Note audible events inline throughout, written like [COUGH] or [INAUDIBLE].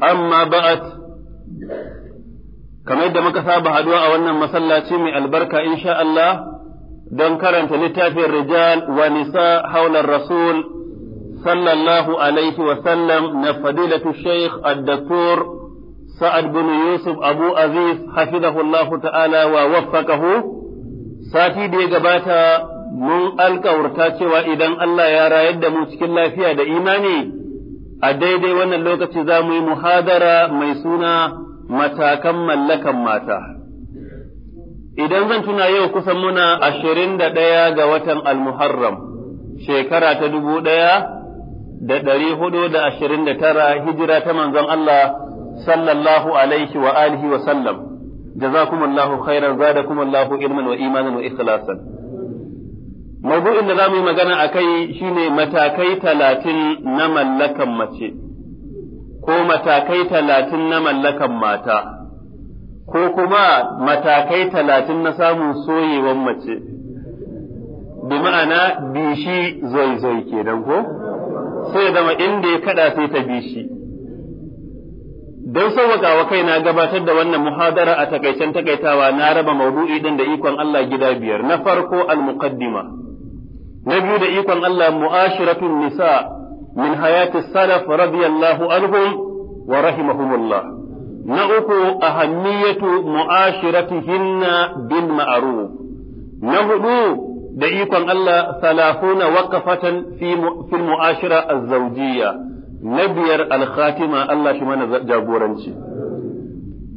amma ba'at kamar yadda muka saba haduwa a wannan masallaci mai albarka insha Allah don karanta littafin rijal wa nisa haular rasul sallallahu alaihi wa sallam na fadilatu sheikh ad-daktur sa'ad bin yusuf abu aziz hafizahullahu ta'ala wa waffaqahu sati da ya gabata mun alƙawarta cewa idan Allah ya rayar da mu cikin lafiya da imani a daidai wannan lokaci za mu yi muhadara mai suna matakan mallakan mata. Idan zan tuna yau kusan muna ashirin da ɗaya ga watan Almuharram, shekara ta dubu ɗaya da ɗari hudu da ashirin da tara hijira ta manzon Allah sallallahu alaihi wa alihi wa sallam. Jazakumullahu khairan Allahu ilman wa imanin wa ikhlasan. Mabu'in da za mu yi magana a kai shi ne matakai talatin na mallakan mace, ko matakai talatin na mallakan mata, ko kuma matakai talatin na samun soyewan mace, bi ma'ana bishi zoi-zoi kenan ko? Sai zama inda ya kada sai ta bishi. Don sauwaka wa kai na gabatar da wannan muhadara a takaicen takaitawa na raba maudu'i ɗin da ikon Allah gida biyar, na farko al-muqaddima. na biyu da ikon Allah mu'ashiratun nisa min hayati salaf radiyallahu anhum wa rahimahumullah na uku ahammiyatu mu'ashiratihinna bil ma'ruf na hudu da ikon Allah salafuna waqafatan fi fil mu'ashira az-zawjiyya na biyar al-khatima Allah shi mana jagoranci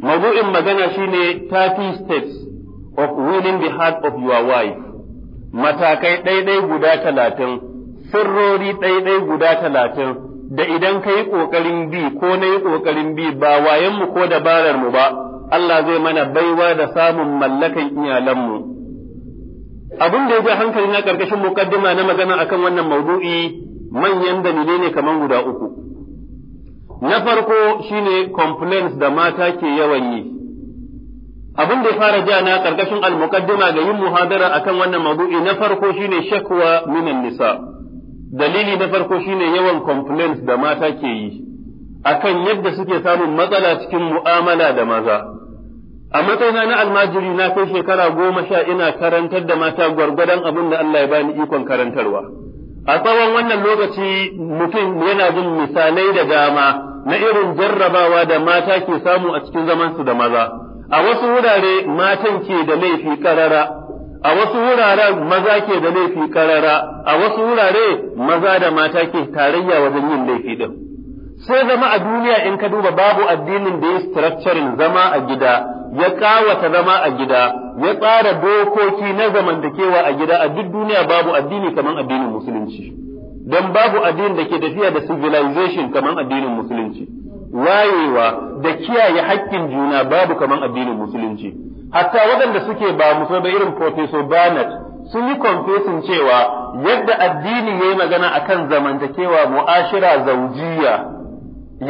Mabu'in magana shine 30 steps of winning the heart of your wife matakai ɗaiɗai guda talatin, sirrori ɗaiɗai guda talatin, da idan ka yi ƙoƙarin bi ko na yi ƙoƙarin bi ba wayenmu ko dabararmu ba, Allah zai mana baiwa da samun mallakan iyalanmu. Abin da ya ja hankali na ƙarƙashin mukaddima na magana akan wannan maudu'i manyan dalilai ne kamar guda uku. Na farko shine complaints da mata ke yawan yi. abin da ya fara ja na karkashin al-muqaddima ga yin muhadara akan wannan maudu'i na farko shine shakwa minan nisa dalili na farko shine yawan complaints da mata ke yi akan yadda suke samun matsala cikin mu'amala da maza a matsayina na almajiri na kai shekara goma sha ina karantar da mata gwargwadon abin da Allah ya bani ikon karantarwa a tsawon wannan lokaci mutum yana jin misalai da dama na irin jarrabawa da mata ke samu a cikin zamansu da maza a wasu wurare matan ke da laifi karara a wasu wurare maza ke da laifi karara a wasu wurare maza da mata ke tarayya wajen yin laifi din sai zama a duniya in ka duba babu addinin da ya structuring zama a gida ya kawata zama a gida ya tsara dokoki na zamantakewa a gida a duk duniya babu addini kamar addinin musulunci don babu addinin da ke tafiya da civilization kamar addinin musulunci wayewa da kiyaye haƙƙin juna babu kaman addinin musulunci hatta wadanda suke ba musulmai ba irin professor Barnett sun yi confessing cewa yadda addini ya yi magana akan zamantakewa mu'ashira zaujiya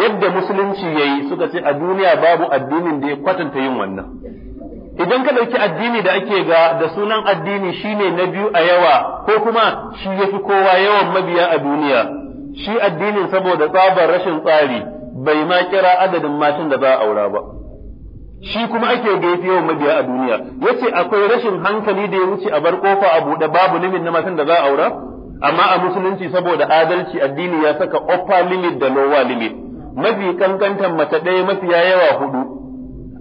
yadda musulunci ya yi suka ce a duniya babu addinin da ya kwatanta yin wannan idan ka ɗauki addini da ake ga da sunan addini shine na biyu a yawa ko kuma shi ya fi kowa yawan mabiya a duniya shi addinin saboda tsabar rashin tsari bai ma kira adadin matan da za a aura ba shi kuma ake gaifi yawan mabiya a duniya yace akwai rashin hankali da ya wuce a bar kofa a buɗe babu limit na matan da za a aura amma a musulunci saboda adalci addini ya saka upper limit da lower limit mafi kankantan mace ɗaya mafiya yawa hudu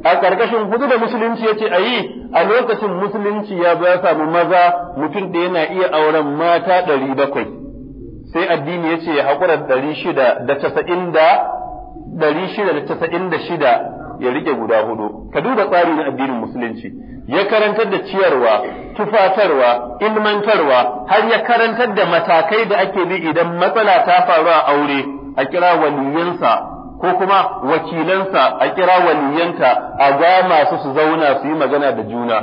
a ƙarƙashin hudu da musulunci yace a yi a lokacin musulunci ya zo ya samu maza mutum da yana iya auren mata ɗari bakwai sai addini yace ya haƙura ɗari shida da casa'in da ɗari shida da casa'in da shida ya rike guda hudu ka duba tsari na addinin musulunci ya karantar da ciyarwa tufatarwa ilmantarwa har ya karantar da matakai da ake bi idan matsala ta faru a aure a kira waliyansa ko kuma wakilansa a kira waliyanta a ga masu su zauna su yi magana da juna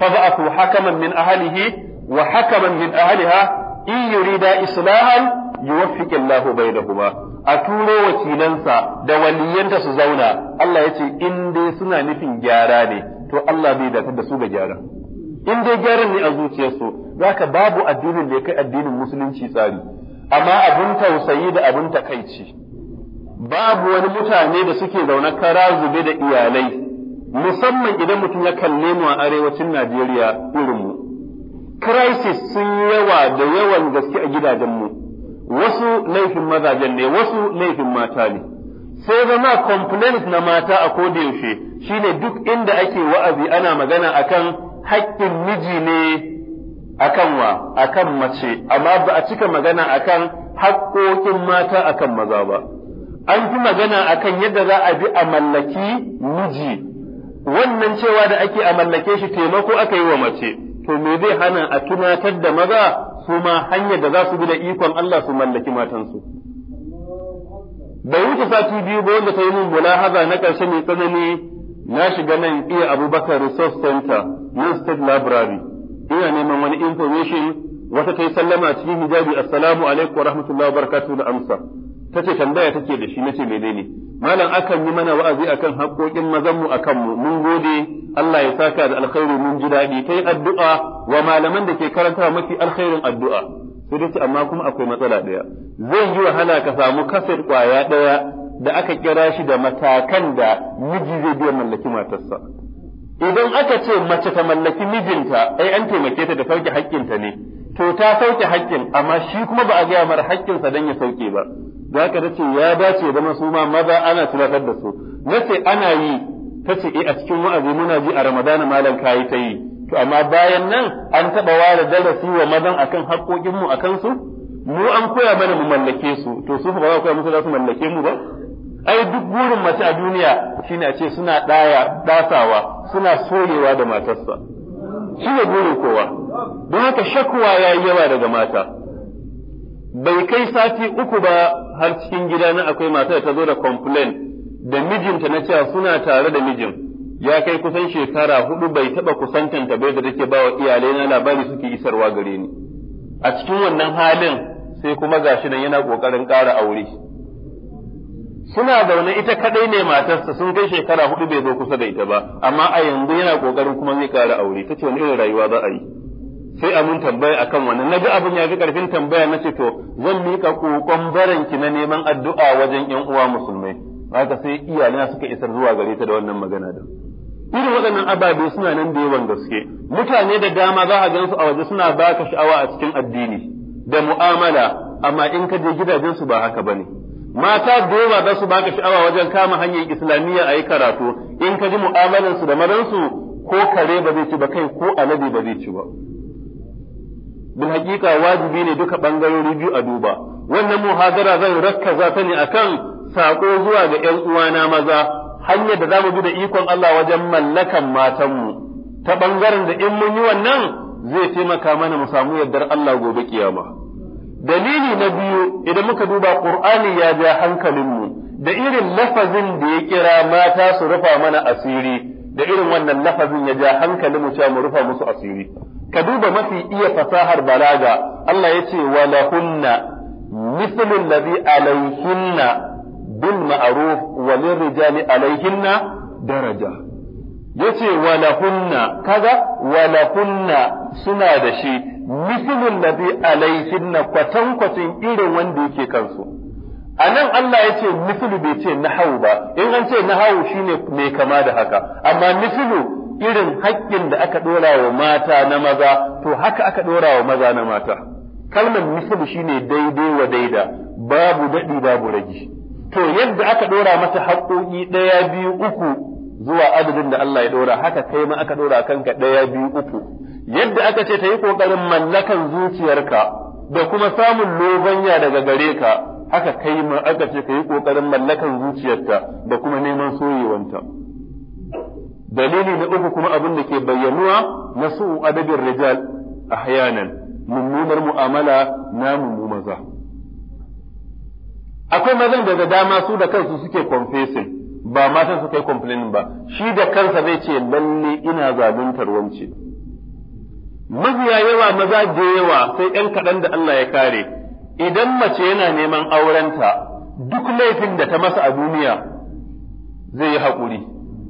fa ba'athu hakaman min ahlihi wa hakaman min ahliha in yurida islahan yuwaffiqillahu bainahuma a turo wakilansa da waliyanta su zauna Allah ya ce in dai suna nufin gyara ne to Allah bai datar da su ga gyara in dai gyaran ne a zuciyarsu za ka babu addinin da ya kai addinin musulunci tsari amma abin tausayi da abin takaici babu wani mutane da suke zaune kara zube da iyalai musamman idan mutum ya kalle mu a arewacin Najeriya irinmu crisis sun yawa da yawan gaske a gidajen mu wasu laifin mazajen ne wasu laifin mata ne sai zama complaint na mata a da yaushe shine duk inda ake wa'azi ana magana akan haƙƙin miji ne akan wa akan mace amma ba a cika magana akan haƙƙoƙin mata akan maza ba an fi magana akan yadda za a bi a mallaki miji wannan cewa da ake a mallake shi taimako aka yi wa mace to me zai hana a tunatar da maza kuma hanyar da za su bi da ikon Allah su mallaki matansu. Bai wuce sati biyu ba wanda ta yi mun mulahaza na ƙarshe mai tsanani na shiga nan iya Abubakar Resource Center New State Library. Ina neman wani information wata ta yi sallama cikin hijabi assalamu alaikum wa rahmatullahi wa barakatuhu da amsa. ta ce tambaya take da shi nace menene malam akan yi mana wa'azi akan haƙoƙin mazanmu akan mu mun gode Allah ya saka da alkhairi mun ji daɗi kai addu'a wa malaman da ke karanta mafi alkhairin addu'a sai dace amma kuma akwai matsala ɗaya zai yi wahala ka samu kasar ƙwaya ɗaya da aka kira shi da matakan da miji zai biya mallaki matarsa idan aka ce mace ta mallaki mijinta ai an taimake ta da sauke haƙƙinta ne to ta sauke haƙƙin amma shi kuma ba a gaya mara haƙƙinsa don ya sauke ba za ka ce ya dace da masu ma maza ana tunatar da su na ce ana yi tace ce eh, a cikin wa'azi muna ji a ramadana malam yi ta yi to amma bayan nan an taɓa ware darasi wa mazan akan haƙƙoƙinmu a kansu mu an koya mana mu mallake su to su ba za koya musu za su mallake mu ba ai duk burin mace a duniya shine a ce suna ɗaya ɗasawa suna soyewa da matarsa shi ne burin kowa don haka shakwa ya yi yawa daga mata bai kai sati uku ba har cikin gida na akwai mata da ta zo da complain da mijinta na cewa suna tare da mijin ya kai kusan shekara hudu bai taba kusantanta bai da take bawa iyalai na labari suke isarwa gare ni a cikin wannan halin sai kuma gashi nan yana kokarin ƙara aure suna zaune ita kadai ne matarsa sun kai shekara hudu bai zo kusa da ita ba amma a yanzu yana kokarin kuma zai ƙara aure tace wani irin rayuwa za a yi sai a mun tambaya akan wannan na ga abin ya fi karfin tambaya na ce to zan mika kokon baranki na neman addu'a wajen ƴan uwa musulmai haka sai iyalina suka isar zuwa gare ta da wannan magana da irin waɗannan ababe suna nan da yawan gaske mutane da dama za a gansu a waje suna baka sha'awa a cikin addini da mu'amala amma in ka je gidajensu ba haka bane mata da yawa za su baka sha'awa wajen kama hanyar islamiyya a yi karatu in ka ji mu'amalansu da madansu ko kare ba zai ci ba kai ko alade ba zai ci ba bil haqiqa wajibi ne duka bangarori biyu a duba wannan muhadara zan rakkaza ta ne akan sako zuwa ga ƴan uwana maza hanyar da zamu bi da ikon Allah wajen mallakan matanmu ta ɓangaren da in mun yi wannan zai taimaka mana mu samu yardar Allah gobe kiyama dalili na biyu idan muka duba qur'ani ya ja hankalinmu da irin lafazin da ya kira mata su rufa mana asiri da irin wannan lafazin ya ja hankalin mu cewa mu rufa musu asiri ka duba mafi iya fasahar balaga Allah ya ce wa lahunna مثل الذي عليهن بالمعروف وللرجال عليهن daraja. yace walahunna kaga walahunna suna da shi mislul ladhi alayhinna kwatan irin wanda yake kansu anan Allah yace mislu bai ce nahau ba in an ce nahau shine mai kama da haka amma mislu irin haƙƙin da aka ɗora wa mata na maza to haka aka ɗora wa maza na mata kalmar shi shine daidai wa daida babu daɗi babu ragi to yadda aka ɗora masa haƙƙoƙi ɗaya biyu uku zuwa adadin da Allah ya ɗora haka kai ma aka ɗora kanka ɗaya biyu uku yadda aka ce ta yi ƙoƙarin mallakan zuciyarka da kuma samun lobanya daga gare ka haka kai ma aka ce ka yi ƙoƙarin mallakan zuciyarta da kuma neman soyewanta. dalili na uku kuma abin da ke bayyanuwa na su adabin rijal ahyanan mummunar mu'amala na mummu maza akwai mazan daga dama su da kansu suke confessing ba matan su kai complaining ba shi da kansa zai ce lalle ina zaluntar tarwance mafiya yawa maza da yawa sai ‘yan kaɗan da Allah ya kare, idan mace yana neman aurenta duk laifin da ta masa a duniya zai yi haƙuri,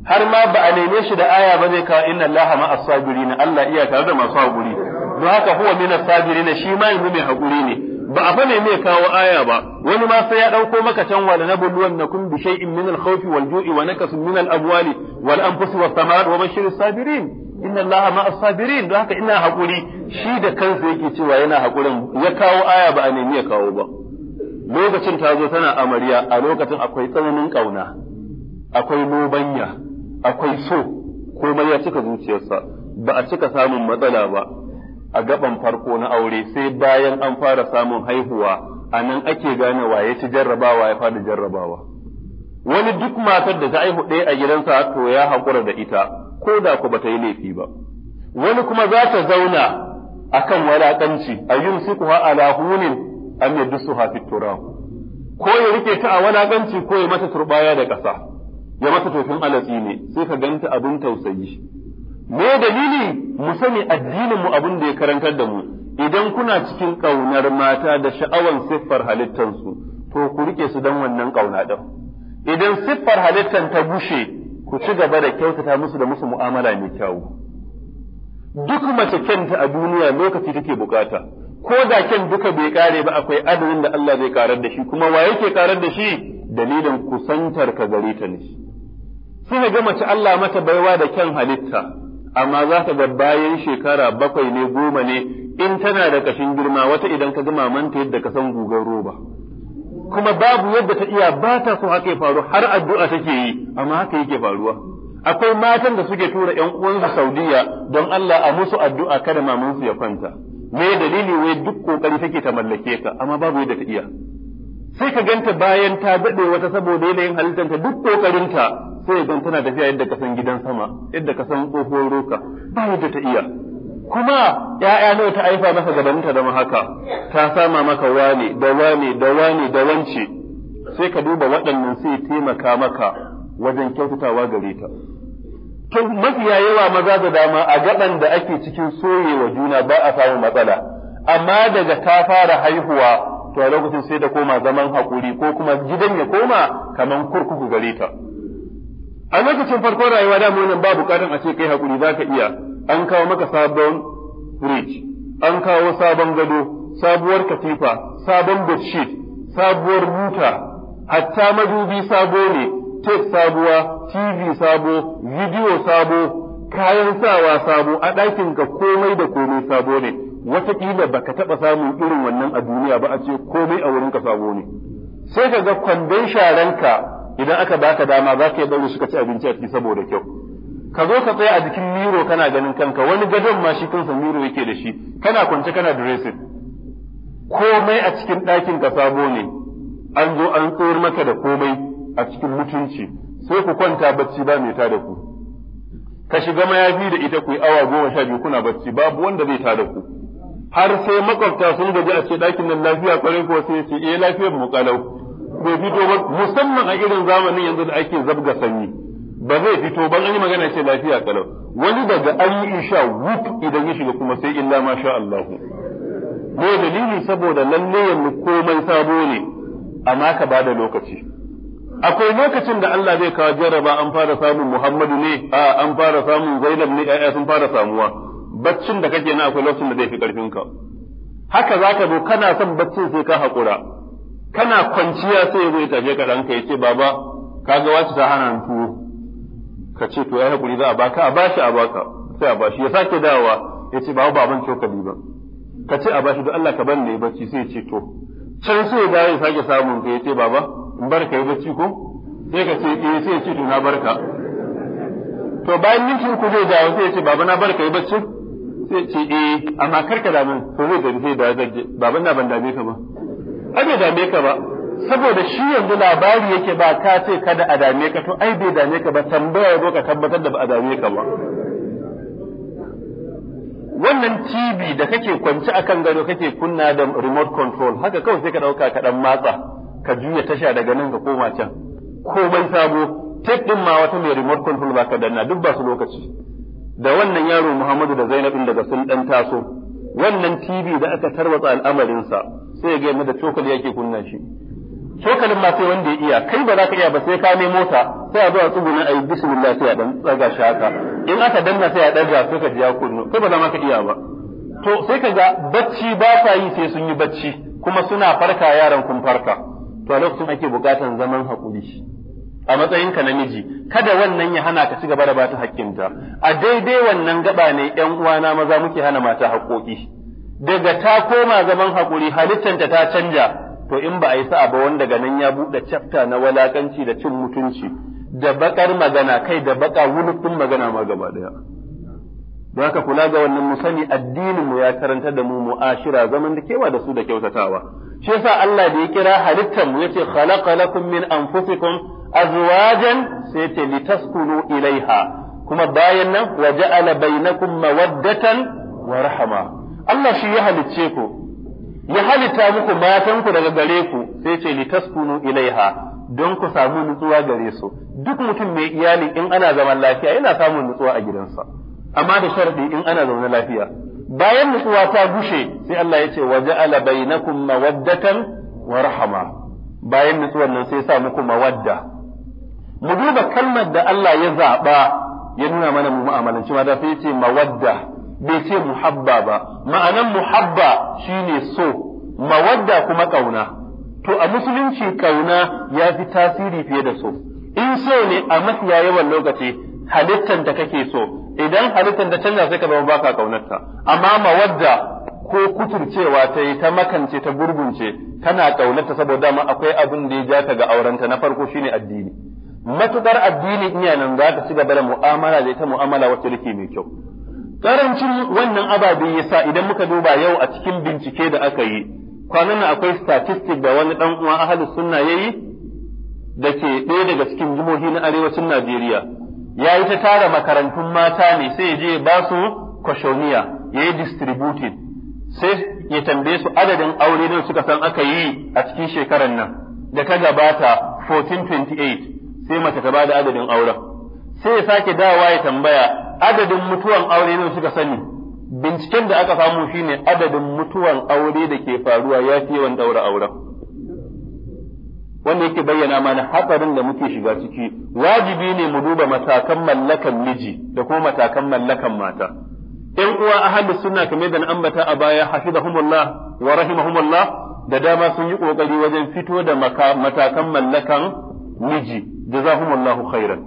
har ma ba a neme shi da aya ba zai kawo inna allaha ma as-sabirin Allah iya tare da masu haƙuri don haka huwa min as-sabirin shi ma yanzu mai haƙuri ne ba a bane mai kawo aya ba wani ma sai ya dauko maka can wala kun bi shay'in min al-khawf wal-ju'i wa nakasin min al-amwali wal-anfus wa samarat wa bashir as-sabirin inna Allah ma as-sabirin don haka ina hakuri shi da kansa yake cewa yana hakurin ya kawo aya ba a nemi ya kawo ba lokacin ta zo tana amarya a lokacin akwai tsananin kauna akwai nobanya akwai so komai ya cika zuciyarsa ba a cika samun matsala ba a gaban farko na aure sai bayan an fara samun haihuwa a nan ake gane ya ci jarrabawa ya fara jarrabawa wani duk matar da ta aihu ɗaya a gidansa to ya haƙura da ita ko da ku bata yi laifi ba wani kuma za ta zauna akan walaƙanci a yin ha ala hunin am yadussuha fit turab ko ya rike ta a walaƙanci ko ya mata turbaya da ƙasa ya masa tofin alatsi ne sai ka ganta abin tausayi me dalili mu sani addinin mu abin da ya karantar da mu idan kuna cikin ƙaunar mata da sha'awan siffar halittar su to ku rike su dan wannan ƙauna din idan siffar halittar ta bushe ku ci gaba da kyautata musu da musu mu'amala mai kyau duk mace kyanta a duniya lokaci take bukata ko da kyan duka bai kare ba akwai adadin da Allah zai karar da shi kuma wa yake karar da shi dalilin kusantar ka gare ta ne sai ga mace Allah mata baiwa da kyan halitta amma za ka ga bayan shekara bakwai ne goma ne in tana da kashin girma wata idan ka gama manta yadda ka san gugan roba kuma babu yadda ta iya ba ta so haka ya faru har addu'a take yi amma haka yake faruwa akwai matan da suke tura ƴan uwansu Saudiya don Allah a musu addu'a kada mamansu ya kwanta me dalili wai duk kokari take ta mallake ka amma babu yadda ta iya sai ka ganta bayan ta daɗe wata saboda yanayin halittanta duk ƙoƙarinta sai gan tana tafiya yadda ka san gidan sama yadda ka san tsohuwar roka ba yadda ta iya kuma ya'ya nawa ta aifa masa gabanin ta haka ta sama maka wane da wane da wane da wance sai ka duba waɗannan sai taimaka maka wajen kyautatawa gare ta to mafiya yawa maza da dama a gaban da ake cikin soyewa juna ba a samu matsala amma daga ta fara haihuwa to a lokacin sai da koma zaman hakuri ko kuma gidan ya koma kaman kurkuku gare ta a lokacin farkon rayuwa da nan ba karin a ce kai hakuri za ka iya an kawo maka sabon fridge an kawo sabon gado sabuwar katifa sabon bedsheet sabuwar buta hatta madubi sabo ne tape sabuwa tv sabo video sabo kayan sawa sabo a ɗakinka komai da komai sabo ne watakila ba ka taɓa samun irin wannan a duniya ba a ce komai a wurinka sabo ne sai ka ga kwandon sharanka idan aka baka dama za ka yi ɗaure suka ci abinci a ciki saboda kyau ka zo ka tsaya a jikin miro kana ganin kanka wani gadon ma shi kansa miro yake da shi kana kwance kana dressing komai a cikin ɗakin ka sabo ne an zo an tsayar maka da komai a cikin mutunci sai ku kwanta bacci ba mai tada ku ka shiga mayafi da ita ku yi awa goma sha biyu kuna bacci babu wanda zai tada ku har sai makwabta sun gaji a ce ɗakin nan lafiya kwarai ko sai ce eh lafiyar mu kalau bai fito ba musamman a irin zamanin yanzu da ake zabga sanyi ba zai fito ban an yi magana ce lafiya kalau wani daga an yi insha wuf idan ya shiga kuma sai illa ma sha Allahu ne dalili saboda lalle yanzu komai sabo ne amma ka bada lokaci akwai lokacin da Allah zai kawo jarraba an fara samun Muhammadu ne a an fara samun Zainab ne ƴaƴa sun fara samuwa baccin da kake na akwai lokacin da zai fi ƙarfinka haka za ka zo kana son baccin sai ka haƙura kana kwanciya sai ya zo ya tafe ka ɗanka ya ce baba ka ga wace ta hana tuwo ka ce to ya haƙuri za a baka a bashi a baka sai a bashi ya sake dawowa ya ce baba baban cokali ba ka ce a bashi don Allah ka bar ne bacci sai ya ce to can sai ya dawo ya sake samun ka ya ce baba in bar ka yi bacci ko sai ka ce eh sai ya ce to na barka to bayan mintin ku zai dawo sai ya ce baba na bar ka yi bacci sai ce eh amma kar ka damu to zai da sai da zai baban na ban dame ka ba ai bai dame ka ba saboda shi yanzu labari yake ba ka ce kada a dame ka to ai bai dame ka ba tambaya zo ka tabbatar da ba a dame ka ba wannan TV da kake kwance akan gado kake kunna da remote control haka kawai sai ka dauka ka dan matsa ka juya tasha daga nan ka koma can komai sabo tape din ma wata mai remote control ba ka danna duk ba su lokaci da wannan yaro Muhammadu da Zainabin daga sun ɗan taso wannan TV da aka tarwatsa al'amarin sa, sai ya ga da cokali yake kunna shi cokalin ma sai wanda ya iya kai ba za ka iya ba sai ka nemo mota sai a zo a tsuguna a yi bismillah sai a dan tsaga shi haka in aka danna sai a daga sai ka ji ya kunno kai ba za ma ka iya ba to sai ka ga bacci ba ta yi sai sun yi bacci kuma suna farka yaran kun farka to a lokacin ake bukatan zaman haƙuri a ka namiji kada wannan ya hana ka ci gaba da bata ta, a daidai wannan gaba ne ƴan uwana maza muke hana mata haƙoƙi daga ta koma zaman haƙuri halittanta ta ta canja to in ba a yi sa'a ba wanda ganin ya buɗe chapter na walakanci da cin mutunci da bakar magana kai da baka wulufin magana ma gaba daya don haka kula ga wannan mu sani addinin mu ya karanta da mu mu'ashira zaman da kewa da su da kyautatawa shi yasa Allah da ya kira halittar mu yace khalaqa lakum min anfusikum azwajan sai ce litaskunu ilaiha kuma bayan nan wa ja'ala bainakum mawaddatan wa rahama Allah shi ya halicce ku ya halitta muku matan ku daga gare ku sai ce litaskunu ilaiha don ku samu nutsuwa gare su duk mutum mai iyali in ana zaman lafiya yana samun nutsuwa a gidansa amma da sharadi in ana zaune lafiya bayan nutsuwa ta gushe sai Allah ya ce wa ja'ala bainakum mawaddatan wa rahama bayan nutsuwan nan sai sa muku mawadda mu duba kalmar da Allah ya zaɓa ya nuna mana mu mu'amalanci da sai ce mawadda bai ce muhabba ba ma'anan muhabba shine so mawadda kuma kauna to a musulunci kauna ya fi tasiri fiye da so in so ne a mafiya yawan lokaci halittan da kake so idan halittan da canza sai ka zama baka kaunarta amma mawadda ko kuturcewa ta yi ta makance ta gurgunce tana kaunarta saboda ma akwai abin da ya ja ta ga aurenta na farko shine addini matukar addini iya nan za ta ci gaba da mu'amala da ita mu'amala wacce take mai kyau karancin wannan ababe yasa idan muka duba yau a cikin bincike da aka yi kwanan nan akwai statistic da wani ɗan uwa ahli sunna yayi da ke ɗaya daga cikin jimohi na arewacin Najeriya ya yi ta tara makarantun mata ne sai ya je ba su kwashoniya ya yi distributing sai ya tambaye su adadin aure nan suka san aka yi a cikin shekarar nan da ta gabata 1428 sai mace ta da adadin auren sai ya sake dawa ya tambaya adadin mutuwan aure ne suka sani binciken da aka samu shine adadin mutuwan aure da ke faruwa ya fi yawan daura auren wanda yake bayyana mana hatsarin da muke shiga ciki wajibi ne mu duba matakan mallakan miji da kuma matakan mallakan mata ‘yan uwa ahalus suna kame da ambata a baya hafizahumullah wa rahimahumullah da dama sun yi ƙoƙari wajen fito da matakan mallakan miji Da jazakumullahu khairan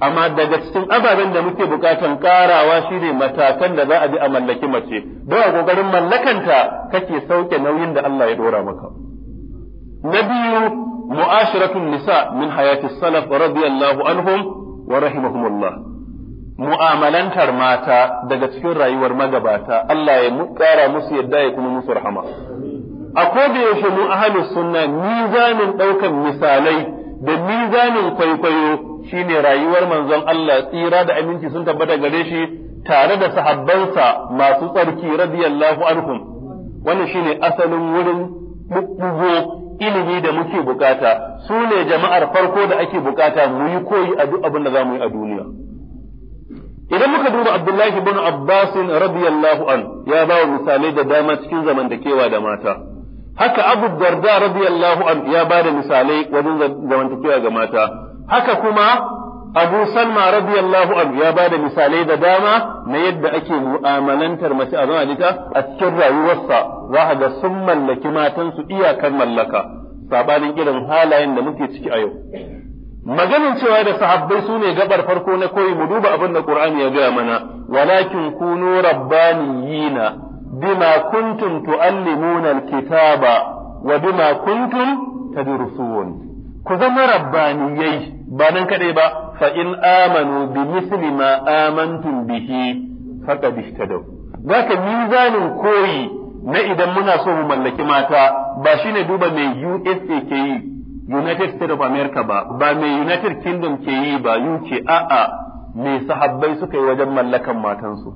amma daga cikin ababen da muke bukatan karawa shine matakan da za a bi a mallaki mace don a gogarin mallakanta kake sauke nauyin da Allah ya dora maka na biyu mu'ashiratun nisa min hayati salaf radiyallahu anhum wa rahimahumullah mu'amalantar mata daga cikin rayuwar magabata Allah ya kara musu yadda ya kuma musu rahama a koda yaushe mu ahlus sunna mizanin daukan misalai da mizanin kwaikwayo shine rayuwar manzon Allah tsira da aminci sun tabbata gare shi tare da sahabbansa masu tsarki radiyallahu anhum wannan shine asalin wurin bubbugo ilimi da muke bukata su ne jama'ar farko da ake bukata mu yi koyi a duk abin da za mu yi a duniya idan muka duba Abdullahi ibn Abbas radiyallahu an ya ba misalai da dama cikin zamantakewa da mata haka abu darda radiyallahu anhu ya bada misalai wajen zamantakewa ga mata haka kuma abu salma radiyallahu ba ya misalai da dama na yadda ake mu'amalantar mace a zama a cikin rayuwarsa za a ga sun mallaki matansu iyakar mallaka sabanin irin halayen da muke ciki a yau maganin cewa da sahabbai su ne gabar farko na koyi mu duba abin da ƙur'ani ya gaya mana walakin kunu rabbaniyina bima kuntum tu'allimuna alkitaba wa bima kuntum tadrusun ku zama rabbaniyai ba nan kaɗai ba fa in amanu bi misli ma amantum bihi faqad ihtadaw zaka mizanin koyi na idan muna so mu mallaki mata ba shine duba mai USA ke yi United States of America ba ba mai United Kingdom ke yi ba UK a'a mai sahabbai suka yi wajen mallakan matansu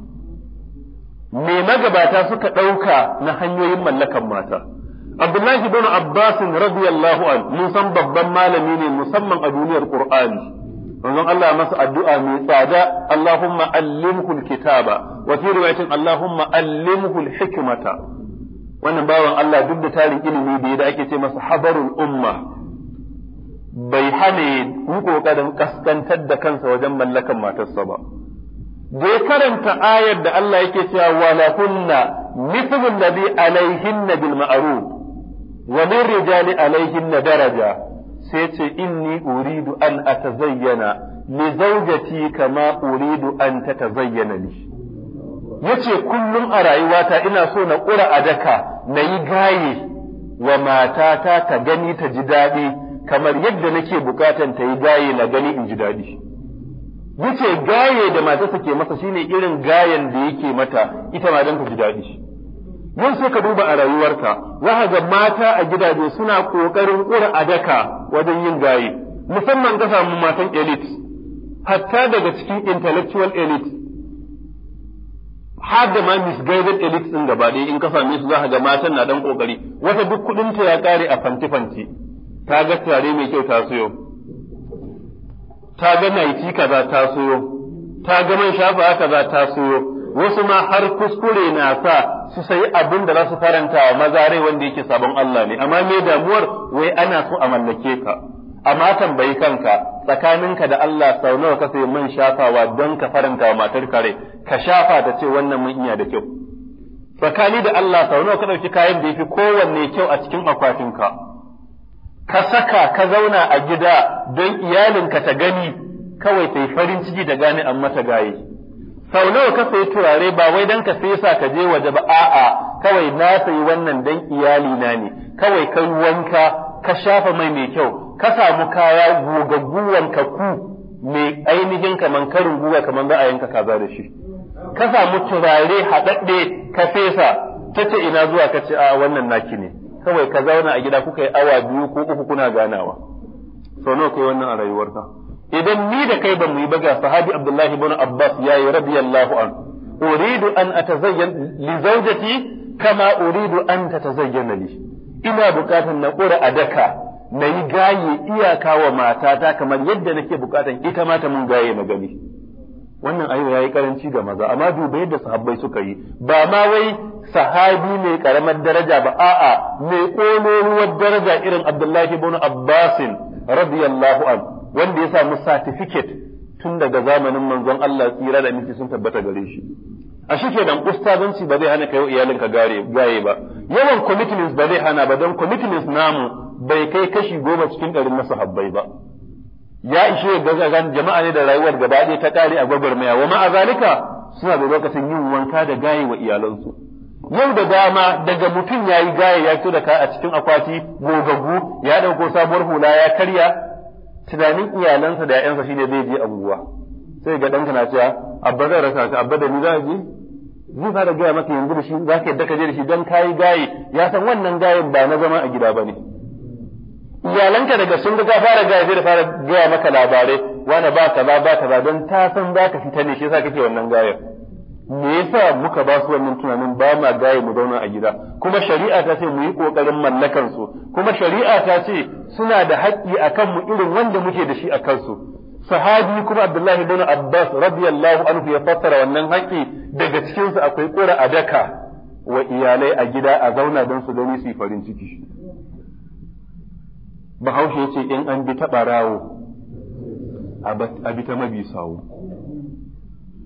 me magabata suka ɗauka na hanyoyin mallakan mata Abdullahi bin Abbas radiyallahu an mun san babban malami ne musamman a duniyar Qur'ani manzon Allah masa addu'a mai tsada Allahumma allimhu alkitaba wa fi riwayatin Allahumma allimhu alhikmata wannan bawan Allah duk da tarin ilimi da yadda ake ce masa habarul umma bai hane ku kokarin kaskantar da kansa wajen mallakan matarsa ba Bai karanta ayar da Allah yake cewa wala kunna mithlu alladhi alaihinna bil ma'ruf wa lirrijali alaihinna daraja sai ce inni uridu an atazayyana li zawjati kama uridu an tatazayyana li yace kullum a rayuwata ina so na kura adaka na yi gaye wa matata ta gani ta ji daɗi kamar yadda nake bukatan ta yi gaye na gani in ji daɗi yace gaye da matarsa ke masa shine irin gayen da yake mata ita ma dan ta ji daɗi yau sai ka duba a rayuwarka za ga mata a gidaje suna kokarin ƙura a daka wajen yin gaye musamman ka samu matan elite hatta daga cikin intellectual elite har da ma misguided elite din gaba ɗaya in ka same su za ga matan na dan kokari wata duk kuɗinta ya ƙare a fanti fanti ta ga tare mai kyau ta siyo ta ga naiti kaza ta soyo ta ga man shafa kaza ta soyo wasu ma har kuskure na sa su sayi abin da za su faranta wa maza rai wanda yake sabon Allah ne amma me damuwar wai ana so a mallake ka amma tambayi kanka tsakaninka da Allah sau nawa ka sayi man shafawa don ka faranta wa matar kare ka shafa ta ce wannan mun iya da kyau tsakani da Allah sau nawa ka ɗauki kayan da ya fi kowanne kyau a cikin akwatinka ka saka ka zauna a gida don iyalinka ta gani kawai ta yi farin ciki da gane an mata gaye sau nawa ka sayi turare ba wai don ka sai sa ka je waje ba a'a kawai na sayi wannan don iyalina ne kawai ka yi wanka ka shafa mai mai kyau ka samu kaya gogaggu wanka ku mai ainihin kamar karin guga kamar za a yanka kaza da shi ka samu turare haɗaɗɗe ka fesa ta ce ina zuwa ka ce a wannan naki ne kawai ka zauna a gida kuka yi awa biyu ko uku kuna ganawa so nawa kai wannan a rayuwarka idan ni da kai ba mu yi ba ga sahabi Abdullahi ibn Abbas yayi radiyallahu an uridu an atazayyan li zawjati kama uridu an tatazayyana li ina bukatan na kura adaka na yi gaye iyaka wa matata kamar yadda nake bukatan ita ma ta mun gaye magani. gani wannan ya yayi karanci ga maza amma dubai yadda sahabbai suka yi ba ma wai sahabi mai karamar daraja ba a'a mai kololuwar daraja irin Abdullahi ibn Abbasin radiyallahu an wanda ya samu certificate tun daga zamanin manzon Allah tsira da miki sun tabbata gare shi a shi dan ustazanci ba zai hana ka iyalin ka gare gaye ba yawan commitments ba zai hana ba don commitments namu bai kai kashi goma cikin ɗarin na sahabbai ba ya ishe yadda jama'a ne da rayuwar gaba ɗaya ta kare a gwagwarmaya wa ma'a zalika suna da lokacin yin wanka da gaye wa iyalansu yau da dama daga mutum ya yi gaye ya fito da ka a cikin akwati gogaggu ya ɗauko sabuwar hula ya karya tunanin iyalansa da 'ya'yansa shine zai je abubuwa. sai ga ɗanka na cewa abba zai rasa ka abba da ni za a je zai fara gaya maka yanzu da shi za ka yadda ka je da shi don ka yi gaye ya san wannan gayen ba na zama a gida ba ne. iyalanka daga sun ga fara gaya da fara gaya maka labarai wani ba ka ba ba ka ba don ta san za ka fita ne shi yasa kake wannan gayar me yasa muka ba su wannan tunanin ba ma gaye mu zauna a gida kuma shari'a ta ce mu yi kokarin mallakan su kuma shari'a ta ce suna da haƙƙi akan mu irin wanda muke da shi a kansu sahabi kuma Abdullahi ibn Abbas radiyallahu anhu ya fassara wannan haƙƙi daga cikin su akwai ƙura adaka wa iyalai a gida a zauna don su gani su yi farin ciki bahaushe ce in an bi ta ɓarawo a bi ta mabi sawu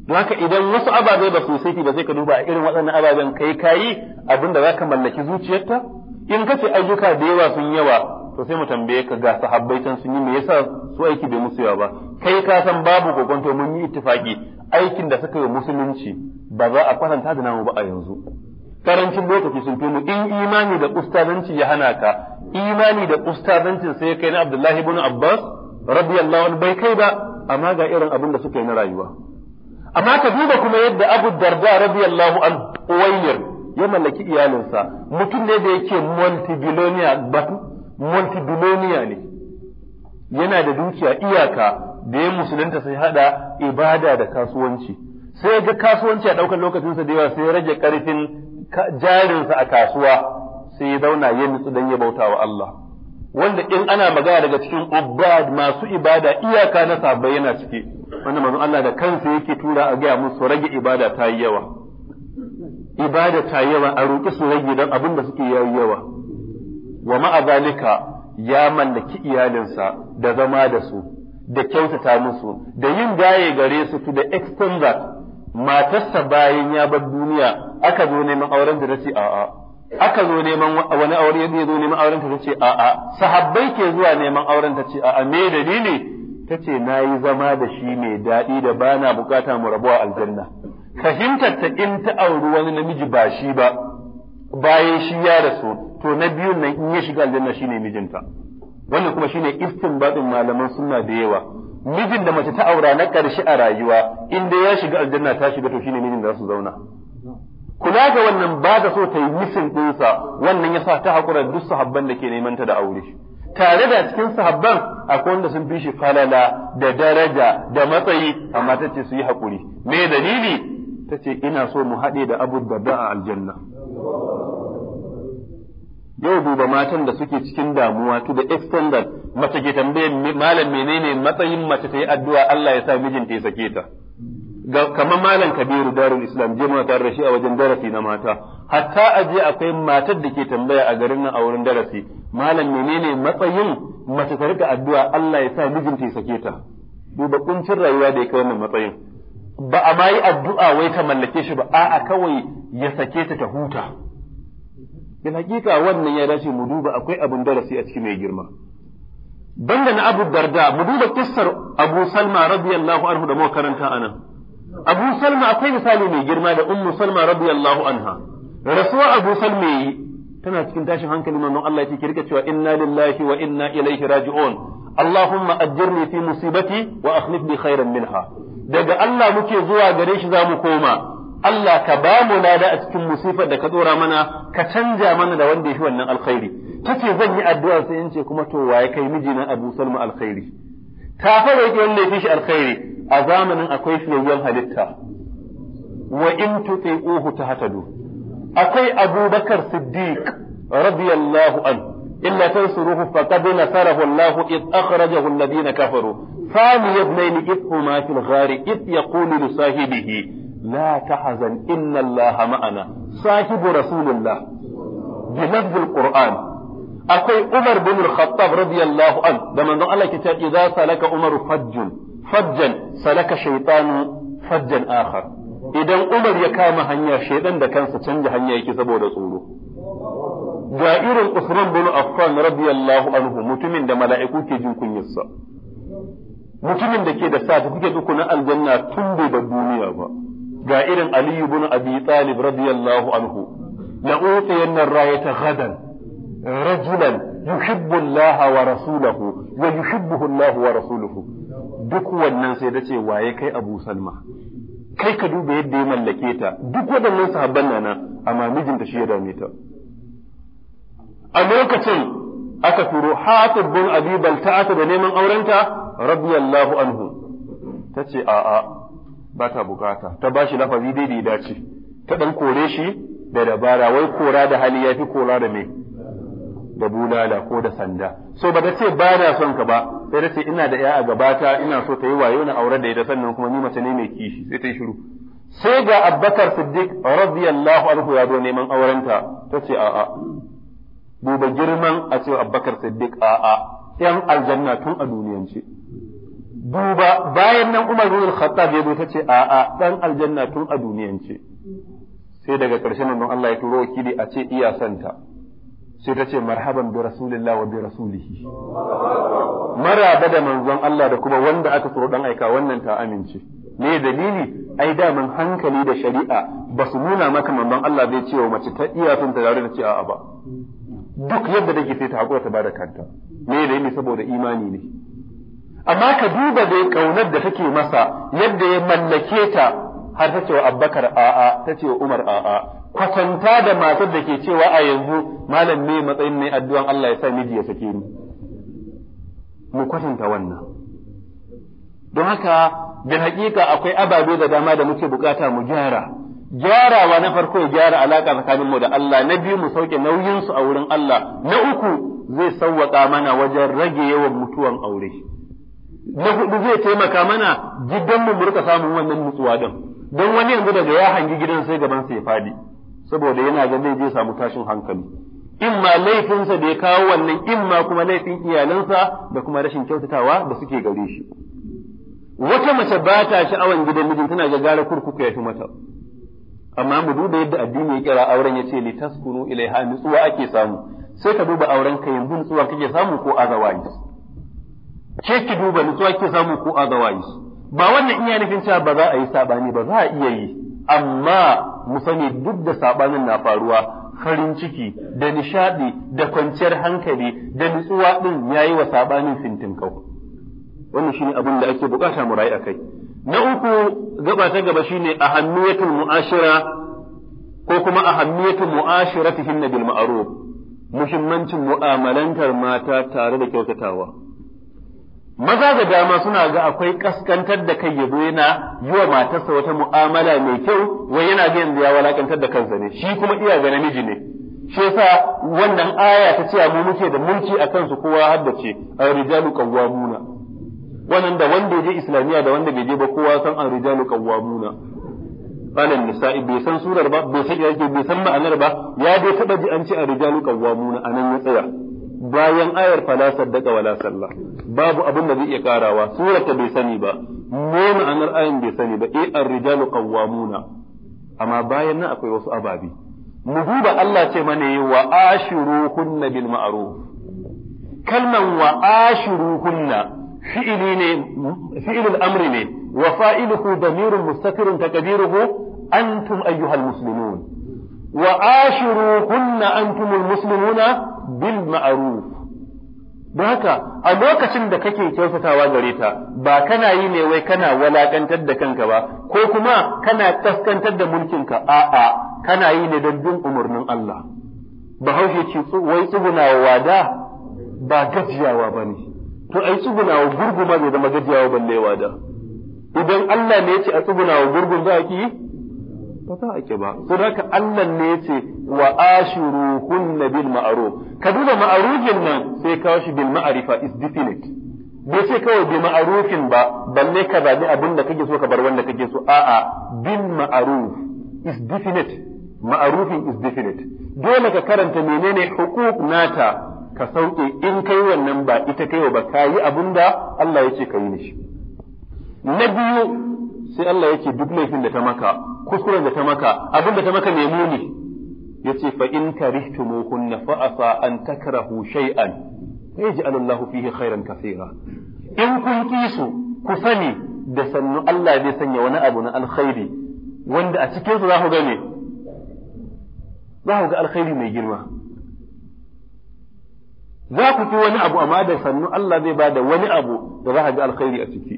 haka idan wasu ababe ba su sai ba sai ka duba a irin waɗannan ababen kai kayi abin da za ka mallaki zuciyarta in kace ayyuka da yawa sun yawa to sai mu tambaye ka ga sahabbai can sun yi me yasa su aiki bai musu yawa ba kai ka san babu kokonto mun yi ittifaki aikin da suka yi musulunci ba za a kwatanta da namu ba a yanzu karancin lokaci sun fi mu in imani da ustazanci ya hana ka imani da ustazancin sai kai na Abdullahi ibn Abbas radiyallahu anhu bai kai ba amma ga irin abin da suka na rayuwa amma ka duba kuma yadda Abu Darda radiyallahu anhu Uwayyir ya mallaki iyalinsa mutum ne da yake multibillionaire ba multibillionaire ne yana da dukiya iyaka da ya musulunta sai hada ibada da kasuwanci sai ga kasuwanci a daukar lokacinsa da yawa sai rage karfin jarinsa a kasuwa sai ya zauna ya nutsu don ya bauta wa Allah wanda in ana magana daga cikin ubbad masu ibada iyaka na sabai yana ciki wanda manzon Allah da kansa yake tura a gaya musu rage ibada ta yi yawa ibada ta yawa a roƙi su rage don abin da suke yayi yawa wa ma'azalika ya mallaki iyalinsa da zama da su da kyautata musu da yin gaye gare su to the extent that matarsa bayan ya bar duniya aka zo neman auren da tace a'a aka zo neman wani aure ya zo neman auren ta tace a'a sahabbai ke zuwa neman auren ta ce a'a me dalili tace nayi zama da shi mai daɗi da bana bukata mu rabuwa aljanna fahimtar ta in ta auri wani namiji ba shi ba bayan shi ya rasu to na biyun nan in ya shiga aljanna shine mijinta wannan kuma shine istinbadin malaman sunna da yawa mijin da mace ta aura na ƙarshe a rayuwa in dai ya shiga aljanna ta shiga to shine mijin da za su zauna kula ga wannan ba da so ta yi misin ɗinsa wannan ya sa ta haƙura duk sahabban da ke neman ta da aure tare da cikin sahabban akwai wanda sun fi shi falala da daraja da matsayi amma ta ce su yi haƙuri me dalili ta ce ina so mu haɗe da abu da a aljanna Yau duba matan da suke cikin damuwa to the extent that mace ke tambaye malam menene matsayin mace ta yi addu'a Allah ya sa mijinta ya sake ta ga kamar malam Kabiru Darul Islam je Mata Rashi a wajen darasi na mata hatta aje akwai matar da ke tambaya a garin nan a wurin darasi malam menene matsayin mace ta rika addu'a Allah ya sa mijinta ya sake ta duba kuncin rayuwa da ya kai wannan matsayin ba a ma yi addu'a wai ta mallake shi ba a'a kawai ya sake ta ta huta bil hakika wannan ya dace mu duba akwai abin darasi a cikin mai girma banda na Abu Darda mu duba kissar Abu Salma radiyallahu anhu da muka karanta anan Abu Salma akwai misali mai girma da Ummu Salma radiyallahu anha rasuwa Abu Salma yi tana cikin tashin hankali manzon Allah yake kirka cewa inna lillahi wa inna ilaihi raji'un Allahumma ajirni fi musibati wa akhlif bi khairan minha daga Allah muke zuwa gare shi za mu koma Allah ka ba mu lada a cikin musifar da ka dora mana ka canja mana da wanda ya fi wannan alkhairi ta ce zan yi addu'a sai in ce kuma to waye kai mijina Abu Salma alkhairi ta fara yake wanda ya fi shi alkhairi a zamanin akwai fiyayyen halitta wa in tuti'uhu tahtadu akwai Abubakar Siddiq radiyallahu an إلا تنصروه فقد نصره الله إذ أخرجه الذين كفروا ثاني ابنين إذ هما في الغار إذ يقول لصاحبه لا تحزن إن الله معنا صاحب رسول الله بلفظ القرآن أقول عمر بن الخطاب رضي الله عنه لما نقول لك إذا سلك عمر فج فجا سلك شيطان فجا آخر إذا عمر يكام هنيا شيطان ده كان ستنج هنيا يكي سبو رسوله ga irin Usman bin Affan radiyallahu anhu mutumin da mala'iku ke jin kunyarsa mutumin da ke da sa ta kuke na aljanna tun bai da duniya ba ga irin Aliyu ibn Abi Talib radiyallahu anhu la utiyanna rayata ghadan rajulan yuhibbu Allah wa rasulahu wa yuhibbuhu Allah wa rasuluhu duk wannan sai dace waye kai Abu Salma kai ka duba yadda ya mallake ta duk waɗannan sahabban nana amma mijinta shi ya dame ta a lokacin aka turo hatib bin abi balta'ata da neman aurenta radiyallahu anhu tace a'a ba ta bukata ta bashi lafazi dai da dace ta dan kore shi da dabara wai kora da hali yafi kora da me da bulala ko da sanda so ba ta ce ba na son ka ba sai ta ce ina da ya a gabata ina so ta yi wayo na aure da ita sannan kuma ni mace ne mai kishi sai ta yi shiru sai ga abbakar siddiq radiyallahu anhu ya zo neman aurenta ta ce a'a Buba girman a ce abbakar siddiq a'a yan aljanna tun a duniyance duba bayan nan Umar bin Khattab ya zo ta ce a'a dan aljanna tun a duniyance sai daga ƙarshen nan Allah ya turo wakili a ce iya santa sai ta ce marhaban bi rasulillah wa bi rasulihi maraba da manzon Allah da kuma wanda aka tsoro dan aika wannan ta amince me dalili ai da daman hankali da shari'a ba su nuna maka manzon Allah zai ce wa mace ta iya sun ta da ce a'a ba duk yadda take sai ta hakura ta bada kanta me dalili saboda imani ne amma ka duba dai kaunar da take masa yadda ya mallake ta har ta ce wa a'a ta ce umar a'a kwatanta da matar da ke cewa a yanzu malam ne matsayin mai addu'an Allah ya sa miji ya sake ni mu kwatanta wannan don haka da hakika akwai ababe da dama da muke bukata mu gyara gyarawa na farko ya gyara alaka tsakanin mu da Allah na biyu mu sauke nauyin su a wurin Allah na uku zai sauwaka mana wajen rage yawan mutuwan aure na hudu zai taimaka mana gidan mu rika samun wannan nutsuwa din don wani yanzu daga ya hangi gidan sai gaban sa ya fadi saboda yana ga zai je samu tashin hankali imma laifinsa da ya kawo wannan imma kuma laifin iyalansa da kuma rashin kyautatawa da suke gare shi wata mace ba ta sha'awan gidan mijin tana ga gara kurkuku ya fi mata amma mu duba yadda addini ya kira auren ya ce li taskunu ilaiha nutsuwa ake samu sai ka duba auren ka yanzu nutsuwa kake samu ko azawai ke ki duba nutsuwa ke samu ko a gawayi ba wannan iya nufin cewa ba za a yi sabani ba za a iya yi amma mu sani duk da sabanin na faruwa farin ciki da nishadi da kwanciyar hankali da nutsuwa din yayi wa sabanin fintin kau wannan shine abin da ake bukata mu rayu akai na uku gaba ta gaba shine ahammiyatul mu'ashira ko kuma ahammiyatul mu'ashiratihin bil ma'ruf muhimmancin mu'amalantar mata tare da kyautatawa maza da dama suna ga akwai kaskantar da kai yabo yana yi wa matarsa wata mu'amala mai kyau wai yana ga yanzu ya walakantar da kansa ne shi kuma iya ga namiji ne shi yasa wannan aya ta cewa mu muke da mulki a kansu kowa haddace ar-rijalu qawwamuna wannan da wanda ya je islamiya da wanda bai je ba kowa san ar-rijalu qawwamuna قال Nisa'i bai san surar ba bai san yake bai san ma'anar ba ya dai taba ji an ce ar-rijalu qawwamuna anan ya tsaya bayan ayar fala saddaka wala salla babu abin da zai iya karawa surata bai sani ba nuna anar ayin bai sani ba eh ar-rijalu qawwamuna amma bayan nan akwai wasu ababi mu duba Allah ce mana yi wa ashiruhunna bil ma'ruf kalman wa ashiruhunna fi'ili ne fi'ilul amri ne wa fa'iluhu damirun mustatirun taqdiruhu antum ayyuhal muslimun wa ashiruhunna antumul muslimuna bil ma'ruf don haka a lokacin da kake kyautatawa gare ta ba kana yi ne wai kana walakantar da kanka ba ko kuma kana taskantar da mulkin mulkinka a'a kana yi ne don bin umarnin Allah bahaushe ce wai wa wada ba gajiyawa ba ne to ai tsugunawa gurguma zai zama gajiyawa balle wada idan Allah ne ya ce a tsugunawa gurgun za ki yi ba za a ƙi ba saboda Allah ne yace wa kunna bil ma'ruf ka duba ma'arufin nan sai kawo shi bil ma'rifa is definite bai sai kawai bi ma'arufin ba balle ka zabi abin da kake so ka bar wanda kake so a'a bil ma'ruf is definite ma'arufin is definite dole ka karanta menene hukuk nata ka sauke in kai wannan ba ita kai ba ka yi abin da Allah ya ce ka yi shi. Na biyu sai Allah ya ce duk laifin da ta maka kuskuren da ta maka abin da ta maka ne muni ce, fa in karihtumuhunna fa asa an takrahu shay'an yaj'al Allahu fihi khairan kaseera in kun kisu ku sani da sannu Allah zai sanya wani abu na alkhairi wanda a cikin su za ku ga me za ku ga alkhairi mai girma za ku ki wani abu amma da sannu Allah zai ba da wani abu da za ku ga alkhairi a ciki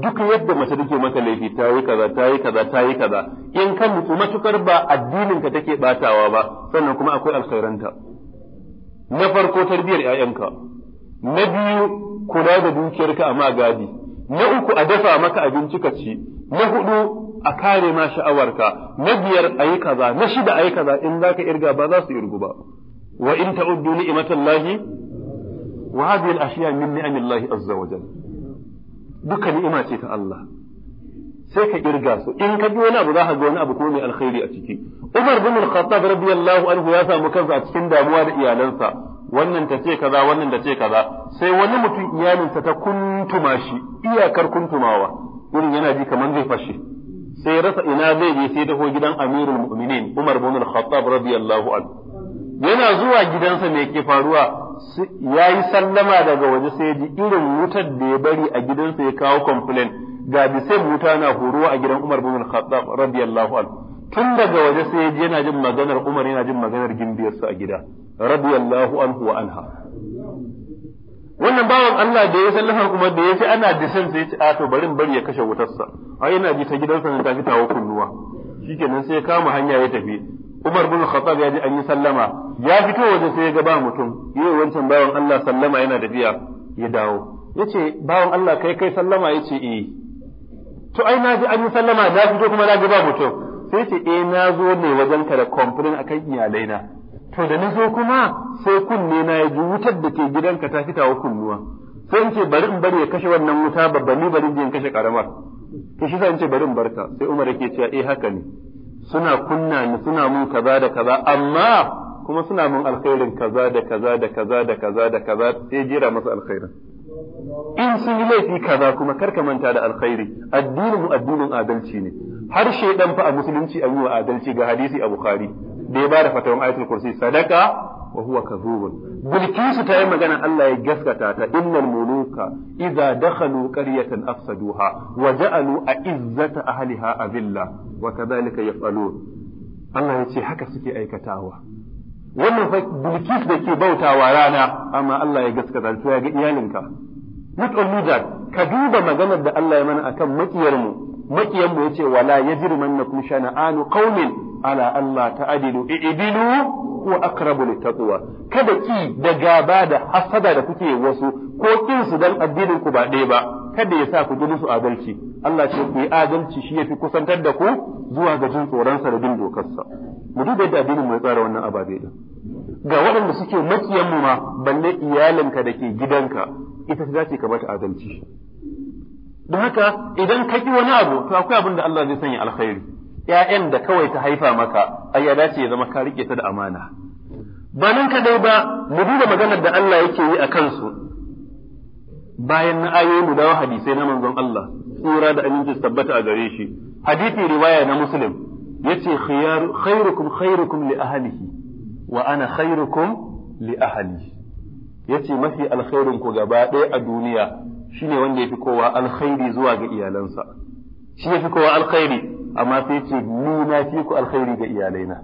duk yadda mace take maka laifi ta yi kaza ta yi kaza ta yi kaza in kan mutu matukar ba addinin ka take batawa ba sannan kuma akwai alkhairanta na farko tarbiyar ƴaƴanka na biyu kula da dukiyarka amma gadi na uku a dafa maka abinci ka ci na hudu a kare ma sha'awarka na biyar ayi kaza na shida ayi kaza in zaka irga ba za su irgu ba wa in ta'uddu ni'matallahi wa hadhihi al-ashya min ni'amillahi azza wa jalla duka ni'ima ce ta Allah sai ka kirga su in ka ji wani abu za ka ga wani abu ko mai alkhairi a ciki Umar bin Al-Khattab radiyallahu anhu ya samu kansa a cikin damuwa da iyalansa wannan ta ce kaza wannan da ce kaza sai wani mutum iyalinsa ta kuntuma shi iyakar kuntumawa irin yana ji kamar zai fashe sai rasa ina zai je sai taho gidan Amirul Mu'minin Umar bin Al-Khattab radiyallahu anhu yana zuwa gidansa me ke faruwa ya yi sallama daga waje sai ji irin wutar da ya bari a gidansa ya kawo complain ga bisan wuta na horo a gidan Umar bin Khattab radiyallahu anhu tun daga waje sai ya ji yana jin maganar Umar yana jin maganar gimbiyarsa a gida radiyallahu anhu wa anha wannan bawan Allah da ya sallama kuma da ya ce ana disan sai ya ce a to bari bari ya kashe wutarsa ai yana ji ta gidansa ne ta fi tawo kunnuwa shikenan sai ya kama hanya ya tafi Umar bin Khattab ya ji an yi sallama ya fito waje sai ya ga ba mutum yi wancan bawan Allah sallama yana da biya ya dawo yace bawan Allah kai kai sallama yace eh to ai na ji an yi sallama na fito kuma na ga ba mutum sai yace eh na zo ne wajen ka da complain akan iyalai na to da na zo kuma sai kunne na ya ji wutar da ke gidanka ta wa kunnuwa sai in ce bari in bari ya kashe wannan wuta babba ni bari in kashe karamar to shi sai in ce bari in barka sai Umar yake cewa eh haka ne suna kunna ni suna mun kaza da kaza amma kuma suna mun alkhairin kaza da kaza da kaza da kaza da kaza sai jira masa alkhairin in sun yi laifi kaza kuma kar ka manta da alkhairi addinin mu addinin adalci ne har shaidan fa a musulunci a yi wa adalci ga hadisi a bukhari da ya da fatawan ayatul kursi sadaka wa huwa kadhubun bilkisu ta yi magana Allah ya gaskata ta innal muluka idza dakhalu qaryatan afsaduha wa ja'alu izzata ahliha azilla wa kadhalika yaf'alun Allah ya ce haka suke aikatawa wannan fa bilkis da ke bautawa rana amma Allah ya gaskata to ya ga iyalinka not only that ka duba maganar da Allah ya mana akan makiyar mu makiyan mu ce wala ya shana anu qaumin ala Allah ta'dilu i'dilu ko akrabu littaqwa kada ki da gaba da hasada da kuke wasu ko kin su dan addinin ku ba ɗaya ba kada ya sa ku ji musu adalci Allah ce ku yi adalci shi yafi kusantar da ku zuwa ga jin tsoron sa da bin dokarsa mu duba yadda addinin mu ya tsara wannan ababe din ga waɗanda suke makiyan mu ma balle iyalinka da ke gidanka ita za ce ka mata adalci don haka idan ka ƙi wani abu to akwai abin da Allah zai sanya alkhairi Ya'yan da kawai ta haifa maka a ya dace ya zama ka riƙe ta da amana ba nan kadai ba mu duba maganar da Allah yake yi a kansu bayan na ayoyi mu dawo hadisai na manzon Allah tsira da aminci tabbata a gare shi hadisi riwaya na muslim yace khairukum khairukum li ahlihi wa ana khairukum li Ya yace mafi alkhairin ku gaba ɗaya a duniya Shi ne wanda ya fi kowa alkhairi zuwa ga iyalansa shi ya fi kowa alkhairi amma sai ce ni na fi ku alkhairi ga iyalaina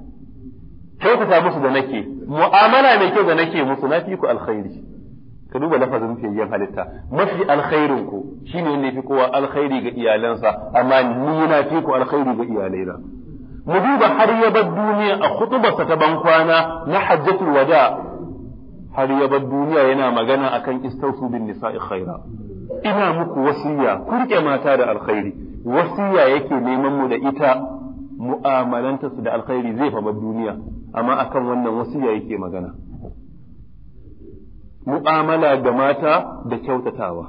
kyautata musu da nake mu'amala mai kyau da nake musu na fi ku alkhairi ka duba lafazin yin halitta mafi alkhairin ku ne wanda ya fi kowa alkhairi ga iyalansa amma ni na fi ku alkhairi ga iyalaina mu duba har ya bar duniya a khutubarsa ta bankwana na hajjatul wada har ya bar duniya yana magana akan istausu bin nisa'i khaira ina muku wasiya ku mata da alkhairi wasiya yake neman mu da ita mu'amalanta su da alkhairi zai fa duniya amma akan wannan wasiya yake magana mu'amala da mata da kyautatawa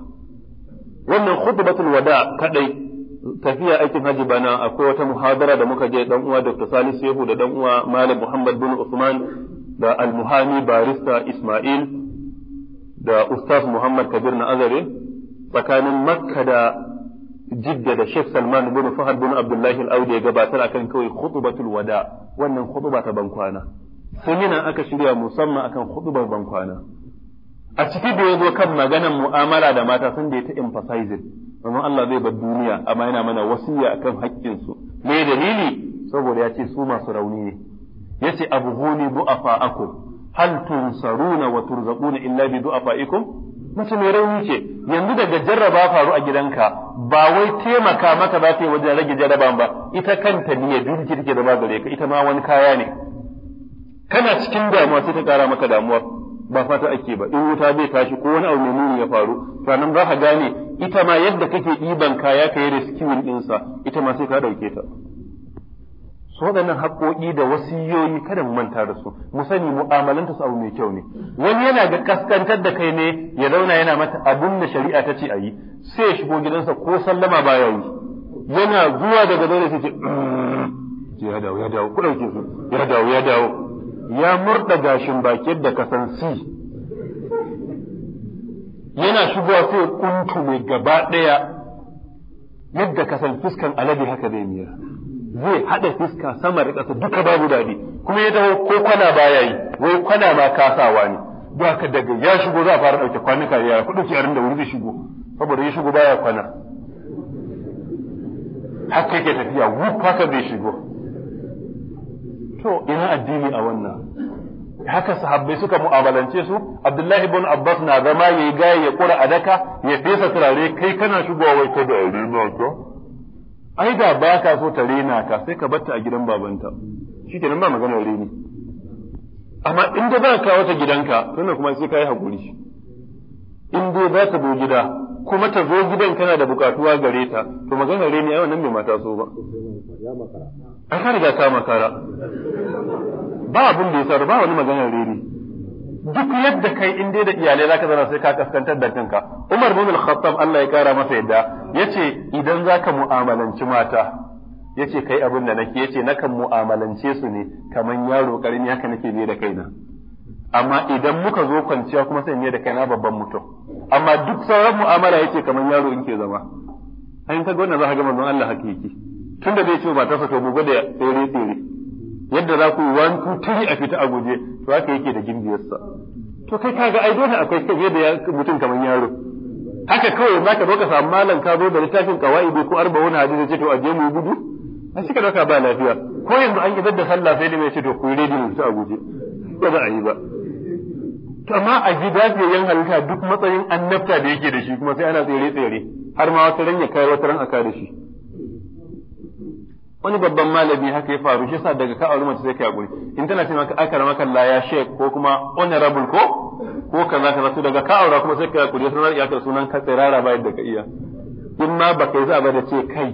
wannan khutbatul wada kadai tafiya aikin haji bana akwai wata muhadara da muka je dan uwa Dr. Salisu Yahu da dan uwa Malam Muhammad bin Usman da Al-Muhami barista Ismail da Ustaz Muhammad Kabir na Azare tsakanin makka da jidda da Sheikh Salman bin Fahad bin Abdullahi al-Audi ya gabatar akan kawai khutbatul wada wannan khutba ta bankwana seminar aka shirya musamman akan khutbar bankwana a ciki da yazo kan maganar mu'amala da mata sun da ya ta emphasizing domin Allah zai bar duniya amma yana mana wasiya akan haƙƙin su me dalili saboda ya ce su masu rauni ne yace abuhuni du'afa akum hal tunsaruna wa turzaquna illa bi du'afaikum mace mai rauni ce yanzu daga jarraba faru a gidanka ba wai taimaka mata ba ta wajen rage jarraban ba ita kanta ne duk take da gare ka ita ma wani kaya ne kana cikin damuwa sai ta kara maka damuwa ba fata ake ba in wuta zai tashi ko wani abu mai ya faru sannan za ka gane ita ma yadda kake ɗiban kaya ka yi sikiwin ɗinsa ita ma sai ka ɗauke ta. su waɗannan haƙoƙi da wasu wasiyoyi kada mu manta da su mu sani mu'amalanta su abu mai kyau ne wani yana ga kaskantar da kai ne ya zauna yana mata abin da shari'a ta ce a yi sai ya shigo gidansa ko sallama baya yi yana zuwa daga zaune sai ce mm, ya dawo ya dawo ku ɗauke su ya dawo ya dawo ya murɗa gashin baki da san si yana shigowa sai kuntu mai gaba ɗaya yadda ka san fuskan alade haka zai miyar zai haɗa fuska sama da ƙasa duka babu daɗi kuma ya dawo ko kwana baya yi wai kwana ma kasawa ne ba ka daga ya shigo za a fara ɗauke kwanuka ya ku ki yarin da wuri zai shigo saboda ya shigo baya kwana haka yake tafiya wuf haka bai shigo to ina addini a wannan haka sahabbai suka mu'amalance su Abdullahi ibn Abbas na zama yayi gaya ya kura adaka ya fesa turare kai kana shigowa wai ka da arena ka ai da ba ka so ta rena ka sai ka batta a gidan babanta nan ba maganar reni amma in da za ka wata gidanka sannan kuma sai ka yi haƙuri in dai za ta zo gida kuma ta zo gidan kana da bukatuwa gare ta to maganar reni ai wannan bai mata so ba ai ka riga ta makara ba abin da ya sa ba wani maganar reni duk yadda kai in dai da iyalai zaka zana sai ka kaskantar da kanka Umar bin Al-Khattab Allah ya kara masa yadda yace idan zaka mu'amalanci mata yace kai abin da nake yace nakan mu'amalance su ne kaman yaro karimi haka nake ne da kaina amma idan muka zo kwanciya kuma sai ne da kaina babban mutum amma duk sauran mu'amala yace kaman yaro in ke zama an kaga wannan za ka ga manzon Allah hakiki tunda bai ce ba ta fito mu gwada tsere tsere yadda za ku yi one two a fita a guje to haka yake da gimbiyarsa to kai kaga ai dole akwai kaje da mutum kamar yaro haka kawai za ka zo ka samu malam ka zo da littafin qawaidi ko arba'un hadisi ce to a je mu gudu an shi ka doka ba lafiya ko yanzu an idar da sallah sai da mai ce to ku redi mu fita a guje ba za a yi ba to amma a ji dafiyayen halitta duk matsayin annabta da yake da shi kuma sai ana tsere tsere har ma wata ran ya kai wata ran a kare shi wani babban malami haka ya faru shi sa daga ka aure mace sai ka hakuri in tana ce maka aka maka la ya shek ko kuma honorable ko ko kaza kaza to daga ka aure kuma sai ka hakuri sunan ya sunan ka tsirara ba yadda ka iya in ma baka yi ba da ce kai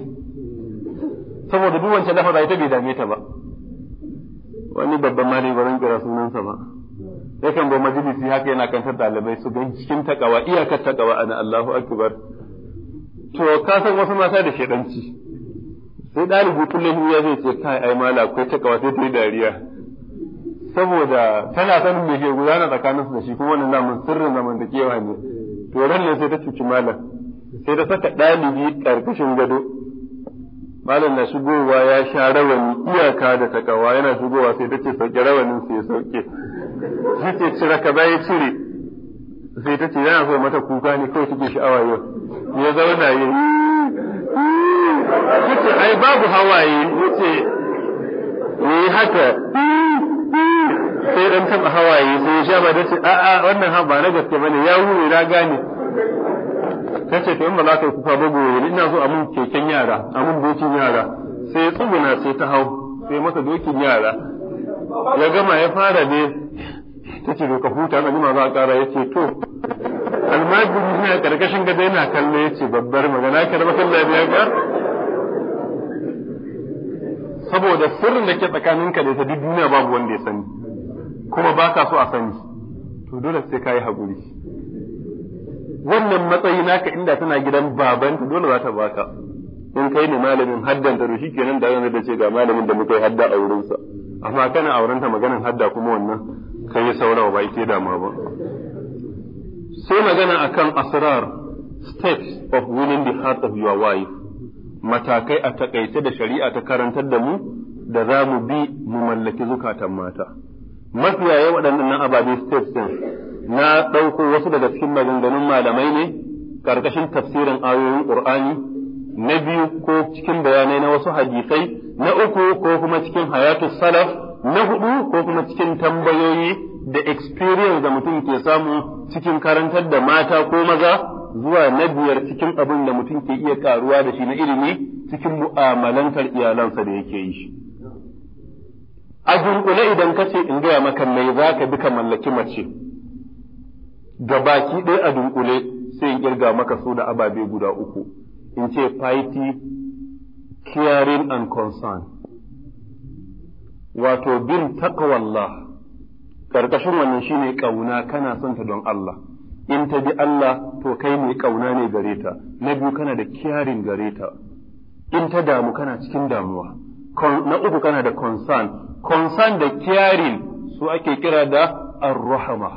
saboda duk wancan lafa ta bai dame ta ba wani babban malami ba zan kira sunansa ba yakan bo majalisi haka yana kantar dalibai su gan cikin takawa iyakar takawa ana Allahu akbar to ka san wasu mata da shedanci sai ɗalibi kullum ya zai ce kai ai mala akwai ta kawa sai ta yi dariya saboda tana sanin me ke gudana su da shi kuma wannan namun sirrin zamantakewa ne to ran ne sai ta cuci malam sai ta saka ɗalibi ƙarƙashin gado malam na shigowa ya sha rawani iyaka da takawa yana shigowa sai ta ce sauke rawanin sai sauke shi ce cire ka ya cire sai ta ce yana so mata kuka ne kawai take sha'awa yau ya zauna ya yi yace ai babu hawaye yace eh haka sai dan taba hawaye sai ya shaba da ce a a wannan ha ba na gaske bane ya wuri na gane Ta to in ba za ka kufa ba gobe ina so a mun keken yara a mun dokin yara sai ya tsuguna sai ta hau sai masa dokin yara ya gama ya fara ne Ta ce ka huta an ma za a kara yace to almajiri a karkashin gado yana kallo ya ce babbar magana ka ba kan biya ga saboda sirrin da ke tsakanin ka da ita duk duniya babu wanda ya sani kuma ba ka so a sani to dole sai ka yi haƙuri wannan matsayi naka inda tana gidan babanta dole za ta baka in kai ne malamin haddan ta shi kenan da zan da ce ga malamin da muka yi hadda a wurinsa amma kana aurenta maganin hadda kuma wannan kai saurawa ba ita dama ba sai magana a kan asrar steps of winning the heart of your wife matakai a takaice da shari'a ta karantar da mu da za mu bi mu mallaki zukatan mata mafiya yawa waɗannan ababe steps din na ɗauko wasu daga cikin maganganun malamai ne ƙarƙashin tafsirin ayoyin ƙur'ani na biyu ko cikin bayanai na wasu hadisai na uku ko kuma cikin hayatu salaf na hudu ko kuma cikin tambayoyi da experience da mutum ke samu cikin karantar da mata ko maza zuwa na biyar cikin abin da mutum ke iya karuwa da shi na ilimi cikin mu'amalantar iyalansa da yake yi shi. A dunkule idan ka ce in gaya maka mai za ka bi ka mallaki mace, ga baki ɗaya a dunkule sai in kirga maka su da ababe guda uku, in ce piety, caring and concern. Wato bin takawallah Ƙarƙashin wannan shi ne ƙauna kana son ta don Allah, in ta bi Allah to kai mai ƙauna ne gare ta, na biyu kana da kiyarin gare ta, in ta damu kana cikin damuwa, na uku kana da concern, concern da kiyarin su ake kira da arrahama.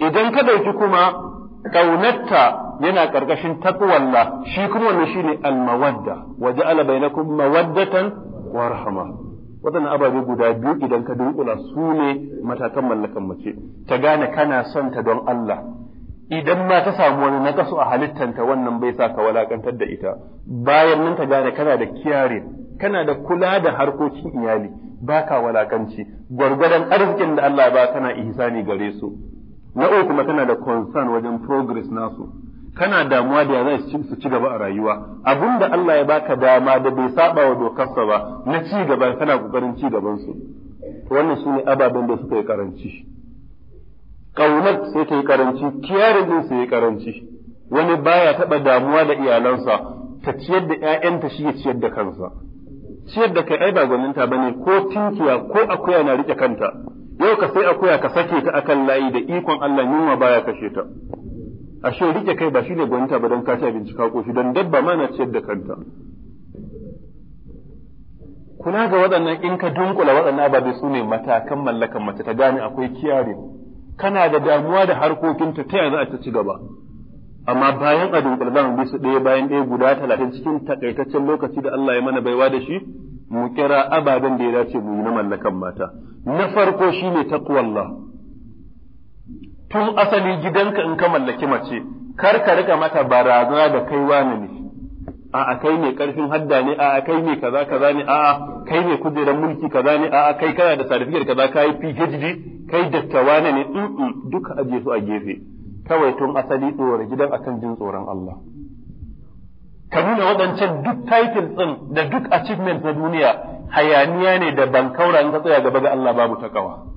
Idan ka ɗauki kuma ƙaunarta yana ƙarƙashin taƙwalla, shi kuma wannan shi ne almawadda, waje ala bainakum mawaddatan wa rahama. waɗannan ababe guda biyu idan ka dunkula su ne matakan mallakan mace ta gane kana son ta don Allah idan ma ta samu wani nakasu a halittanta wannan bai sa ka walakantar da ita bayan nan ta gane kana da kiyare kana da kula da harkokin iyali baka walakanci gwargwadon arzikin da Allah ba kana ihsani gare su na uku kuma tana da concern wajen progress nasu kana damuwa da ya ci su ci gaba a rayuwa abinda Allah ya baka dama da bai saba wa dokarsa ba na ci gaba kana kokarin ci gaban su wannan su ababen da suka yi karanci kaunar sai ta yi karanci kiyarin din sai yi karanci wani baya taba damuwa da iyalansa ta ciyar da ƴaƴanta shi ya ciyar da kansa ciyar da kai ai ba gwaninta bane ko tinkiya ko akuya na rike kanta yau ka sai akuya ka sake ta akan layi da ikon Allah yunwa baya kashe ta ashe rike kai ba shine gwanta ba don ka ci abinci ka koshi don dabba ma na ciyar da kanta kuna ga waɗannan in ka dunkula waɗannan ababe su ne matakan mallakan mace ta gane akwai kiyare kana da damuwa da harkokinta ta yanzu a ta ci gaba amma bayan a dunkula za mu bi su ɗaya bayan ɗaya guda talatin cikin takaitaccen lokaci da Allah ya mana baiwa da shi mu kira ababen da ya dace mu yi na mallakan mata na farko shine taqwallah tun asali gidanka in ka mallaki mace kar ka rika mata barazana da kai wani ne a kai ne karfin hadda ne a kai ne kaza kaza ne a kai ne kujerar mulki kaza ne a kai kana da sarfiyar kaza kai PhD kai dattawa wani ne in duka aje su a gefe kawai tun asali tsoron gidan akan jin tsoron Allah ka nuna waɗancan duk title ɗin da duk achievement na duniya hayaniya ne da bankaura in ka tsaya gaba ga Allah babu ta takawa.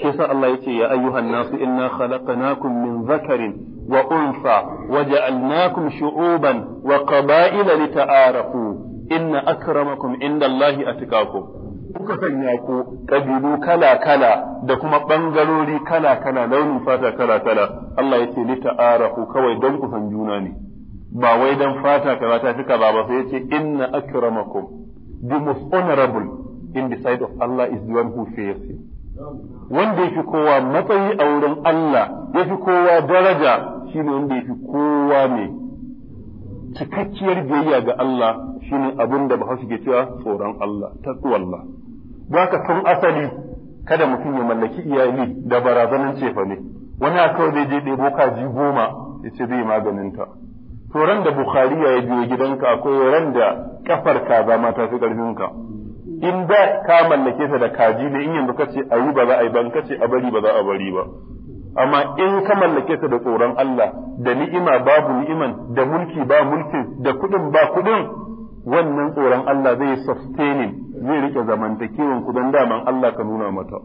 shi sa Allah yace ya ayyuhan nasu inna khalaqnakum min zakarin wa unsa wa ja'alnakum shu'uban wa qaba'ila lita'arafu inna akramakum indallahi atqakum kuka sanya ku kabilu kala kala da kuma bangarori kala kala launin fata kala kala Allah yace lita'arafu kawai don ku san juna ne ba wai dan fata kaza ta fika ba ba sai yace inna akramakum the most honorable in the sight of Allah is the one who fears him wanda yafi kowa matsayi a wurin Allah ya fi kowa daraja shine wanda fi kowa ne cikakkiyar biyayya ga Allah shine abin da Bahaushe ke cewa tsoron Allah ta Ba ka tun asali kada mutum ya mallaki iyali da barazanan cefa ne wani akawai zai je ɗebo kaji goma ya ce zai maganinta to ran da bukhari ya biyo gidanka akwai ran da kafar kaza ma ta fi ƙarfinka in da ka mallake ta da kaji ne in yanzu kace a yi ba za a yi ba in kace a bari ba za a bari ba amma in ka mallake ta da tsoron Allah da ni'ima babu ni'iman da mulki ba mulkin da kudin ba kudin wannan tsoron Allah zai sustaining zai rike zamantakewan ku don daman Allah ka nuna mata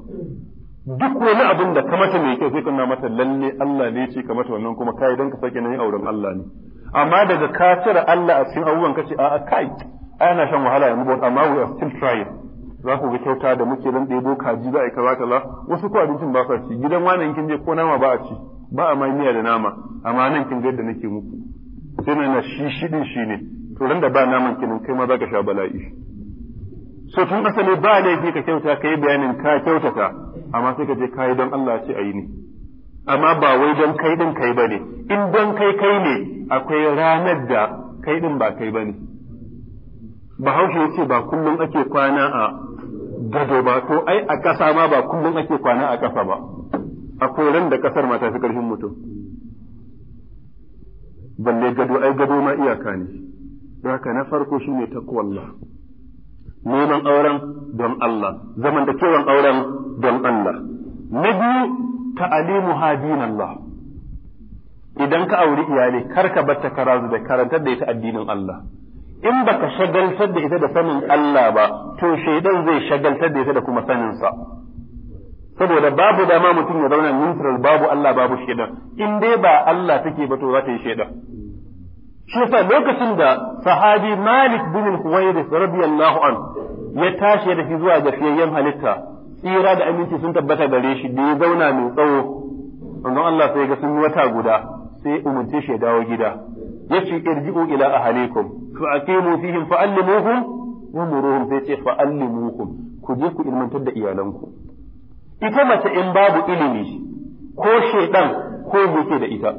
duk wani abin da ka mata mai kyau sai ka nuna mata lalle Allah ne ce ka mata wannan kuma kai dan ka sake nan auren Allah ne amma daga ka Allah a cikin abubuwan kace a'a kai ai ana shan wahala yanzu ba amma we are still trying za ku ga kyauta da muke dan ɗebo kaji za a yi kaza kaza wasu ko abincin ba sa ci gidan wani kin je ko nama ba a ci ba a ma miya da nama amma nan kin ga yadda nake muku sai na shi din shi ne to ran da ba naman kinin kai ma za ka sha bala'i so tun asali ba laifi ka kyauta ka yi bayanin ka kyautata amma sai ka je ka yi don Allah ce ayi yi ne amma ba wai don kai din kai bane in don kai kai ne akwai ranar da kai din ba kai bane bahaushe ya ce ba kullum ake kwana a gado ba to ai a ƙasa ma ba kullum ake kwana a ƙasa ba a koren da ƙasar ma ta fi ƙarfin mutum balle gado ai gado ma iyaka ne haka na farko shi ne takwallah neman auren don Allah zaman da kewan auren don Allah na biyu ta'alimu hadin Allah idan ka auri iyali kar ka batta karazu da karantar da ita addinin Allah in baka shagaltar da ita da sanin Allah ba to shaidan zai shagaltar da ita da kuma saninsa saboda babu dama mutum ya zauna neutral babu Allah babu shaidan in dai ba Allah take ba to za ta yi shaidan shi yasa lokacin da sahabi Malik bin Huwairis radiyallahu an ya tashi ya tafi zuwa gafiyayyen halitta tsira da aminci sun tabbata gare shi da ya zauna mai tsawo wannan Allah sai ga sun yi wata guda sai umurce shi ya dawo gida yace irji'u ila ahlikum fa aqimu fihim fa allimuhum wa muruhum sai ce fa allimuhum ku je ku ilmantar da iyalanku ita mace in babu ilimi ko shedan ko yake da ita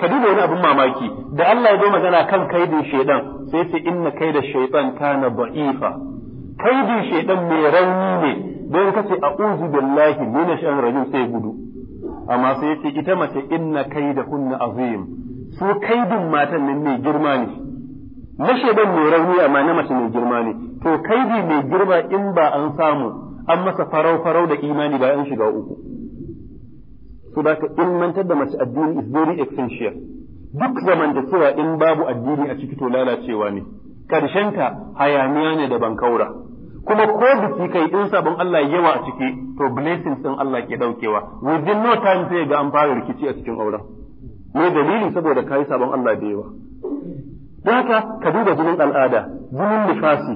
ka duba wani abin mamaki da Allah ya zo magana kan kaidin shedan sai ce inna kaida shaytan kana da'ifa kaidin shedan mai rauni ne don kace a'udhu billahi minash rajim sai gudu amma sai ce ita mace inna kaida kunna azim kai kaidin matan nan mai girma ne na shaidan mai rauni amma na mace mai girma ne to kaidi mai girma in ba an samu an masa farau farau da imani bayan shiga uku so da ka ilmantar da mace addini is very essential duk cewa in babu addini a ciki to lalacewa ne karshenta hayaniya ne da bankaura kuma ko biki kai in sabon Allah yawa a ciki to blessings din Allah ke daukewa within no time sai ga an fara rikici a cikin auren ne dalili saboda ka yi sabon Allah da yawa don haka ka duba jinin al'ada jinin nifasi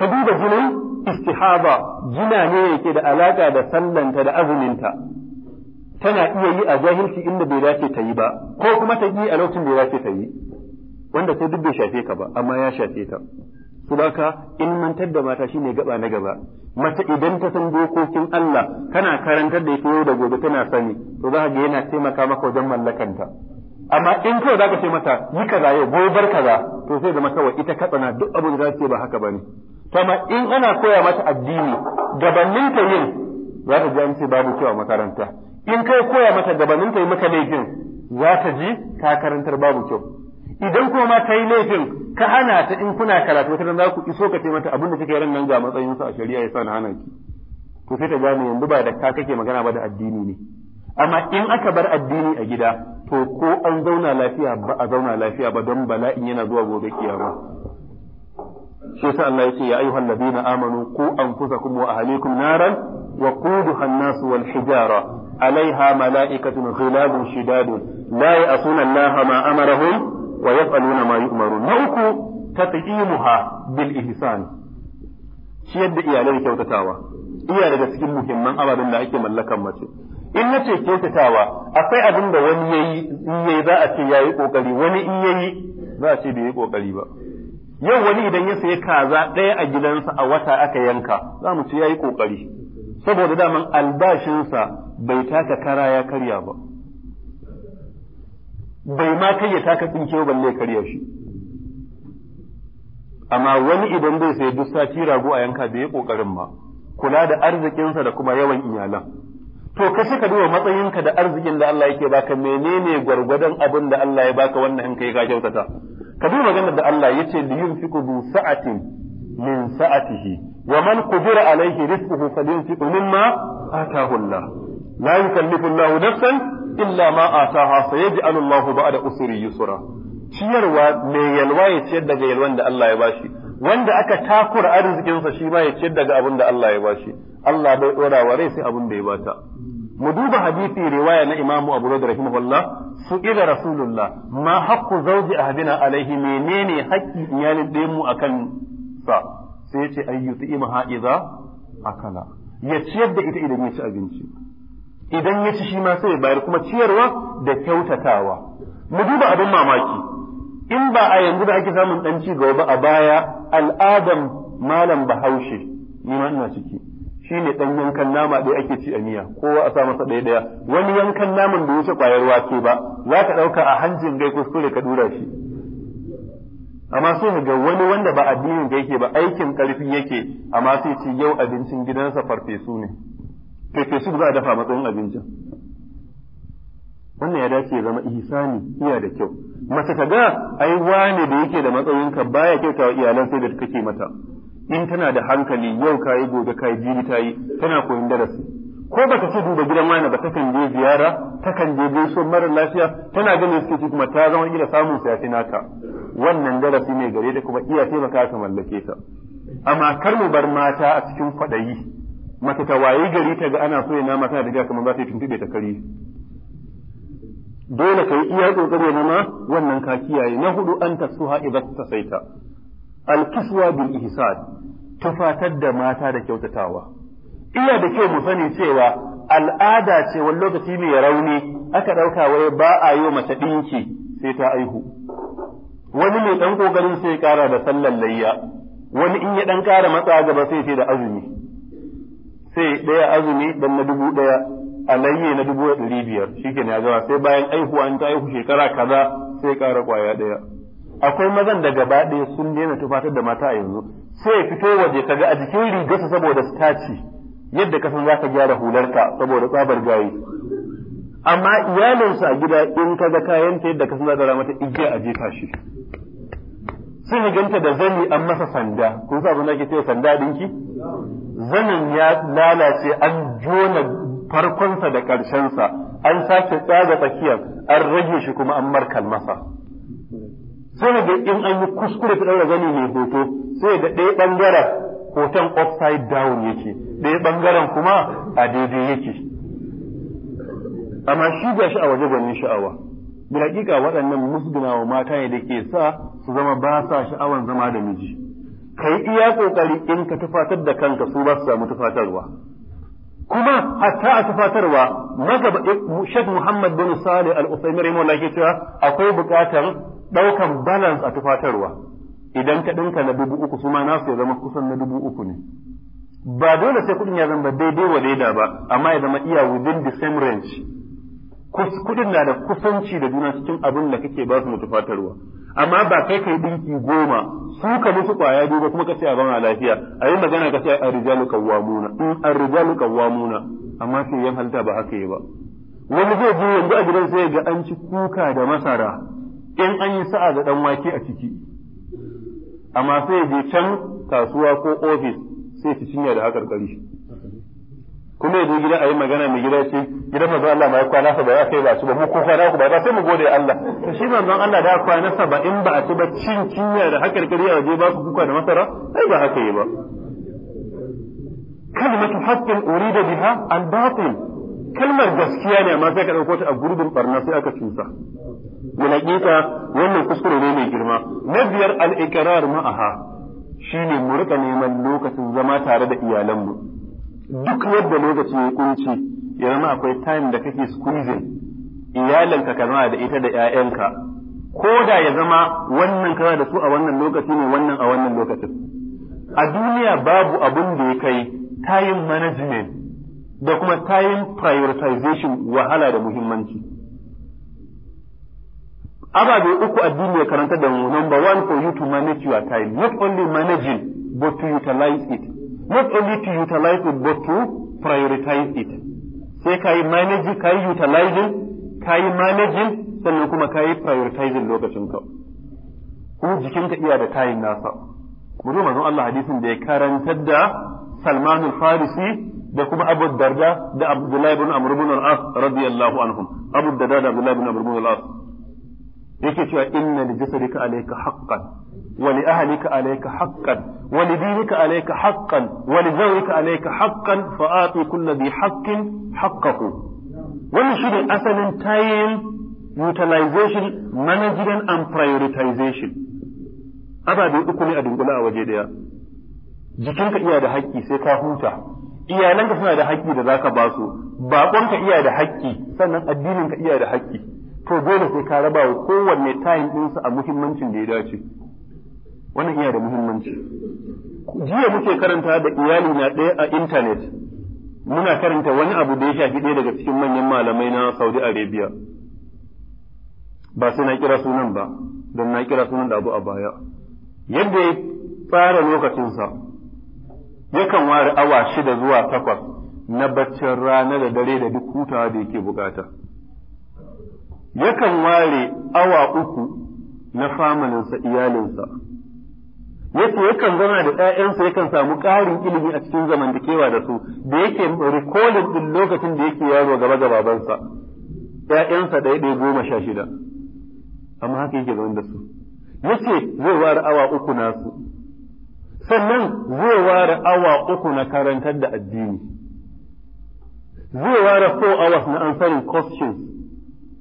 ka duba jinin istihaba jina ne yake da alaka da sallanta da azuminta tana iya yi a jahilci inda bai dace ta yi ba ko kuma ta yi a lokacin bai dace ta yi wanda sai duk bai shafe ka ba amma ya shafe ta Saboda in mantar da mata shine gaba na gaba. Mace idan ta san dokokin Allah kana karantar da ita yau da gobe tana sani to za ka ga yana taimaka maka wajen mallakanta. Amma in kai za ka ce mata yi kaza yau gobar kaza to sai zama kawai ita katsana duk abin da za ce ba haka ba ne. amma in ana koya mata addini gabanin ta yin za ka ji an ce babu kyau a makaranta. In kai koya mata gabanin ta yi maka laifin za ta ji ka karantar babu kyau. idan kuma ma ta yi laifin ka hana ta in kuna karatu wata za ku iso ka ce mata abin da kike ran nan ga matsayin su a shari'a ya sa na hana ki to sai ta gane yanzu ba da ka kake magana ba da addini ne amma in aka bar addini a gida to ko an zauna lafiya ba a zauna lafiya ba don bala'in yana zuwa gobe kiyama shi yasa Allah yake ya ayyuhal ladina amanu qu anfusakum wa ahlikum naran wa quduha an-nas wal hijara alaiha mala'ikatun ghilabun shidadun la ya'suna Allah ma amarahum wa yaf'aluna ma yu'marun na uku tat'imuha bil ihsan ciyar da iyalai kyautatawa iya daga cikin muhimman ababen da ake mallakan mace in na ce kyautatawa akwai abin da wani yayi in yayi za a ce yayi kokari wani in yayi za a ce bai yi kokari ba yau wani idan ya saya kaza ɗaya a gidansa a wata aka yanka za mu ce yayi kokari saboda daman albashinsa bai taka kara ya karya ba bai ma kai ya taka tsinke balle karya shi amma wani idan zai sai duk sati rago a yanka bai yi kokarin ma kula da arzikinsa da kuma yawan iyalan to shi ka duba matsayinka da arzikin da Allah yake baka menene gwargwadon abin da Allah ya baka wannan hanka ya ka kyautata ka duba maganar da Allah yace li yunfiqu bi sa'atin min sa'atihi wa man qudira alayhi rizquhu falyunfiq mimma ataahu Allah la yukallifu Allahu nafsan illa ma ataha sayaj'alu Allahu ba'da usri yusra ciyarwa mai yalwa ya ciyar daga yalwan da Allah ya bashi wanda aka takura arzikinsa shi ma ya ciyar daga abin da Allah ya bashi Allah bai dora wa rai sai abin da ya bata mu duba hadisi riwaya na Imam Abu Dawud rahimahullah su ila Rasulullah ma haqqu zawji Hadina alaihi menene haƙƙi iyalin ɗayan mu akan sa sai ya ce ayyuti imaha idza akala ya ciyar da ita idan ya ci abinci idan ya ci shi ma sai bayar kuma ciyarwa da kyautatawa mu duba abin mamaki in ba a yanzu da ake samun dan ci gaba a baya al'adam malam bahaushe ni ma ina ciki shine dan yankan nama da ake ci a miya kowa a sa masa ɗaya ɗaya wani yankan naman da wuce kwayar wake ba za ka ɗauka a hanjin gai kuskure ka dura shi amma sai ga wani wanda ba addinin da yake ba aikin karfi yake amma sai ce yau abincin gidansa farfesu ne fefe ba za a dafa matsayin abincin wannan ya dace ya zama ihsani iya da kyau mace ta ga ai wane da yake da matsayin ka baya kyauta wa iyalan sai da kake mata in tana da hankali yau kayi gobe kayi jibi tayi tana koyon darasi ko baka ce duba gidan wani ba takan je ziyara takan je gaisuwar marar lafiya tana ganin suke ci kuma ta zama gida samun sayafi naka wannan darasi ne gare ta kuma iya taimaka ka mallake ta amma kar mu bar mata a cikin kwaɗayi mace ta wayi gari ta ga ana soya nama tana tafiya kamar za ta yi tuntube ta kare dole ka yi iya kokari na ma wannan ka kiyaye na hudu an suha idan ta saita alkiswa bil ihsan tufatar da mata da kyautatawa iya da kyau mu sani cewa al'ada ce wani lokaci mai rauni aka ɗauka wai ba a yi mace ɗinki sai ta aihu wani mai ɗan ƙoƙarin sai ƙara da sallan layya wani in ya ɗan ƙara matsa gaba sai ce da azumi sai ɗaya azumi dan na dubu ɗaya a layye na dubu ɗari biyar shi ke ya gama sai bayan aihuwa an ta aihu shekara kaza sai ƙara ƙwaya ɗaya akwai mazan da gaba ɗaya sun daina tufatar da mata a yanzu sai fito waje kaga a jikin rigarsa saboda staci yadda kasan za ka gyara hularka saboda tsabar gayi amma iyalinsu a gida in kaga kayan ta yadda kasan za ka mata igiya a jefa shi Sun ganta da zani an masa sanda kun sa abin da ake cewa sanda dinki zanin ya lalace an jona farkonsa da ƙarshen sa, an sake tsaga tsakiyar an rage shi kuma an markal masa sai da in an yi kuskure ta ɗaura zani mai hoto sai da ɗaya ɓangaren hoton upside down yake ɗaya ɓangaren kuma a daidai yake amma shi ga shi a waje gwanin sha'awa da hakika waɗannan musgunawa mata ne da ke sa su zama ba sa sha'awan zama da miji ka yi iya kokari in ka tufatar da kanka su ba su samu tufatarwa kuma hatta a tufatarwa magaba shek Muhammad bin sali Al-Uthaymeen rahimahullah ke cewa akwai buƙatar ɗaukar balance a tufatarwa idan ka ɗinka na dubu uku su ma nasu ya zama kusan na dubu uku ne ba dole sai kuɗin ya zama daidai wa daida ba amma ya zama iya within the same range kuɗin na da kusanci da juna cikin abin da kake ba su mu tufatarwa amma ba kai kai dinki goma su ka musu kwaya biyu ba kuma ka ce a zauna lafiya a yi magana ka ce a rijalu kawwamuna in mm, a rijalu kawwamuna amma sai yan halta ba haka yi ba wani zai je yanzu a gidan sai ga an ci kuka da masara in an yi sa'a da dan wake a ciki amma sai je can kasuwa ko ofis sai ci cinya da hakar kari kuma yaje gida a yi magana mai gida ce gidan zuwa Allah ma ya kwana sa ba ya kai ba su ba mu ko kwana ku ba ba sai mu gode Allah to shi manzon Allah da kwana sa ba in ba a ci ba cin kinya da hakar a waje ba ku kuka da masara sai ba haka yi ba kalmatu haqqin urida biha al-batil kalmar gaskiya ne amma sai ka dauko ta a gurbin barna sai aka cusa Wani hakika wannan kuskure ne mai girma na biyar al ma'aha shine mu rika neman lokacin zama tare da iyalanmu duk yadda lokaci ya kunci ya zama akwai time da kake squeeze iyalinka ka zama da ita da 'ya'yanka, ko da ya zama wannan kana da su a wannan lokaci ne wannan a wannan lokacin a duniya babu abin da ya kai time management da kuma time prioritization wahala da muhimmanci ababe uku addini ya karanta da mu number one for you to manage your time not only managing but to utilize it not only to utilize it but to prioritize it sai ka yi managing ka yi utilizing ka yi managing sannan kuma ka yi prioritizing ka kuma ka iya da kayan nasa mu zo manzon Allah hadisin da ya karantar da Salman al-Farisi da kuma Abu Darda da Abdullah ibn Amr ibn al-As radiyallahu anhum Abu Darda da Abdullah ibn Amr ibn al-As yake cewa inna li jasadika alayka haqqan wa li ahlika alayka haqqan wa li dinika alayka haqqan wa li zawjika alayka haqqan fa ati kulli bi haqqin haqqahu wannan shine asalin time utilization management and prioritization ababe uku ne a dunkula a waje daya jikinka iya da haƙƙi sai ka huta iyalanka suna da haƙƙi da zaka ba su baƙonka iya da haƙƙi sannan addininka iya da haƙƙi to dole sai ka raba wa kowanne time ɗinsa a muhimmancin da ya dace wannan iya da muhimmanci jiya muke karanta da iyali na ɗaya a intanet muna karanta wani abu da ya shafi ɗaya daga cikin manyan malamai na saudi arabia ba sai na kira sunan ba don na kira sunan da abu a baya yadda ya tsara lokacinsa yakan ware awa shida zuwa takwas na baccin rana da dare da duk hutawa da yake bukata yakan ware awa uku na famaninsa iyalinsa yace yakan zama da 'ya'yansa yakan samu ƙarin ilimi a cikin zamantakewa da su da yake recalling ɗin lokacin da yake yaro gaba ga babansa ƴaƴansa ɗaya ɗaya goma sha shida amma haka yake zaman da su yace zai ware awa uku nasu sannan zai ware awa uku na karantar da addini zai ware 4 hours na answering questions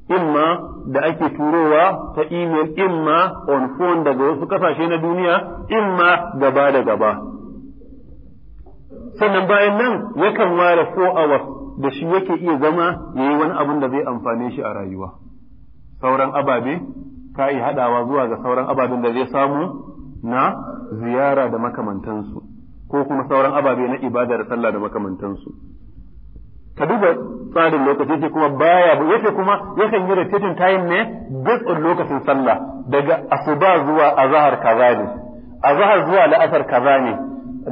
imma da ake turowa ta email imma on phone daga wasu kasashe na duniya imma gaba da gaba sannan bayan nan yakan ware 4 hours da shi yake iya zama ya yi wani abin da zai amfane shi a rayuwa sauran ababe ka yi haɗawa zuwa ga sauran ababen da zai samu na ziyara da makamantansu ko kuma sauran ababe na ibada da sallah da makamantansu ka duba tsarin lokaci yake kuma baya bu yake kuma yakan yi rotating time ne gaskon lokacin sallah daga asuba zuwa azhar kaza ne azhar zuwa la'asar kaza ne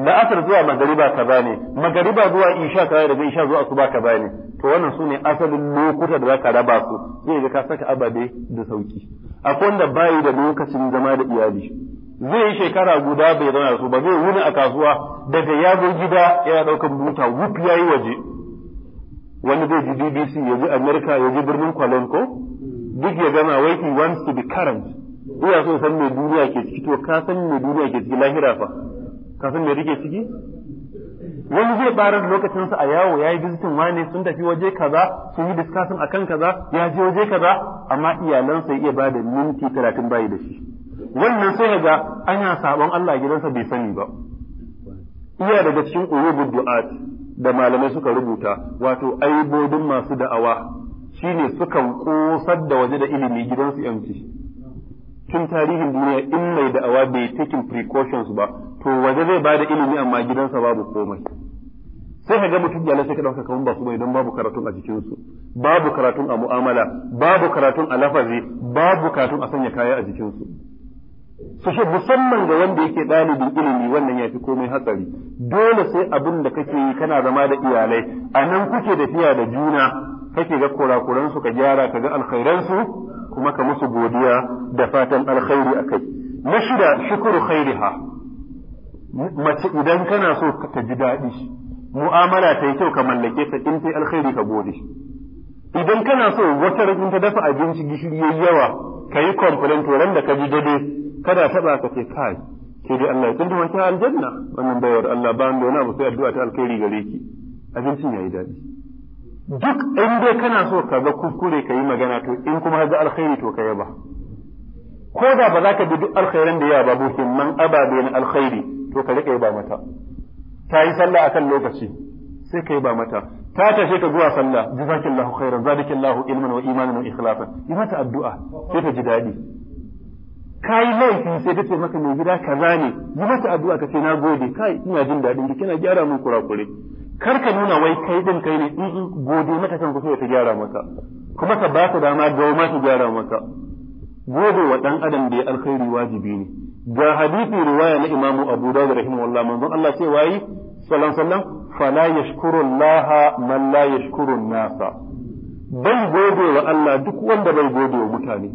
la'asar zuwa magariba kaza ne magariba zuwa isha kaza daga isha zuwa asuba kaza ne to wannan su ne asalin lokuta da zaka raba su sai ga ka saka ababe da sauki akwai wanda bayi da lokacin zama da iyali zai yi shekara guda bai zauna da su ba zai wuni a kasuwa daga ya zo gida yana daukan buta wuf yayi waje wani zai ji BBC ya ji amerika ya ji birnin Kwalon ko duk ya gama wai he wants to be current iya so san me duniya ke ciki to ka san me duniya ke ciki lahira fa ka san me rike ciki wani zai barar lokacinsa a yawo ya yi wani sun tafi waje kaza sun yi a akan kaza ya je waje kaza amma iyalansa ya iya ba da minti talatin bai da shi wannan sai ga ana sabon Allah gidansa bai sani ba iya daga cikin uyubud du'at da malamai suka rubuta wato aibodin masu da'awa shine sukan kosar da waje da ilimi gidansu yanci tun tarihin duniya in mai da'awa bai taking precautions ba to waje zai ba da ilimi amma gidansa babu komai sai ka ga mutum ya lashe ka dauka kawun ba su bai don babu karatun a jikinsu babu karatun a mu'amala babu karatun a lafazi babu karatun a sanya kaya a jikinsu Sashe musamman ga wanda yake ɗalibin ilimi wannan ya fi komai hatsari, dole sai abin da kake yi kana zama da iyalai, a nan kuke tafiya da juna, kake ga kurakuransu ka gyara ka ga alkhairansu kuma ka musu godiya da fatan alkhairi a kai. Na shida shukuru khairiha, mace idan kana so ka ji daɗi, mu'amala ta yi kyau ka mallake ta in ta alkhairi ka gode. Idan kana so wata rikinta ta dafa abinci gishiri yayi yawa, ka yi complain to da ka ji dade kada taba ka ce kai ke dai Allah ya kinta aljanna wannan bayar Allah ba ni wani abu sai addu'a ta alkhairi gare ki abincin yayi daɗi duk in dai kana so ka ga kuskure ka yi magana to in kuma ga alkhairi to ka yaba ko da ba za ka bi duk alkhairan da ya ba muhimman ababe alkhairi to ka rika yaba mata ta yi sallah akan lokaci sai ka yaba mata ta tashe ka zuwa sallah jazakillahu khairan zadakillahu ilman wa imanan wa ikhlasan yi mata addu'a sai ta ji daɗi ka yi laifi sai ta ce maka mai gida kaza ne yi mata addu'a ka ce na gode kai ina jin daɗin ki kina gyara min kurakure kar ka nuna wai kai din kai ne in gode mata kan kusa ta gyara maka kuma ka ba ta dama ma ta gyara maka gode wa dan adam da ya alkhairi wajibi ne ga hadisi riwaya na imamu abu dawud rahimahullah manzon Allah ce wayi sallallahu alaihi wasallam fala yashkuru Allah man la yashkuru nasa bai gode wa Allah duk wanda bai gode wa mutane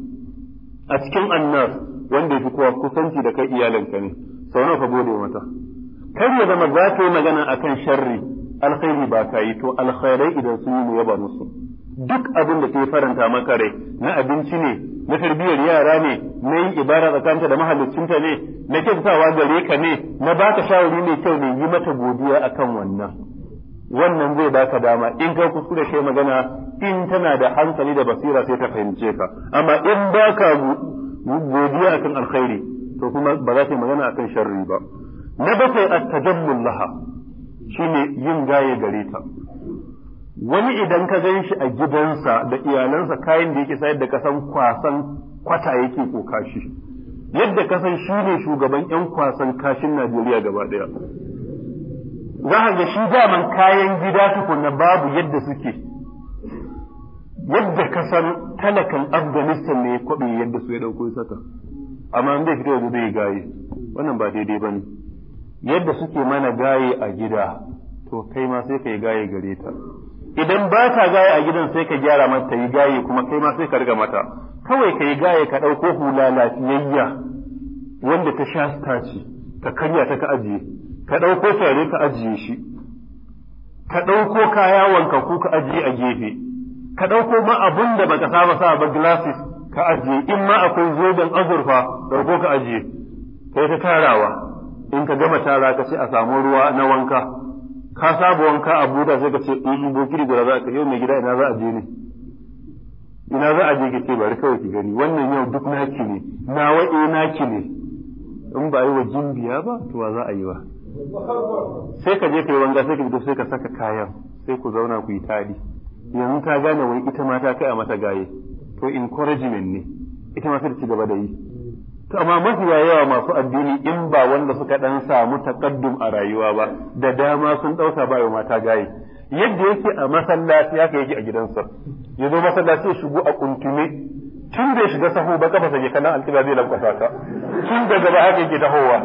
a cikin annas wanda ya fi kowa kusanci da kai iyalinka ne sau nawa ka gode mata kar ya zama za ka yi magana akan sharri alkhairi ba ka yi to alkhairai idan sun yi yaba musu duk abin da ke faranta maka rai na abinci ne na tarbiyyar yara ne na yin ibara tsakanta da ta ne na kyautawa gare ka ne na ba baka shawari mai kyau ne yi mata godiya akan wannan wannan zai baka dama in ka kuskure kai magana in tana da hankali da basira sai ta fahimce ka amma in baka godiya akan alkhairi to kuma ba za ta magana akan sharri ba na bakwai at-tajammul laha shine yin gaye gare ta wani idan ka gan shi a gidansa da iyalansa kayan da yake sayar da kasan kwasan kwata yake ko kashi yadda kasan shi ne shugaban yan kwasan kashin Najeriya gaba daya za ka ga shi daman kayan gida tukuna babu yadda suke yadda ka san talakan afghanistan ne ya kwaɓe yadda su ya ɗauko ya saka amma in zai fito yanzu zai gaye wannan ba daidai ba ne yadda suke mana gaye a gida to kai ma sai ka yi gaye gare ta idan ba ta gaye a gidan sai ka gyara mata yi gaye kuma kai ma sai ka riga mata kawai ka yi gaye ka ɗauko hula lafiyayya wanda ta sha staci ka karya ta ka ajiye ka ɗauko tare ka ajiye shi ka ɗauko kaya wanka ko ka ajiye a gefe ka ɗauko ma abun da baka saba sa ba glasses ka ajiye in ma akwai zoben azurfa ɗauko ka ajiye kai ta tarawa in ka gama tara ka ce a samu ruwa na wanka ka saba wanka a buɗa sai ka ce eh, in bokiri guda za ka yau mai gida ina za a je ne ina za a je ki ce bari kawai ki gani wannan yau duk naki ne nawa eh naki ne in ba yi wa jimbiya ba to wa za a yi ba sai ka je kai wanga sai ka fito sai ka saka kayan sai ku zauna ku yi tadi yanzu ta gane wai ita ma ta kai a mata gaye to encouragement ne ita ma ta ci gaba da yi to amma mafi yawa masu addini in ba wanda suka dan samu takaddum a rayuwa ba da dama sun dauka ba yau mata gaye yadda yake a masallaci haka yake a gidansa ya zo masallaci ya shigo a kuntume tun da ya shiga sahu ba kafa sai kana alƙiba zai lankwasa ka tun da gaba haka yake tahowa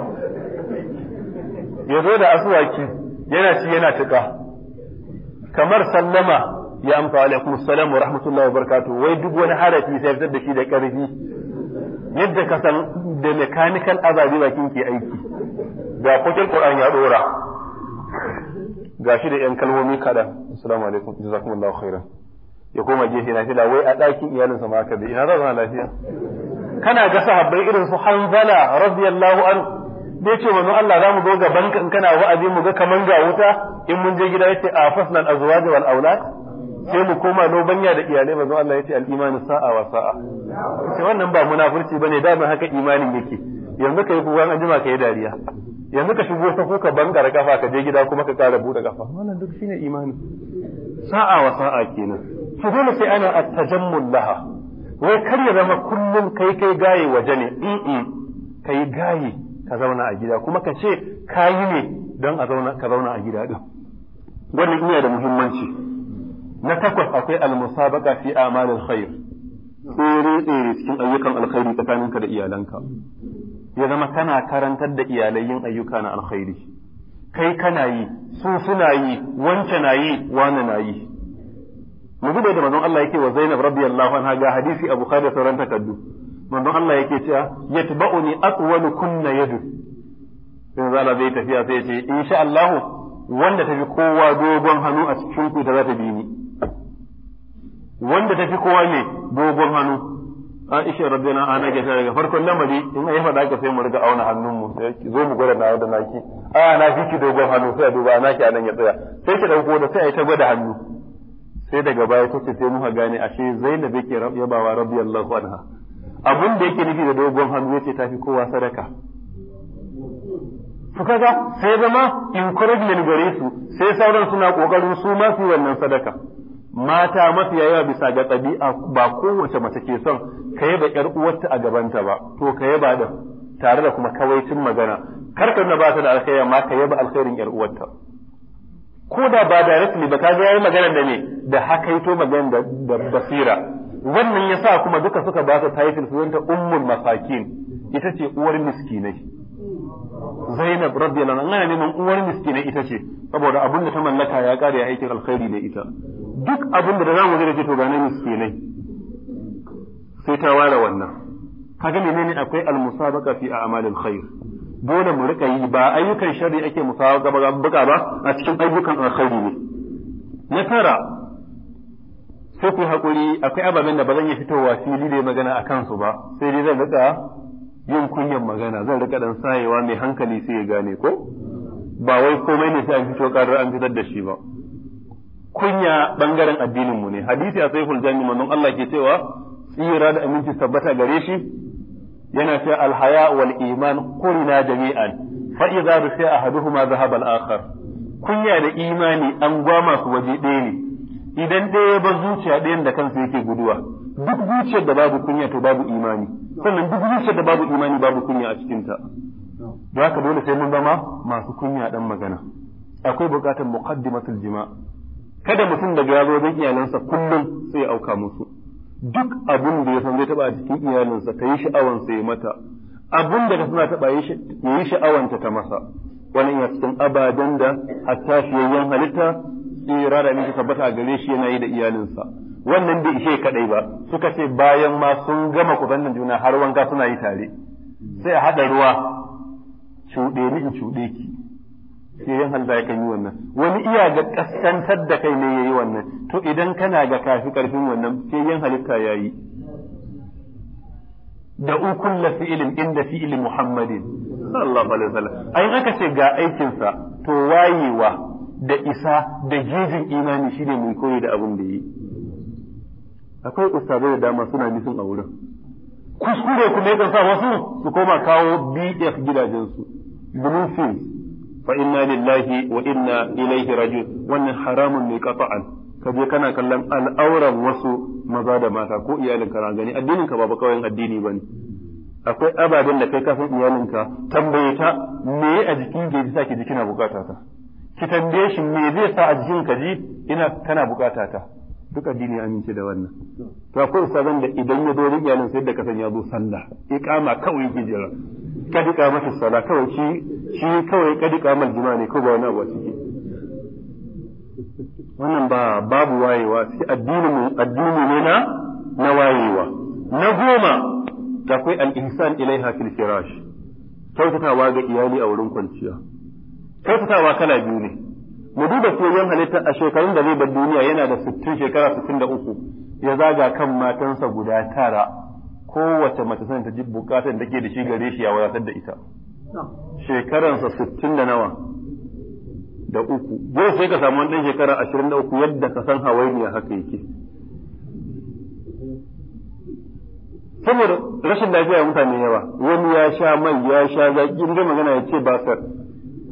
ya da asuwaki yana ci yana tuka kamar sallama ya amsa wa alaikum salam wa rahmatullahi wa barakatu wai duk wani harafi sai fitar da shi da karfi yadda ka san da mechanical azabi bakin ke aiki ga kokin qur'an ya dora gashi da yan kalmomi kada assalamu alaikum jazakumullahu khairan ya koma gefe na fila wai a ɗakin iyalin sa maka da ina zama lafiya kana ga sahabbai irin su hanzala radiyallahu an da yace manzo Allah zamu zo gaban ka kana wa'azi mu ga kaman ga wuta in mun je gida yace a fasnal azwaj wal aulad sai mu koma nobanya da iyalai manzo Allah yace al-imanu sa'a wa sa'a ce wannan ba munafurci bane da mun haka imanin yake yanzu kai kuwan anjima kai dariya yanzu ka shigo safu ka bangara kafa ka je gida kuma ka kara bude kafa wannan duk shine imani sa'a wa sa'a kenan to dole sai ana at-tajammul laha wai kar ya zama kullum kai kai gaye waje ne ee kai gaye ka zauna a gida kuma ka ce kayi ne don a zauna ka zauna a gida din wannan iya da muhimmanci na takwas akwai almusabaqa fi amalil khair tsere tsere cikin ayyukan alkhairi tsakaninka da iyalanka ya zama kana karantar da iyalai yin ayyuka na alkhairi kai kana yi su suna yi wance na yi wani na yi mu da manzon Allah yake wa Zainab radiyallahu anha ga hadisi Abu Khadija sauran takaddu manzon Allah yake cewa yatba'uni aqwalu kunna yadu in zala zai tafiya sai ce insha Allah wanda ta fi kowa dogon hannu a cikin ku ta za ta bi ni wanda tafi kowa ne dogon hannu Aisha na ana ke daga farkon lamari in ai faɗa ka sai mu riga auna mu sai zo mu gwada na da naki a na fi ki dogon hannu sai duba a anan ya tsaya sai ki dauko da sai a yi ta gwada hannu sai daga baya ce sai muka gane ashe Zainab yake yabawa allahu anha abun da yake nufi da dogon hannu yace tafi kowa sadaka suka ga sai zama encouragement gare su sai sauran suna kokarin su ma su wannan sadaka mata mafi yawa bisa ga ɗabi'a ba kowace mace ke son ka yaba ƴar uwarta a gabanta ba to ka yaba da tare da kuma kawaicin magana kar na ba ta da alkhairi amma ka yaba alkhairin ƴar uwarta ko da ba da rasmi ba ka ga yayi magana da ne da hakaito magana da, basira wannan yasa kuma duka suka ba ta title sunanta ummul masakin ita ce uwar miskinai Zainab radiyallahu anha ne neman uwar miskinai ita ce saboda abin da ta mallaka ya kare aikin alkhairi da ita duk abin da zamu mu zai da to ga ke miskinai sai ta ware wannan kaga menene akwai al-musabaqa fi a'malil khair dole mu rika yi ba ayyukan sharri ake musabaqa ba a cikin ayyukan alkhairi ne na tara sai ku hakuri akwai ababen da ba zan iya fitowa fili da magana a kansu ba sai dai zan rika yin kunyan magana zan rika dan sayewa mai hankali sai ya gane ko ba wai komai ne sai an fito karar an fitar da shi ba kunya bangaren addinin mu ne hadisi a sayyidul jami manzon Allah ke cewa tsira da aminci tabbata gare shi yana cewa alhaya wal iman qulna jami'an fa idza rufi'a ahaduhuma dhahaba al-akhar kunya da imani an gwama su waje ɗaya ne idan ɗaya ba zuciya ɗayan da kansa yake guduwa duk zuciyar da babu kunya to babu imani sannan duk zuciyar da babu imani babu kunya a cikinta da haka dole sai mun zama masu kunya dan magana akwai buƙatar muqaddimatul jima' kada mutum daga ya zo wajen iyalansa kullum sai ya auka musu duk abin da ya san zai taba a cikin iyalinsa ta yi sha'awan sai mata abin da ka suna taba ya yi sha'awanta ta masa wani ya cikin ababen da hatta fiyayyen halitta ya da ta tabbata a gare shi yana yi da iyalinsa wannan bai ishe kadai ba suka ce bayan ma sun gama kusannin juna har wanka suna yi tare sai a haɗa ruwa cuɗe ni in cuɗe ki fiyayyen halitta yakan yi wannan wani iya ga kaskantar da kai ne yayi wannan to idan kana ga kafi karfin wannan fiyayyen halitta yayi da ukulla filin inda fi'ili muhammadin sallallahu alaihi wasallam ai aka ce ga aikin sa to wayewa da isa da jijin imani shine mai koyi da abin da yi akwai ustazai da dama suna nisan a wurin kuskure kuma ya sa wasu su koma kawo bf gidajensu blue fields fa inna lillahi wa inna ilaihi raji'un wannan haramun ne qata'an ka je kana kallon al'auran wasu maza da mata ko iyalin ka gani addinin ka ba ba kawai addini bane akwai ababen da kai ka san iyalinka tambaye ta me a jikin ke bisa ki jikina bukata ta ki tambaye shi me zai sa a jikin ka ji ina kana bukata ta duk addini amince da wannan to akwai ustazan da idan ya zo rijalin sai da kasan ya zo sallah iqama kawai yake Kadi kadika mata sallah kawai shi shi kawai kadika mal juma'a ne kawai wani abu a ciki wannan ba babu wayewa sai addini mu addini ne na na wayewa na goma da kai al-ihsan ilaiha fil firash kyautatawa ga iyali a wurin kwanciya kyautatawa kala biyu ne mu duba yan halittar a shekarun da zai bar duniya yana da 60 shekara 63 ya zaga kan matansa guda tara kowace mace sanin ta ji bukatar da ke da shi gare shi ya wadatar da ita shekaransa 60 da nawa da uku gobe sai ka samu wani shekara 23 yadda ka san hawainiya haka yake saboda rashin lafiya mutane yawa wani ya sha mai ya sha zaki inda magana ya ce ba sar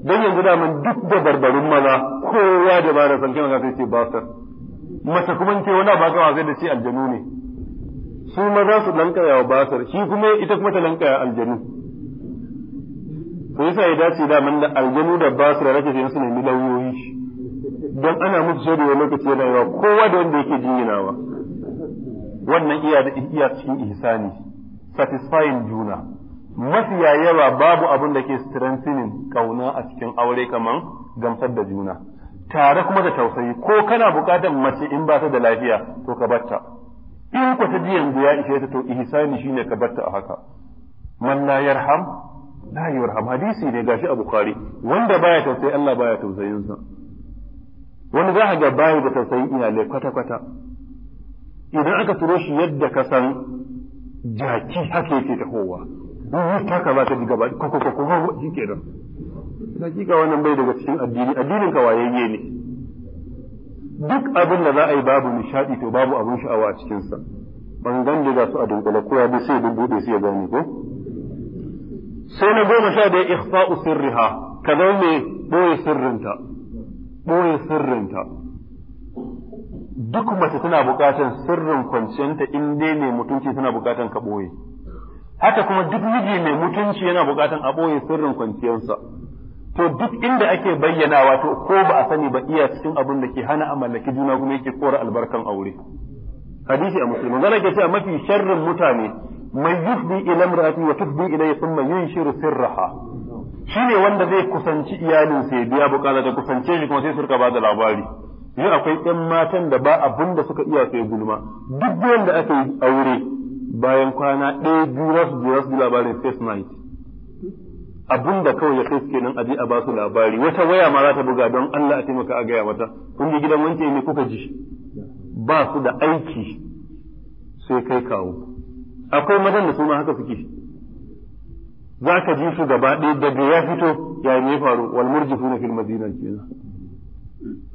don yanzu daman duk da barbarun maza kowa da ba da sanke maza sai ce basar mace kuma ce wani ba kawa sai da ce aljanu ne su maza su lankaya wa basar shi kuma ita kuma ta lankaya aljanu Ko yasa ya dace da man da aljanu da basar rake sai su nemi lauyoyi don ana musu shaidu wani lokaci yana yawa kowa da wanda yake jinginawa wannan iya da iya cikin ihsani satisfying juna mafiya yawa babu abin da ke strengthening kauna a cikin aure kaman gamsar da juna tare kuma da tausayi ko kana bukatar mace in ba ta da lafiya to ka batta in ku ta ji yanzu ya ishe ta to ihsani shine ka batta a haka man la yarham la yarham hadisi ne gashi a bukhari wanda baya tausayi Allah baya tausayin sa wani za ka ga baya da tausayi iyalai kwata kwata idan aka turo shi yadda ka san jaki haka yake tahowa duk taka za ka ji gaba ko ko ko shi kenan hakika wannan bai daga cikin addini addinin ka wayayye ne duk abin da za a yi babu nishaɗi to babu abin sha'awa a cikinsa ban gande ga su a dunkule ko ya bi sai duk bude sai ya gane ko sai na goma sha da ikhfa'u sirriha ka zama mai boye sirrinta ɓoye sirrinta duk mace tana bukatan sirrin kwanciyanta in dai ne mutunci tana bukatan ka ɓoye. haka kuma duk miji mai mutunci yana bukatan a ɓoye sirrin kwanciyarsa to duk inda ake bayyanawa to ko ba a sani ba iya cikin abin da ke hana a mallaki juna kuma yake kora albarkan aure hadisi a musulmi zan ke cewa mafi sharrin mutane mai yufdi ila imra'ati wa tufdi ilayhi thumma yunshiru sirraha shine wanda zai kusanci iyalin ya biya bukata da kusance shi kuma sai surka ba da labari yau akwai ɗan matan da ba abin da suka iya sai gulma duk wanda aka yi aure bayan kwana ɗaya biyu za su je labarin face night abun da kawai ya kai kenan aje a basu labari wata waya ma za ta buga don Allah a taimaka a gaya mata kun je gidan wanke ne kuka ji ba su da aiki sai kai kawo akwai mazan da su ma haka suke za ka ji su gaba ɗaya daga ya fito ya ne faru wal murjifuna fil madina kenan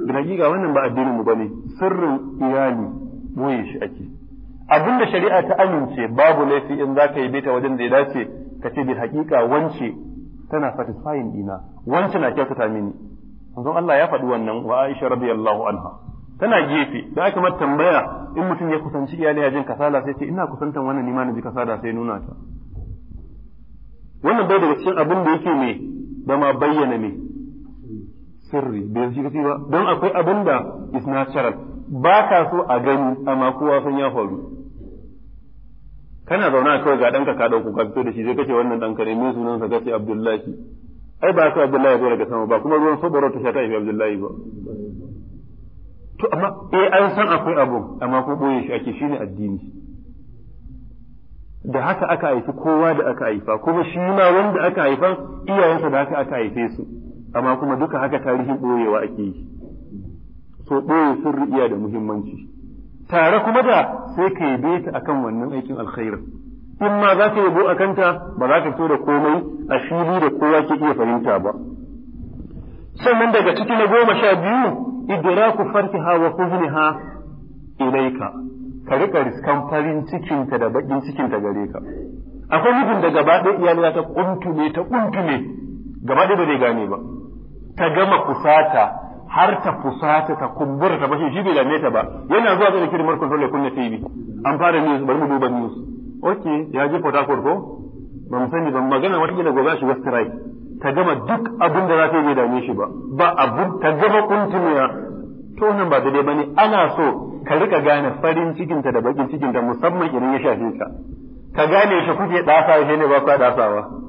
da hakika wannan ba addinin mu bane sirrin iyali boye shi ake Abin da shari'a ta amince babu laifi in za ka yi ta wajen da ya dace ka ce bil haƙiƙa wance tana satisfying dina wance na kyautata mini manzon Allah ya faɗi wannan wa Aisha radiyallahu anha tana gefe da aka mata tambaya in mutum ya kusanci iyali ya jin kasala sai ce ina kusantan wannan nima na ji kasala sai nuna ta wannan bai daga cikin abin da yake mai da ma bayyana mai sirri bai ji ba don akwai abin da is natural ba ka so a gani amma kowa sun ya faru kana zauna kawai ga ɗanka ka ɗauko ka fito da shi zai kace wannan ɗanka ne mai sunansa kace Abdullahi ai ba ka Abdullahi zo daga sama ba kuma ruwan saboro ta shata Abdullahi ba to amma eh an san akwai abu amma ko boye shi ake shine addini da haka aka haifi kowa da aka haifa kuma shi ma wanda aka haifa iyayensa da haka aka haife su amma kuma duka haka tarihin boyewa ake yi to ɓoye sirri da muhimmanci tare kuma da sai ka beta ta akan wannan aikin alkhairin in ma za ka yabo a kanta ba za ka fito da komai a fili da kowa ke iya fahimta ba sannan daga ciki na goma sha biyu idraku farkiha wa huzniha ilaika ka riƙa riskan farin cikinta da baƙin cikinta gare ka akwai mutum da gaba ɗaya iyalina ta ƙuntume ta ƙuntume. gaba ɗaya ba zai gane ba ta gama kusata har ta fusata ta kumbura ta bashi shi bai dame ta ba yana zuwa zai kirmar kun dole kunna TV an fara news bari mu duba news okay ya ji Port Harcourt ko ban sani ban magana wata gida gobe shi West Rai ta gama duk abin da za ta yi bai dame shi ba ba abu ta gama kuntumiya to nan ba da daidai bane ana so ka rika gane farin cikin ta da bakin cikin ta musamman idan ya shafe ka ka gane shi kuke dafa shi ne ba ka dafawa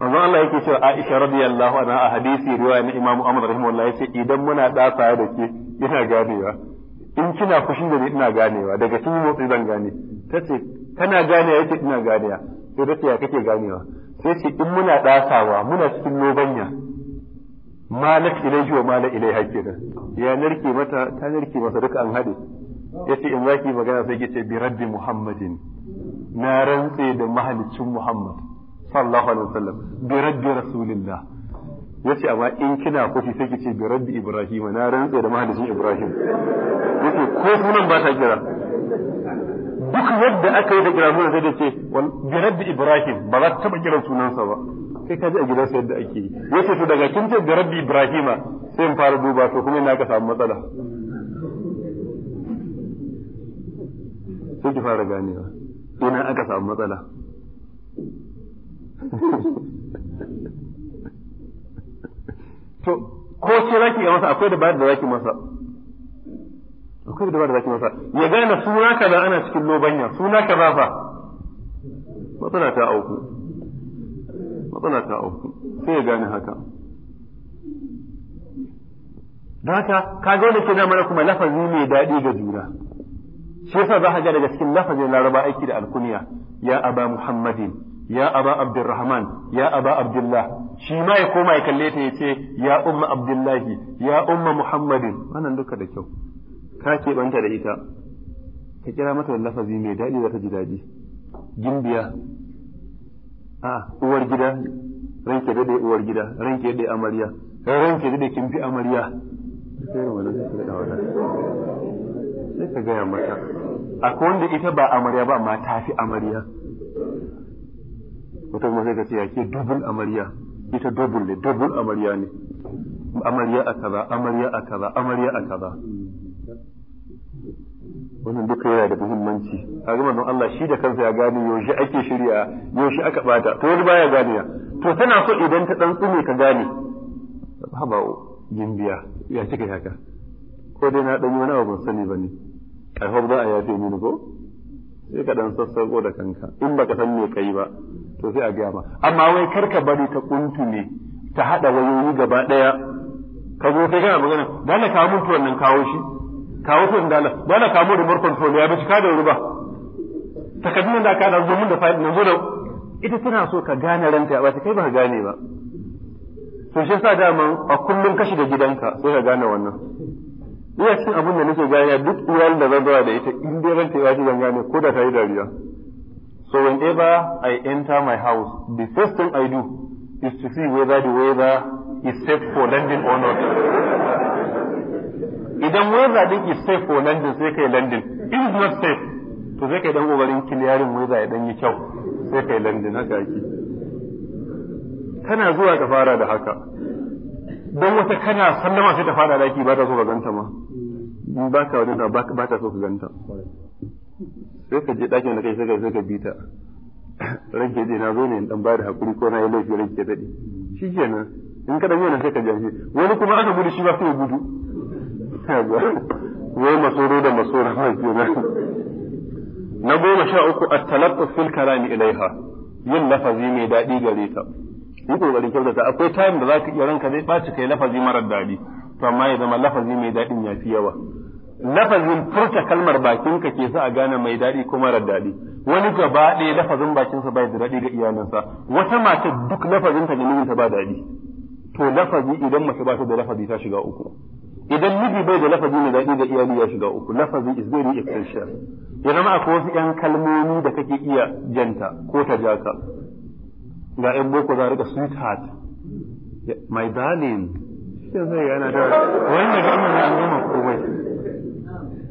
manzo Allah yake cewa Aisha radiyallahu anha a hadisi riwaya na Imam Ahmad rahimahullah yace idan muna dafa da ke ina ganewa in kina fushi da ni ina ganewa daga kin motsi zan gane tace kana ganewa yace ina ganewa sai tace ya kake ganewa sai ce in muna dasawa muna cikin lobanya malak ilaihi wa malak ilaiha kenan ya narke mata ta narke masa duka an hade yace in zaki magana sai ki bi rabbi muhammadin na rantse da mahaliccin muhammad sallallahu alaihi wasallam bi rabbi rasulillah yace amma in kina kofi sai kice bi rabbi ibrahim na rantsa da mahadin ibrahim yace ko sunan ba ta kira duk yadda aka yi da ibrahim sai da ce bi rabbi ibrahim ba za ta taba kiran sunansa ba sai ka ji a gidansa yadda ake yi yace to daga kin ce bi rabbi ibrahim sai in fara duba to kuma ina ka samu matsala sai ki fara ganewa ina aka samu matsala to ko ce zaki ga masa akwai dabarar da zaki masa akwai dabarar da zaki masa ya gane suna ka da ana cikin lobanya suna ka ba fa matsala ta auku matsala ta auku sai ya gane haka Da haka ka ga wanda ke da mana kuma lafazi mai daɗi ga jura shi yasa za a ga daga cikin lafazin laraba aiki da alkuniya ya aba muhammadin ya aba abdurrahman ya aba abdullah shi ma ya koma ya kalle ta ya ce ya umma abdullahi ya umma muhammadin wannan duka da kyau ka keɓanta da ita ka kira mata wani lafazi mai daɗi da ta ji daɗi gimbiya a uwar gida ranke daɗe uwar gida ranke da daɗe amarya ranke daɗe kin fi Amariya. sai ka gaya mata akwai wanda ita ba Amariya ba ma ta fi amarya Mutum kuma ka ce yake dubul amarya ita dubul ne dubul amarya ne amarya a kaza amarya a kaza amarya a kaza wannan duka yana da muhimmanci a kaga manzon Allah shi da kansa ya gane yaushe ake shirya yaushe aka bata to wani baya gane ya to tana so idan ta dan tsume ka gane ba gimbiya ya kika haka ko dai na dan yi wani abu ban sani bane i hope za a yafe ne ko sai ka dan sassauko da kanka in baka san me kai ba to sai a gaya ma amma wai kar ka bari ta ne ta hada wayoyi gaba daya ka zo kai kana magana dala ka mun to wannan kawo shi kawo to dala dala ka mun remote control ya bace ka da ruba kadin da ka da zo mun da fa'id nan zo da ita tana so ka gane ranta ba ta kai ba ka gane ba to shi yasa dama a kullum kashi da gidanka sai ka gane wannan ina cin abin da nake gaya duk iyalin da zan da ita in dai ranta ya ci zan gane ko da ta yi dariya so whenever i enter my house the first thing i do is to see whether the weather is safe for landing or not idan weather din is safe for landing sai kai landing if it's not safe to sai kai dan kokarin kiliyarin weather ya dan yi kyau sai kai landing haka yake kana zuwa ka fara da haka don wata kana sallama sai ta fada daki ba ta so ka ganta ma ba ka wajen ba ta so ka ganta sai ka je dakin da kai sai ka bi ta rage je na zo ne dan ba da hakuri ko na yi laifi rage ke nan in ka dan yana sai ka jaje wani kuma aka gudu shi ba sai ya gudu wai masoro da masoro ma kenan na goma sha uku a talaqqu fil ni ilaiha yin lafazi mai daɗi gare ta yi kokarin kyautata akwai time da za ka iya ranka zai ɓaci kai lafazi marar daɗi to amma ya zama lafazi mai daɗin ya fi yawa lafazin furta kalmar bakinka ke sa a gane mai daɗi ko marar daɗi wani gaba ɗaya lafazin bakinsa bai da daɗi ga iyalinsa wata mace duk lafazinta da mijinta ba daɗi to lafazi idan mace ba ta da lafazi ta shiga uku idan miji bai da lafazi mai daɗi ga iyali ya shiga uku lafazi is very essential ya zama akwai wasu 'yan kalmomi da kake iya janta ko ta ja ka. ga ‘yan boko za a rika sweetheart my darling shi zai yana da wannan kalmar na gama komai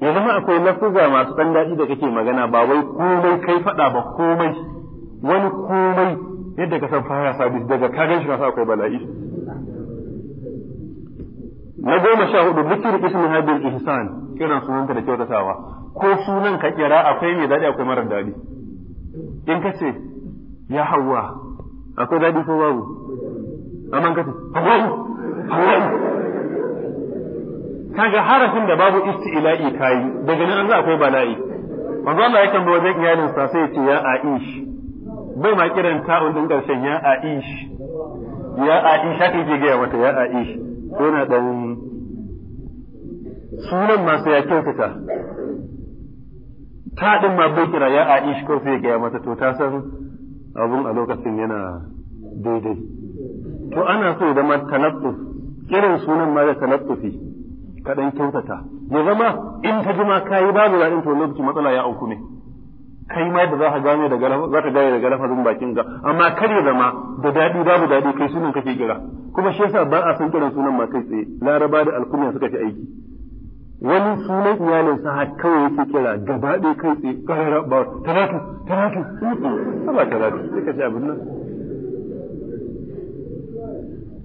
ya zama akwai lafuza masu ɗan daɗi da kake magana ba wai komai kai faɗa ba komai wani komai yadda ka san fara sabis daga ka gan shi masu akwai bala'i na goma sha hudu zikir ismi haɗin ihsan kiran sunanka da kyautatawa ko sunan ka kira akwai mai daɗi akwai marar daɗi in ka ce ya hawa akwai daɗi ko babu aman kace Allahu Allahu kaga harafin da babu isti'la'i kayi. daga nan za akwai bala'i manzo Allah yakan bi wajen iyalin sa sai ce ya Aish bai ma kiran ta'un din karshen ya Aish ya Aish haka yake gaya mata ya Aish to na dan sunan masu ya kyautata ta din ma bai kira ya Aish ko sai ya gaya mata to ta san abun a lokacin yana daidai to ana so zama tanaffus kiran sunan ma ya tanaffusi kaɗan kyautata ya zama in ka ji ma kayi babu daɗin to lokacin matsala ya auku ne kai ma da za ka gane daga za ka gane daga lafazin bakin ga amma kar ya zama da daɗi babu daɗi kai sunan kake kira kuma shi yasa ba a san kiran sunan ma kai tsaye laraba da alkunya suka fi aiki wani sunan iyalinsa har kawai yake kira gaba ɗaya kai tsaye ƙarara ba talatu talatu ba talatu sai ka ce abin nan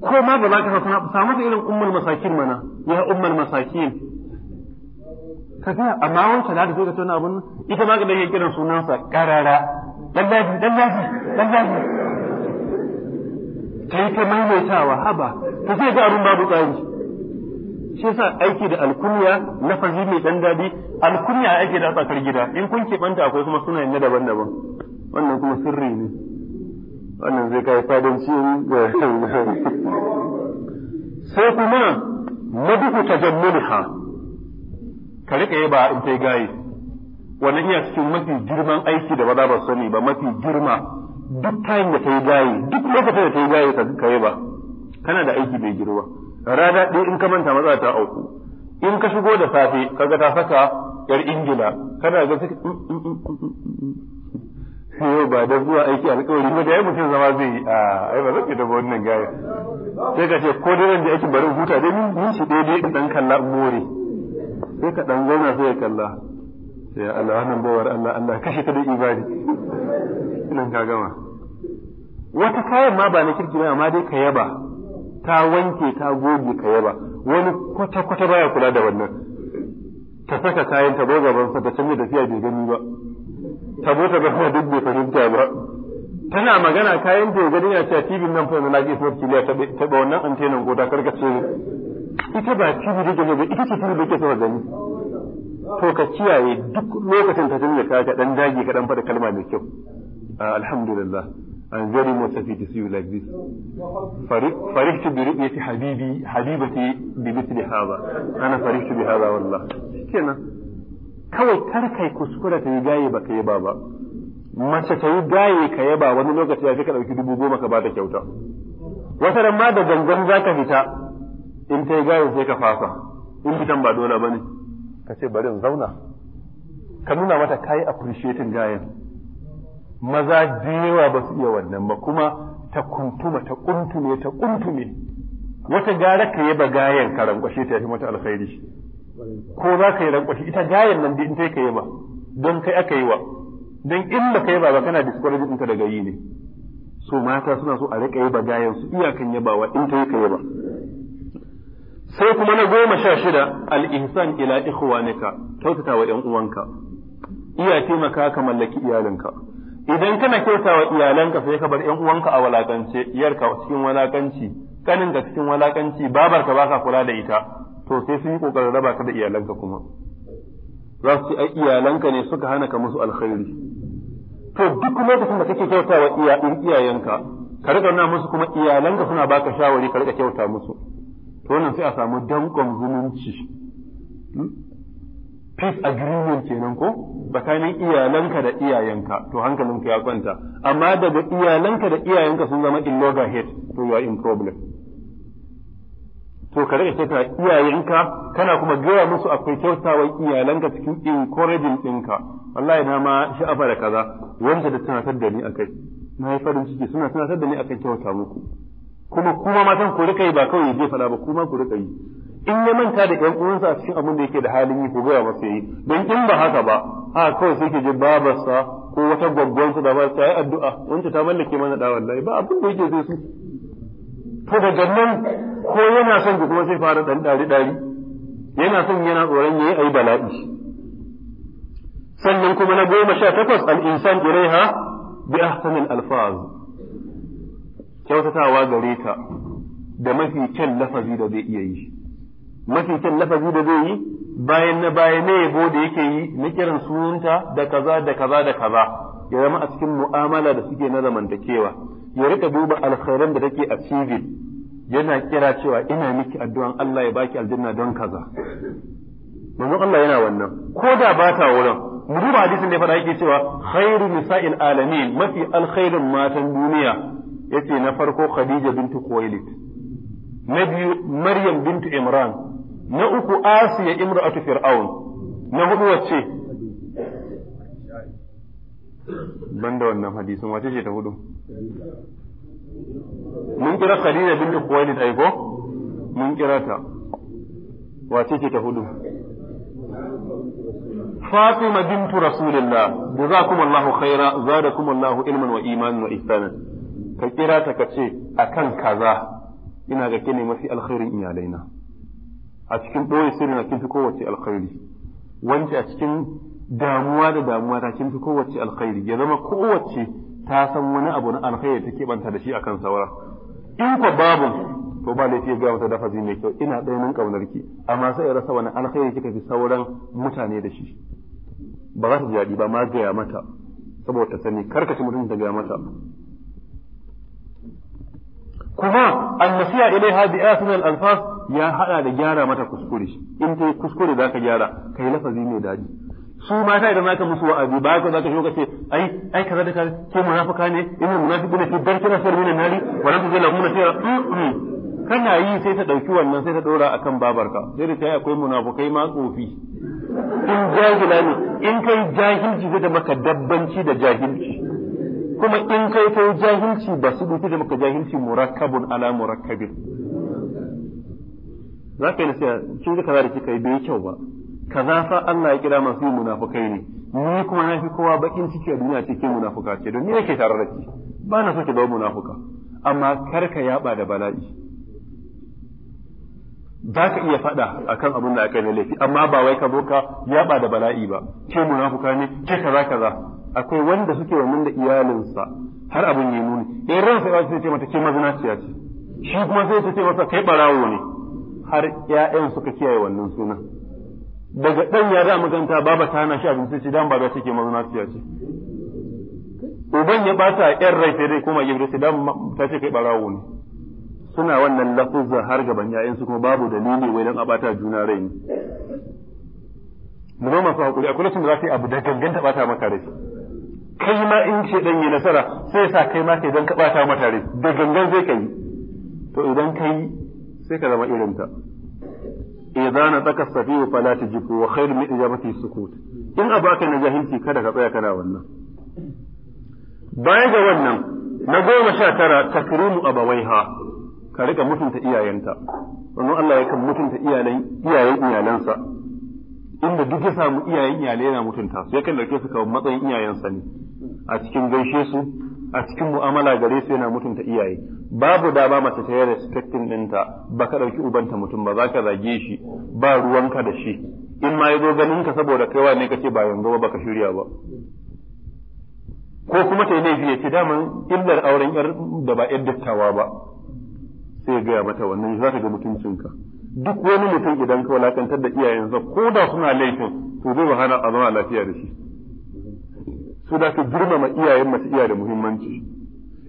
ko ma ba za ka sa samu da irin ummul masakin mana ya ummul masakin ka ga amma wani talatu sai ka tona abin nan ita ma ga da yake kiran sunansa ƙarara lallahi lallahi lallahi kai ta maimaitawa haba ta sai ga abin babu tsari shi yasa aiki da alkunya lafazi mai dan dadi alkunya ake da tsakar gida in kun ke banta akwai kuma sunayen na daban-daban wannan kuma sirri ne wannan zai kai ga [LAUGHS] sai kuma maduhu tajammuliha ka rika yaba in tai gayi wannan iya cikin mafi girman aiki da ba za ba sani ba mafi girma duk tayin da ta yi gayi duk lokacin da ta yi gayi ka yaba kana da aiki mai girma rana ɗaya in ka manta maza ta auku in ka shigo da safe kaga ta saka yar ingila kana ga suka yau mm, mm, mm, eh, ba da zuwa aiki alƙawari ba da ya mutum zama zai yi a ah, ai ba zan fita wannan gaya sai ka ce ko daren da yake bari huta dai mun shi daidai ka dan kalla more sai ka dan zauna sai ya kalla sai Allah wannan bawar Allah Allah kashe ta da ibadi nan ka gama wata kayan ma ba na kirki ba amma dai ka yaba ta wanke ta goge ka yaba wani kwata kwata baya kula da wannan ta saka kayan ta gaban sa ta canza tafiya bai gani ba ta bota ta gama duk bai fahimta ba tana magana kayan ta gani ya ce tibin nan fa na gis not kiliya ta ba wannan antenan ko ta karkace ita ba tibi da gani ba ita ce tibi da ke so gani to ka kiyaye duk lokacin ta canza kaya ka dan dage ka dan fada kalma mai kyau ah, alhamdulillah I'm very much happy to see you like this. فرحت برؤية حبيبي حبيبتي بمثل هذا أنا فرحت بهذا والله كنا kawai kar kai kuskura ta yi gaye ba ka yaba ba mace ta yi gaye ka yaba wani lokaci ya fi ka ɗauki dubu goma ka bata kyauta wata ran ma da gangan za ka fita in ta yi gaye sai ka fasa in fitan ba dole ba ne ka ce bari in zauna ka nuna mata kayi appreciating gayen maza da yawa ba su iya wannan ba kuma ta kuntuma ta kuntume ta kuntume wata gara ka yaba gayan ka rankwashe ta yi mata alkhairi ko za ka yi rankwashe ita gayan nan din in ta ka yaba don kai aka yi wa don in ba ka yaba ba kana discourage ɗinta daga yi ne so mata suna so a riƙa yaba gayan su iyakan yabawa in ta yi ka yaba sai kuma na goma sha shida al'insan ihsan ila ikhwanika kyautata wa 'yan uwanka iya taimaka ka mallaki iyalinka idan kana kyauta wa iyalanka sai ka bar 'yan uwanka a walakance iyarka cikin walakanci ka cikin walakanci babarka baka kula da ita to sai sun yi kokarin raba ka da iyalanka kuma za su ai iyalanka ne suka hana ka musu alkhairi to duk lokacin da kake kyauta wa iyayenka ka rika nuna musu kuma iyalanka suna baka shawari ka rika kyauta musu to wannan sai a samu dankon zumunci peace agreement kenan ko tsakanin iyalanka da iyayenka to hankalinka ya kwanta amma daga iyalanka da iyayenka sun zama in loga head to you are in problem to ka rika ka iyayenka kana kuma gaya musu akwai kyautawan iyalanka cikin encouraging dinka wallahi na ma afa da kaza wanda da tana da ni akai na yi farin ciki suna tunatar da ni akan kyauta muku kuma kuma matan ku rika yi ba kawai je fada ba kuma ku rika yi in ya manta da ƴan uwansa a cikin abin da yake da halin yi ko gaya masa yi don in ba haka ba a kawai sai ke ji babarsa ko wata su da ba ta yi addu'a wanda ta mallake mana da wallahi ba abin da yake sai su to daga nan ko yana son ku kuma sai fara dan dari dari yana son yana tsoron yayi yi bala'i sannan kuma na goma sha takwas al-insan ilaiha bi ahsanil alfaz kyautatawa gare ta da mafi kyan lafazi da zai iya yi mafi kyan lafazi da zai yi bayan na bayan na yabo da yake yi na kiran sunanta da kaza da kaza da kaza ya zama a cikin mu'amala da suke na zamantakewa ya rika duba alkhairan da take a civil yana kira cewa ina miki addu'an Allah ya baki aljanna don kaza manzo Allah yana wannan ko da ba ta wurin mu duba hadisin da ya yake cewa khairu misail alamin mafi alkhairin matan duniya yace na farko Khadija bintu Khuwailid na biyu Maryam bintu Imran na uku asiya imra'atu fir'aun na hudu wacce da wannan hadisin wace ce ta hudu mun kira Khadija bin Khuwailid ai ko mun kira ta wace ce ta hudu Fatima bintu Rasulillah jazakumullahu khaira zadakumullahu ilman wa imanan wa ihsanan ka kira ta kace akan kaza ina ga kine mafi alkhairin iyalaina a cikin ɓoye sirri na kin fi kowace alkhairi wance a cikin damuwa da damuwa ta kin fi kowace alkhairi ya zama kowace ta san wani abu na alkhairi take banta da shi akan saura in ko babu to ba laifi ga dafa zai mai kyau ina ɗaya ƙaunar ki amma sai ya rasa wani alkhairi kika fi sauran mutane da shi ba za ta ji daɗi ba ma gaya mata saboda ta sani karkace mutum ta gaya mata kuma annasiya ilaiha bi ayatin al-alfas ya haɗa da gyara mata kuskure in ta kuskure za ka gyara ka yi lafazi mai daɗi su mata idan zaka musu wa'azi ba ka zaka shoka ce ai ai kaza da kaza ke munafika ne inna munafiquna fi darkin asfar minan nari wa la tuzlamuna fiha kana yi sai ta dauki wannan sai ta ɗora a babarka sai da ta yi akwai munafukai ma tsofi in jahila ne in kai jahilci zai da maka dabbanci da jahilci kuma in kai kai jahilci ba su da maka jahilci murakkabun ala murakkabin za ka yi nasiha kin ga kaza da kika yi bai kyau ba kaza fa Allah ya kira masu munafukai ne ni kuma na fi kowa bakin ciki a duniya cikin munafuka ce don ni nake tare da ki ba na so ki zama munafuka amma kar ka yaba da bala'i za ka iya faɗa akan abin da aka yi laifi amma ba wai ka zo ka yaba da bala'i ba ke munafuka ne ke kaza kaza akwai wanda suke wannan da iyalinsa har abin yi nuni in eh, ransa ya ce mata ke mazinaciya ce shi kuma sai ta ce masa kai barawo ne har ‘ya'yan suka kiyaye wannan suna. Daga ɗan ya da maganta baba ta hana shi abinci ci dan baba take mazuna siya ce. Uban ya ba ta ‘yan rai sai dai kuma ya bi dan ta ce kai ɓarawo ne. Suna wannan lafuzza har gaban ‘ya'yan su kuma babu dalili wai dan a juna rai ne. Mu zo masu haƙuri akwai lokacin da za ta yi abu da ganganta bata maka rai. Kai ma in ce ɗan yi nasara sai sa kai ma kai dan ka bata mata rai da gangan zai ka yi. To idan kai sai ka zama irin irinta idza na tsaka safiyu ta tajibu wa khairu min ijabati sukut in abu aka na jahilci kada ka tsaya kana wannan Bayan ga wannan na goma sha tara takrimu abawaiha ka rika mutunta iyayenta wannan Allah ya kan mutunta iyayen iyalansa inda duk ya samu iyayen iyalai yana mutunta su yakan dauke su kawo matsayin iyayensa ne a cikin gaishe su a cikin mu'amala gare su yana mutunta iyaye babu dama mace ta yi respecting ɗinta ba ka ɗauki ubanta mutum ba za ka zage shi ba ruwanka da shi in ma ya zo ganin ka saboda kaiwa ne kace ba yanzu ba baka shirya ba ko kuma ta yi laifi ya ce daman illar auren yar da ba yar dattawa ba sai ya gaya mata wannan za ta ga mutuncinka duk wani mutum idan ka wulakantar da iyayensa ko da suna laifin to zai hana a zama lafiya da shi Su da ka girmama iyayen mace iya da muhimmanci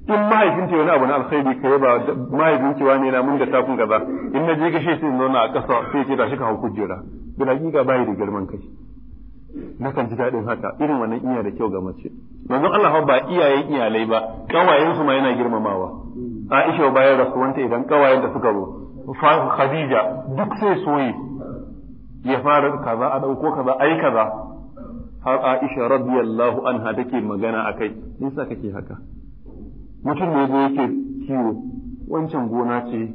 in mahaifinta wani abu na alkhairi ka yaba mahaifinki wani na mun da tafin gaza in na je gashe sai zauna a ƙasa sai ce shi ka hau kujera bin hakika bai da girman kai kan ji daɗin haka irin wannan iya da kyau ga mace manzon Allah ba iyayen iyalai ba kawayen su ma yana girmamawa Aisha bayan wanta idan kawayen da suka zo Khadija duk sai soyi ya fara kaza a dauko kaza ai kaza har Aisha radiyallahu anha take magana akai me yasa kake haka mutum ne da yake kiwo wancan gona ce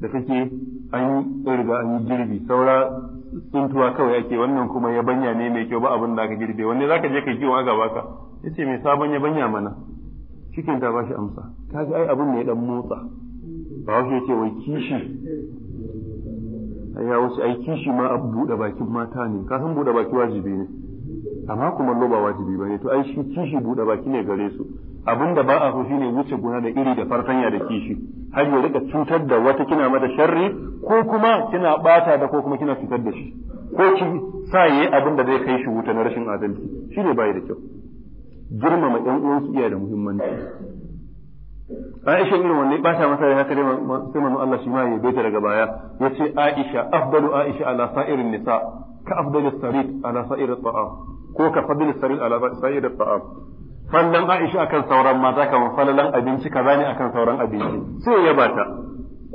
da kake an yi riga an yi girbi saura tsuntuwa kawai ake wannan kuma yabanya ne mai kyau ba abin da aka girbe wanne zaka je ka kiwo aka baka yace mai sabon yabanya mana cikin ta bashi amsa kaga ai abin ne dan motsa ba wasu ce wai kishi ya wasu ai kishi ma a buɗe bakin mata ne kasan san buɗe baki wajibi ne amma kuma ba wajibi ba ne to ai shi kishi buɗe baki ne gare su abin da ba a so shine wuce guna da iri da farfanya da kishi har ya rika cutar da wata kina mata sharri ko kuma kina bata da ko kuma kina cutar da shi ko ki sa yi abin zai kai shi wuta na rashin adalci shine bai da kyau girmama ɗan uwansu iya da muhimmanci Aisha irin wanne bata ta masa haka dai sai manzo Allah shi ma ya ta daga baya yace Aisha afdalu Aisha ala sa'irin nisa ka afdalu sarid ala sa'irin taam ko ka fadil sarin ala sa'i da ta'am fallan Aisha akan sauran mata kamar fallan abinci kaza ne akan sauran abinci sai ya bata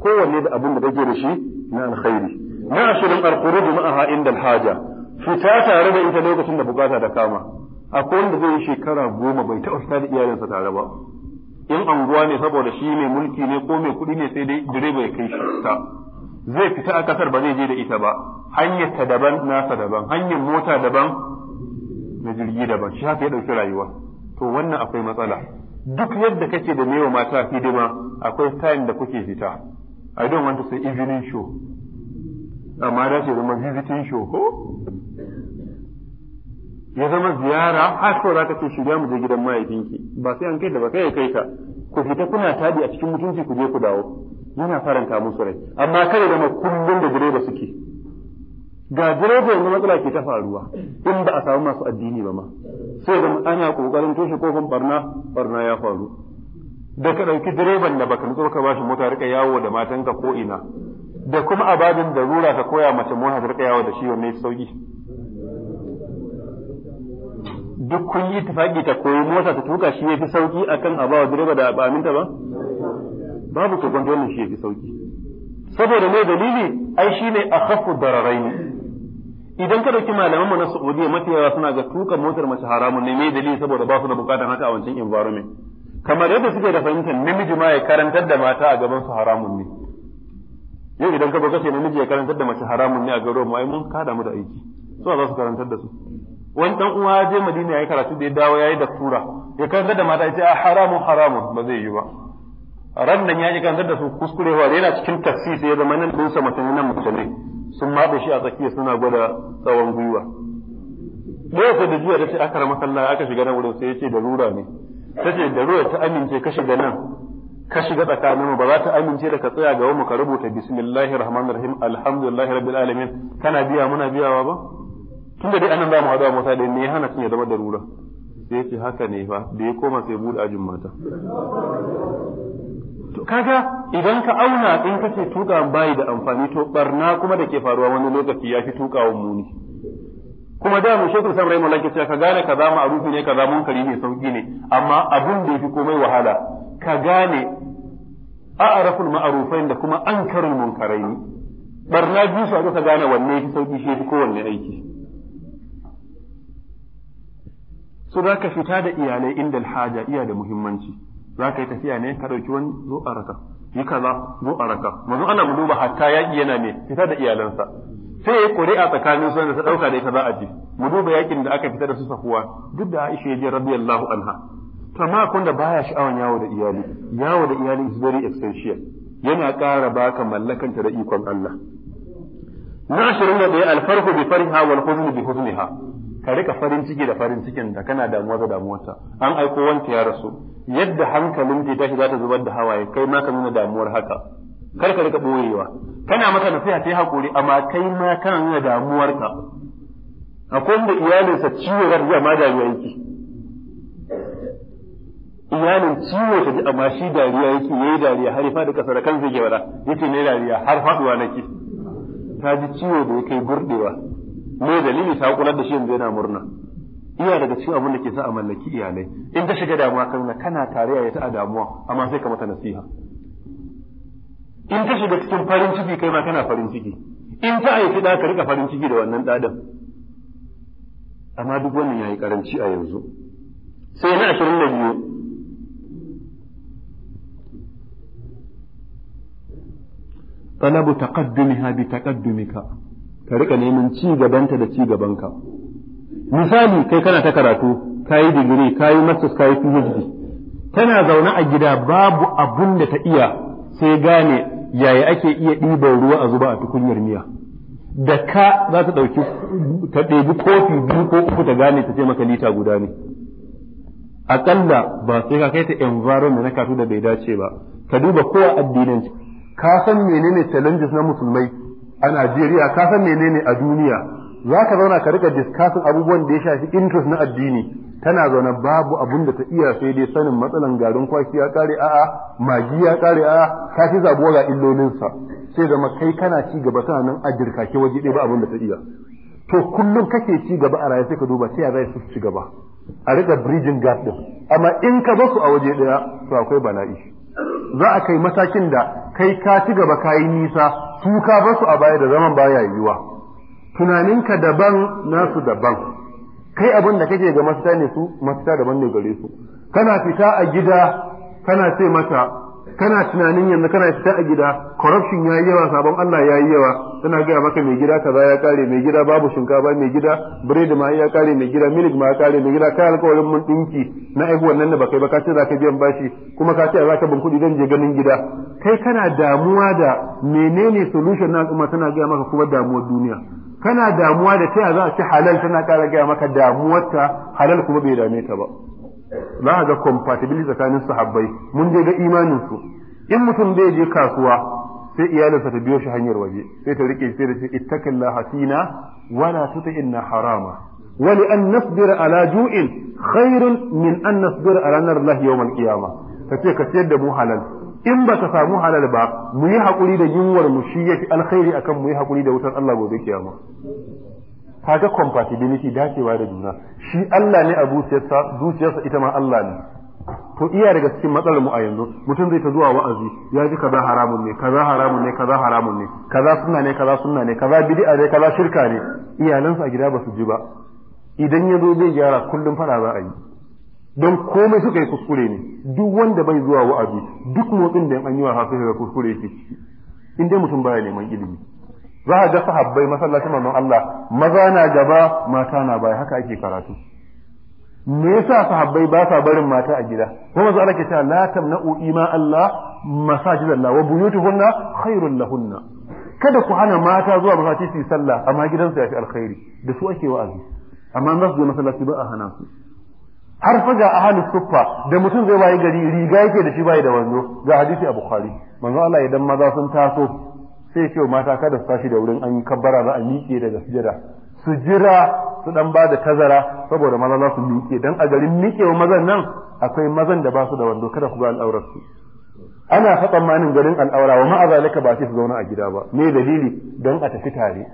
kowanne da abin da take da shi na alkhairi na ashirin alkhuruj ma'aha inda alhaja fita tare da ita lokacin da bukata da kama akwai wanda zai yi shekara goma bai taɓa fita da iyalinsa tare ba in anguwa ne saboda shi mai mulki ne ko mai kuɗi ne sai dai direba ya kai shi ta zai fita a kasar ba zai je da ita ba hanyar ta daban nasa daban hanyar mota daban na jirgi daban shi haka ya ɗauki rayuwa to wannan akwai matsala duk yadda kake da mewa mata hidima akwai time da kuke fita i don't want to say evening show amma da ce zama visiting show ko ya zama ziyara har so za ka ce shirya mu je gidan mahaifinki ba sai an kai da ba kai kai ka ku fita kuna taɗi a cikin mutunci ku je ku dawo yana faranta musu rai amma kada zama kullum da direba suke ga direba wani matsala ke ta faruwa in ba a samu masu addini ba ma sai da ana kokarin toshe kofin barna barna ya faru da ka ɗauki direban da baka nutso ka ba shi mota rika yawo da matanka ko ina da kuma abadin da rura ka koya mace mota ta rika yawo da shi wanne sauki duk kun yi tafaki ta koyi mota ta tuka shi ya fi sauki akan a bawa direba da ba aminta ba babu kokonto wannan shi fi sauki saboda mai dalili ai shine akhafu dararaini idan ka dauki malaman mu na Saudiya mafi yawa suna ga tuka motar mace haramun ne me dalili saboda ba su da bukatar haka a wancan environment kamar yadda suke da fahimtar namiji ma ya karantar da mata a gaban su haramun ne yau idan ka zo kace namiji ya karantar da mace haramun ne a gaban mu ai mun kada mu da aiki su za su karantar da su wani dan uwa je Madina yayi karatu da ya dawo yayi da tura ya karantar da mata ya ce a ah, haramun haramun ba zai yi ba ran nan ya ji karantar da su kuskurewa yana cikin tafsir sai ya zama nan dinsa mutane nan mutane sun matsa shi a tsakiya suna gwada tsawon gwiwa sai da jiya ta ce aka rama sallah aka shiga nan wurin sai ya ce da rura ne ta ce da rura ta amince ka shiga nan ka shiga tsakaninmu ba za ta amince da ka tsaya ga mu ka rubuta bismillahir rahmanir rahim alhamdulillahi rabbil alamin kana biya muna biyawa ba tunda dai anan za mu haɗu a mota da ya hana sun ya zama da rura sai ce haka ne fa da ya koma sai buɗe ajin mata kaga idan ka auna in kace tuka bayi da amfani to barna kuma da ke faruwa wani lokaci ya fi tukawan muni kuma da mu shekul sam rahimu ka gane ka gane kaza arufi ne kaza kari ne sauki ne amma abun da yafi komai wahala ka gane a'raful ma'rufain da kuma karai ni. barna biyu su ka gane wanne yafi sauki shi fi kowanne aiki so za ka fita da iyalai inda alhaja iya da muhimmanci za ka yi tafiya ne ka ɗauki wani zo a raka yi kaza zo a raka mazu ana mu duba hatta yaƙi yana ne fita da iyalansa sai ya kore a tsakanin su da ta ɗauka da ita za a ji mu duba yaƙin da aka fita da su safuwa duk da Aisha ya je radiyallahu anha to amma akwai da baya sha'awan yawo da iyali yawo da iyali is very essential yana ƙara baka mallakanta da ikon Allah na ashirin da ɗaya alfarhu bi fariha wal huzn bi huzniha ka rika farin ciki da farin cikin da kana damuwa da damuwarta an aiko wanta ya rasu yadda hankalin ta tashi za ta zubar da hawaye kai ma ka nuna damuwar haka kar ka rika boyewa kana mata nasiha sai hakuri amma kai ma kana nuna damuwarka akwai wanda iyalinsa ciwo ga ji amma dariya yake iyalin ciwo ta ji amma shi dariya yake yayi dariya har fa da kasar kan zai gewara yace ne dariya har faduwa nake ta ji ciwo da yake burdewa me dalili ta kula da shi yanzu yana murna iya daga cikin abin da ke sa a mallaki iyalai in ta shiga damuwa kan kana tare ya ta a damuwa amma sai ka mata nasiha in ta shiga cikin farin ciki kai ma kana farin ciki in ta aiki da ka rika farin ciki da wannan dadan amma duk wannan yayi karanci a yanzu sai na 22 طلب تقدمها بتقدمك ka rika neman ci gabanta da ci gabanka misali kai kana ta karatu kayi digiri kayi masters kayi PhD tana zaune a gida babu abun da ta iya sai gane yaya ake iya ɗiban ruwa a zuba a tukunyar miya da ka za ta ɗauki ta ɗebi kofi biyu ko uku ta gane ta ce maka lita guda ne aƙalla ba sai ka kai ta environment na katu da bai dace ba ka duba kowa addinin ka san menene challenges na musulmai a Najeriya ka san menene a duniya za ka zauna ka rika diskasin abubuwan da ya shafi interest na addini tana zaune babu abun da ta iya sai dai sanin matsalan garin kwaki ya kare a'a magi ya kare a'a ka ci zabuwa ga illolinsa sai zama kai kana ci gaba tana nan a jirkake waje ɗaya ba abun da ta iya to kullum kake ci gaba a raye sai ka duba sai ya zai su ci gaba a rika bridging gap din amma in ka basu a waje ɗaya to akwai bala'i za a kai matakin da kai ka ci gaba ka yi nisa su ka su a baya da zaman baya yiwuwa tunaninka daban nasu daban kai abin da kake ga masu ne su masu daban ne gare su kana fita a gida kana ce mata kana tunanin yanzu kana fita a gida corruption yayi yawa sabon Allah yayi yawa tana gaya maka mai gida kaza ya kare mai gida babu shinkafa mai gida bread ma ya kare mai gida milk ma ya kare mai gida kai alƙawarin mun dinki na aihuwan nan da bakai ba ka ce zaka biyan bashi kuma ka ce zaka bin kuɗi dan je ganin gida kai kana damuwa da menene solution na kuma tana gaya maka kuma damuwar duniya kana damuwa da ta za a ci halal tana ƙara gaya maka damuwarta halal kuma bai dame ta ba za a ga compatibility tsakanin sahabbai mun je ga imanin su in mutum bai je kasuwa sai iyalinsa ta biyo shi hanyar waje sai ta rike sai da ce ittaqillaha fina wala tuti'inna harama wa li an nasbira ala ju'in khairun min an nasbira ala nar Allah yawmal qiyama tace ka ciyar da mu halal in ba ka samu halal ba mu yi hakuri da yunwar mu shi yake alkhairi akan mu yi hakuri da wutar Allah gobe kiyama kaga compatibility dacewa da juna shi Allah ne a zuciyarsa zuciyarsa ita ma Allah ne to iya daga cikin matsalar mu a yanzu mutum zai ta zuwa wa'azi ya ji kaza haramun ne kaza haramun ne kaza haramun ne kaza sunna ne kaza sunna ne kaza bid'a ne kaza shirka ne iyalansa a gida ba su ji ba idan ya zo zai gyara kullum fada za a yi don komai suka yi kuskure ne duk wanda bai zuwa wa'azi duk motsin da an yi wa hasu ga kuskure shi in dai mutum baya neman ilimi za a ga sahabbai masallacin manzon Allah maza na gaba mata na baya haka ake karatu me yasa sahabbai ba sa barin mata a gida ko manzo Allah ke cewa la tamna'u ima Allah masajid Allah wa buyutuhunna khairul lahunna kada ku hana mata zuwa masallaci su sallah amma gidansu ya fi alkhairi da su ake wa'azi amma za su je masallaci ba a hana su har faga ahlus suffa da mutum zai wayi gari riga yake da shi bai da wanzo ga hadisi a bukhari manzo Allah idan maza sun taso sai ce mata kada su tashi da wurin an kabbara ba a miƙe daga sujada su jira su dan ba da tazara saboda maza za su miƙe dan a garin miƙewa mazan nan akwai mazan da ba su da wando kada ku ga al'aurarsu. ana fa tsammanin garin al'aura wa ma'azalika ba sai su zauna a gida ba me dalili dan a tafi tare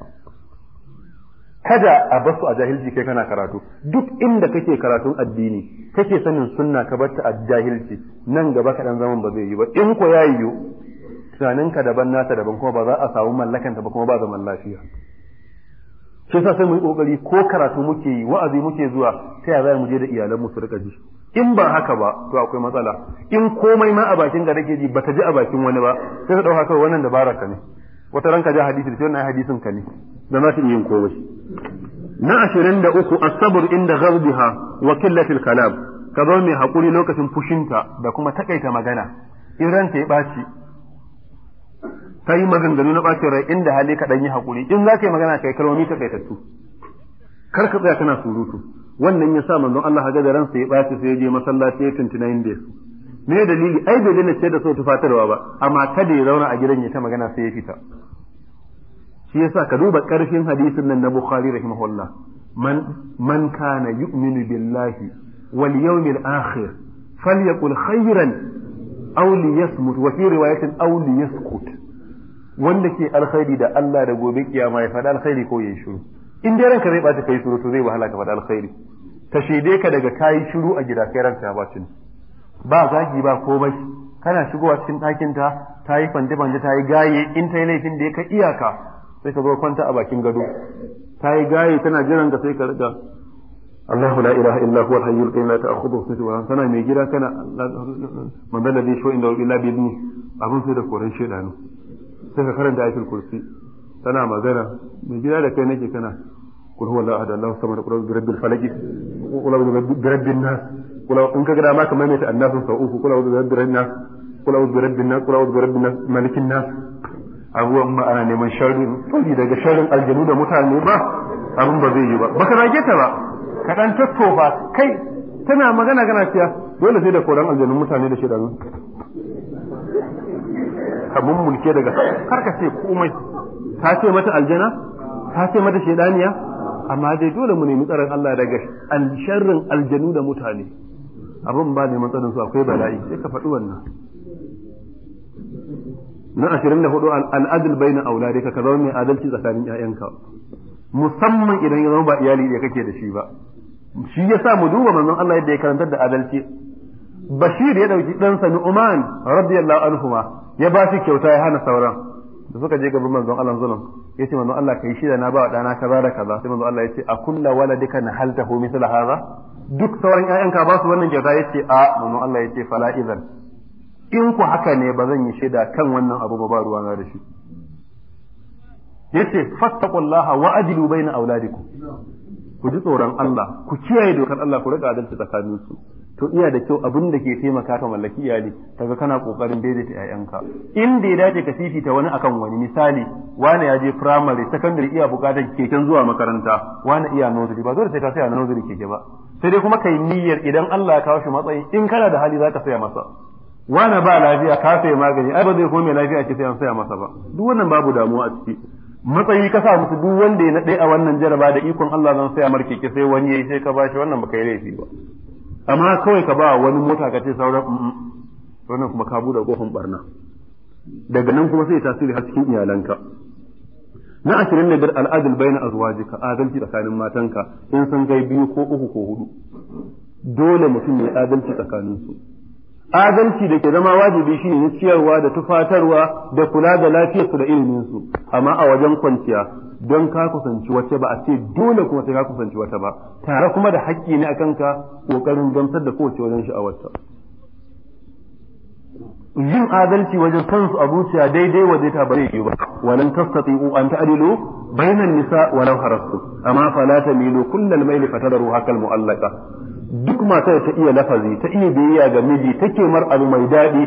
kada a basu a jahilci kai kana karatu duk inda kake karatun addini kake sanin sunna ka bar ta a jahilci nan gaba kaɗan zaman ba zai yi ba in ko ya yo. ka daban nata daban kuma ba za a samu mallakanta ba kuma ba zaman lafiya shi sa sai mu yi kokari ko karatu muke yi wa'azi muke zuwa ta ya za mu je da iyalan mu su rika ji in ba haka ba to akwai matsala in komai ma a bakin ka rage ji ba ta ji a bakin wani ba sai ka dauka kawai wannan dabara ka ne wata ranka ja hadisi da wannan hadisin ka ne da za ta yin komai na ashirin da uku, sabr inda ghadbiha wa qillatil kalam ka zo mai hakuri lokacin fushinta da kuma takaita magana in ranta ya baci ka yi maganganu na ɓacin rai inda hali kaɗan ɗan yi haƙuri in za ka yi magana kai kalmomi ta kai tattu kar ka tsaya kana surutu wannan ya sa manzon Allah ga da ransa ya ɓaci sai ya je masallaci ya tuntuna inda su me dalili ai bai dalilin ce da so tufatarwa ba amma kada ya zauna a gidan ya ta magana sai ya fita shi yasa ka duba ƙarfin hadisin nan na Bukhari rahimahullah man man kana yu'minu billahi wal yawmil akhir falyakul khayran aw liyasmut wa fi riwayatin aw liyaskut wanda ke alkhairi da Allah da gobe kiyama ya faɗi alkhairi ko ya shiru in dai ranka zai bata kai shiru to zai wahala ka faɗi alkhairi ta shede ka daga kai shiru a gida kai ranka ba cin ba zagi ba komai kana shigowa cikin ɗakin ta ta yi fande fande ta yi gaye in ta yi laifin da ya ka iyaka sai ka zo kwanta a bakin gado ta yi gaye tana jiran ka sai ka riga الله لا إله إلا هو الحي القيوم لا تأخذه سنة ولا نوم سنة ميجرا كان من sho الذي يشفع عنده bi ibni, abun sai da koran shedanu sai ka karanta ayatul kursi tana magana mai gida da kai nake kana kul huwa ahad allahu samad qul bi rabbil falaq qul a'udhu bi nas qul in ka gada ma ka maimaita annasu sau uku qul a'udhu bi rabbin nas qul a'udhu bi rabbin nas qul a'udhu bi rabbin nas malikin nas abubuwan ma ana neman sharrin sauki daga sharrin aljanu da mutane ba abin ba zai yi ba baka rage ta ba ka dan tattofa kai tana magana kana cewa dole sai da koran aljanun mutane da shaidan ka mummulke daga kar ka ce komai ka ce mata aljana ka ce mata shedaniya amma dai dole mu nemi tsaron Allah daga sharrin aljanu da mutane abin ba neman tsaron su akwai bala'i sai ka faɗi wannan na ashirin da hudu al'adul bai na ka zama mai adalci tsakanin 'ya'yanka musamman idan ya zama ba iyali da kake da shi ba shi ya sa mu duba manzon Allah yadda ya karantar da adalci bashir ya dauki ɗansa nu'man radiyallahu anhu ya ba shi kyauta ya hana sauran da suka je gaban manzon Allah zulum ce, manzon Allah kai shida na ba wa dana kaza da kaza sai manzon Allah yace a na halta hu misla haza. duk sauran ka ba su wannan kyauta ce, a manzon Allah yace fala idan in ku haka ne ba zan yi shaida kan wannan abu ba ba ruwa na da shi yace fattaqullaha wa na bayna auladikum ku ji tsoron Allah ku kiyaye dokar Allah ku rika adalci tsakanin su to iya da kyau abin da ke taimaka ka mallaki iyali kaga kana kokarin daidaita in da ya dace ka ta wani akan wani misali wani ya je primary secondary iya bukatar keken zuwa makaranta wani iya nursery ba dole sai ka saya nursery keke ba sai dai kuma kai niyyar idan Allah ya kawo shi matsayi in kana da hali zaka saya masa wani ba lafiya ka saya magani ai ba zai mai lafiya ce sai an saya masa ba duk wannan babu damuwa a ciki matsayi ka sa musu duk wanda ya naɗe a wannan jaraba da ikon Allah zan saya marke ki sai wani yayi sai ka ba shi wannan baka yi laifi ba amma kawai ka ba wani mota ka ce sauran mm, mm, wannan kuma ka bude kofin barna daga nan kuma sai tasiri har cikin iyalanka na ashirin da biyar al'adul bayna azwajika adalci tsakanin matanka in san gai biyu ko uku ko hudu dole mutum ya adalci tsakaninsu adalci da ke zama wajibi shi ne ciyarwa da tufatarwa da kula da lafiyarsu da iliminsu amma a wajen kwanciya don ka kusanci wata ba a ce dole kuma sai ka kusanci wata ba tare kuma da haƙƙi ne a kanka ƙoƙarin gamsar da kowace wajen sha'awarta yin adalci wajen kansu a zuciya daidai waje ta bare yi ba walan u an ta'dilu bainan nisa walau harastu amma fala tamilu kullal mayli fatadaru hakal muallaka duk matar ta iya lafazi ta iya biyayya ga miji take mar abu mai daɗi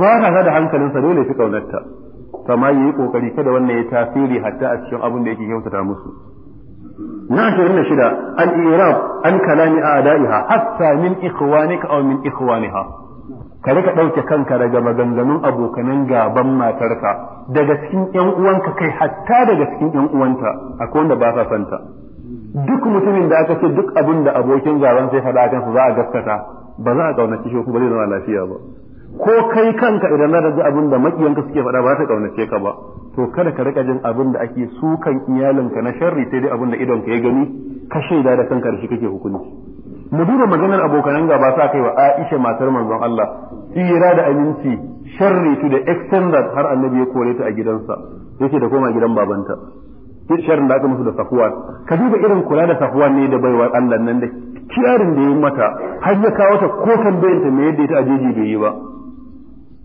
ba ta da sa dole fi kaunarta kama yi kokari kada wannan ya tasiri hatta a cikin abin da yake kyautata musu na ashirin da shida an irab an kalami a adaiha hatta min ikhwanika aw min ikhwaniha ka rika ɗauke kanka daga maganganun abokanan gaban matarka daga cikin 'yan uwanka kai hatta daga cikin 'yan uwanta akwai wanda ba sa santa duk mutumin da aka ce duk abin da abokin gaban sai faɗa kansa za a gaskata ba za a kaunace shi kuma zai zama lafiya ba ko kai kanka idan na raji abin da makiyanka suke faɗa ba ta kaunace ka ba to kada ka rika jin abin da ake sukan iyalinka na sharri sai dai abin da idonka ya gani ka shaida da kanka da shi kake hukunci mu duba maganar abokanan gaba sa kai wa Aisha matar manzon Allah tsira da aminci sharri to the extended har annabi ya kore ta a gidansa yake da koma gidan babanta duk sharrin da aka musu da safuwa ka duba irin kula da safuwa ne da baiwa Allah nan da kirarin da ya mata har ya kawo ta ko tambayin ta me yadda ita ajeji bai yi ba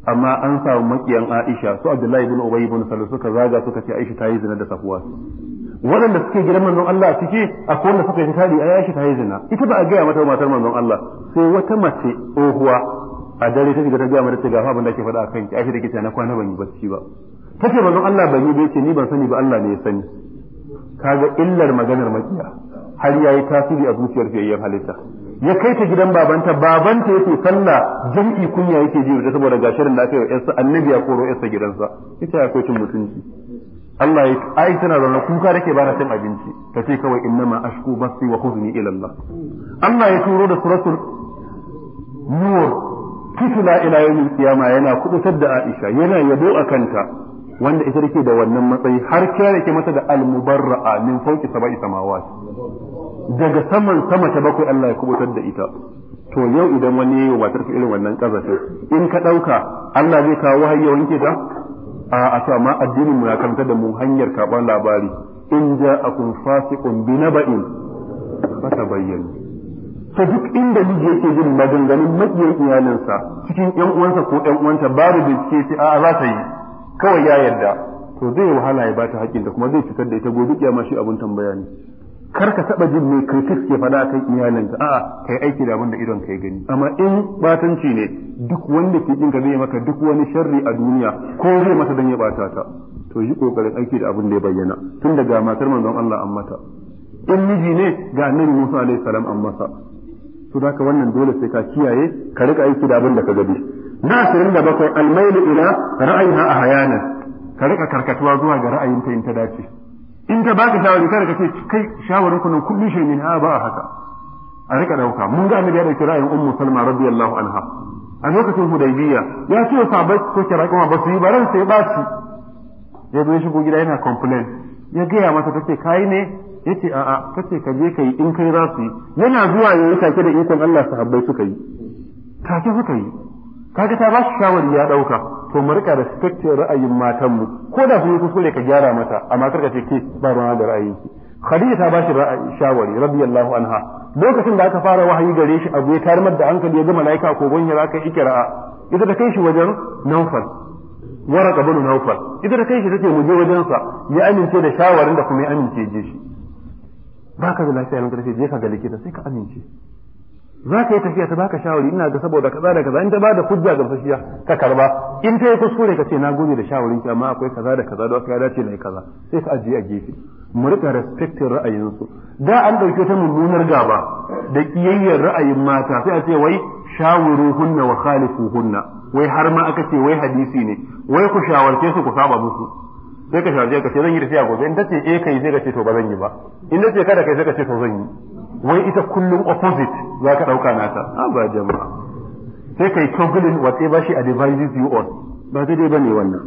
amma an samu makiyan Aisha su Abdullahi ibn Ubay ibn Salul suka zaga suka ce Aisha ta yi zina da safuwa waɗanda suke gidan manzon Allah ciki akwai wanda suka yi a yashi ta yi zina ita ba a gaya mata matar manzon Allah sai wata mace ohuwa a dare ta shiga ta gaya mata ta gafa abin da ake faɗa a kanki Aisha da kike na kwana ban yi bacci ba tace manzon Allah ban yi ba ce ni ban sani ba Allah ne ya sani kaga illar maganar makiya har yayi tasiri a zuciyar fiyayyen halitta ya kai ta gidan babanta babanta yake sallah jam'i kunya yake ji da saboda gashirin da aka yi yarsa annabi ya koro yarsa gidansa ita ya kai cin mutunci Allah ya ai tana zaune kuka take ba cin abinci ta ce kawai ma ashku basi wa khuzni ila Allah Allah ya turo da suratul nur kitula ila yawmil qiyama yana kubutar da Aisha yana yabo a kanta wanda ita take da wannan matsayi har kira yake mata da al-mubarra'a min fawqi sab'i samawat daga saman sama ta bakwai Allah ya kubutar da ita to yau idan wani yayi matar ka irin wannan kazafin in ka dauka Allah zai kawo wahayi ya wanke ta a a to amma addinin mu ya karanta da mu hanyar karban labari in ja'akum fasiqun bi naba'in fatabayyan ta duk inda miji yake jin maganganun maƙiyan iyalinsa cikin ƴan uwansa ko ƴan uwanta babu da ke sai a'a za ta yi kawai ya yarda to zai wahala ya bata haƙƙin da kuma zai fitar da ita gobe kiyama shi abun tambaya ne kar ka taba jin mai kritik ke faɗa kan iyalinka a'a kai aiki da abin da idon kai gani amma in batanci ne duk wanda ke ka zai maka duk wani sharri a duniya ko zai masa dan ya bata ta to yi kokarin aiki da abin da ya bayyana tun daga matar manzon Allah an mata in miji ne ga annabi Musa alaihi salam an masa to haka wannan dole sai ka kiyaye ka rika aiki da abin da ka gani na ashirin da bakwai almailu ila ra'ayiha a hayana ka rika karkatuwa zuwa ga ra'ayin ta in ta dace in ta baka shawari kada ka ce kai shawarin kunan kullu shi min ha ba haka a rika dauka mun ga annabi ya dauki ra'ayin ummu salma radiyallahu anha a lokacin hudaybiya ya ce ba ko kira kuma ba su yi baran sai ba su ya zo ya shigo gida yana complain ya gaya mata tace kai ne yace a'a tace ka je kai in kai za yana zuwa yayi take da ikon Allah sahabbai suka yi take suka yi kaga ta ba shi shawari ya dauka to mu rika respectin ra'ayin matan mu ko da kun kuskure ka gyara mata amma kar ka ce ke ba ruwa da ra'ayin ki Khadija ta ba shi shawari radiyallahu anha lokacin da aka fara wahayi gare shi abu ya tarmar da hankali ya ga malaika ko za ya yi ikira'a ita ta kai shi wajen Nawfal waraka bin Nawfal ita ta kai shi take mu je wajen sa ya amince da shawarin da kuma ya amince je shi baka da lafiya lanka tace je ka ga likita sai ka amince za ka yi tafiya ta baka shawari ina ga saboda kaza da kaza in ta ba da hujja ga fashiya ka karba in ta yi kuskure ka ce na gode da shawarin ki amma akwai kaza da kaza da aka ya dace na yi kaza sai ka ajiye a gefe mu rika respectin ra'ayinsu da an ɗauke ta mummunar gaba da kiyayyar ra'ayin mata sai a ce wai shawuru hunna wa khalifu hunna wai har ma aka ce wai hadisi ne wai ku shawarce su ku saba musu sai ka shawarce ka ce zan yi tafiya gobe in ta ce eh kai sai ka ce to ba zan yi ba in ta ce kada kai sai ka ce to zan yi wai ita kullum opposite za ka ɗauka nata a ba jama'a sai kai toggling whatever she advises you on ba ta dai bane wannan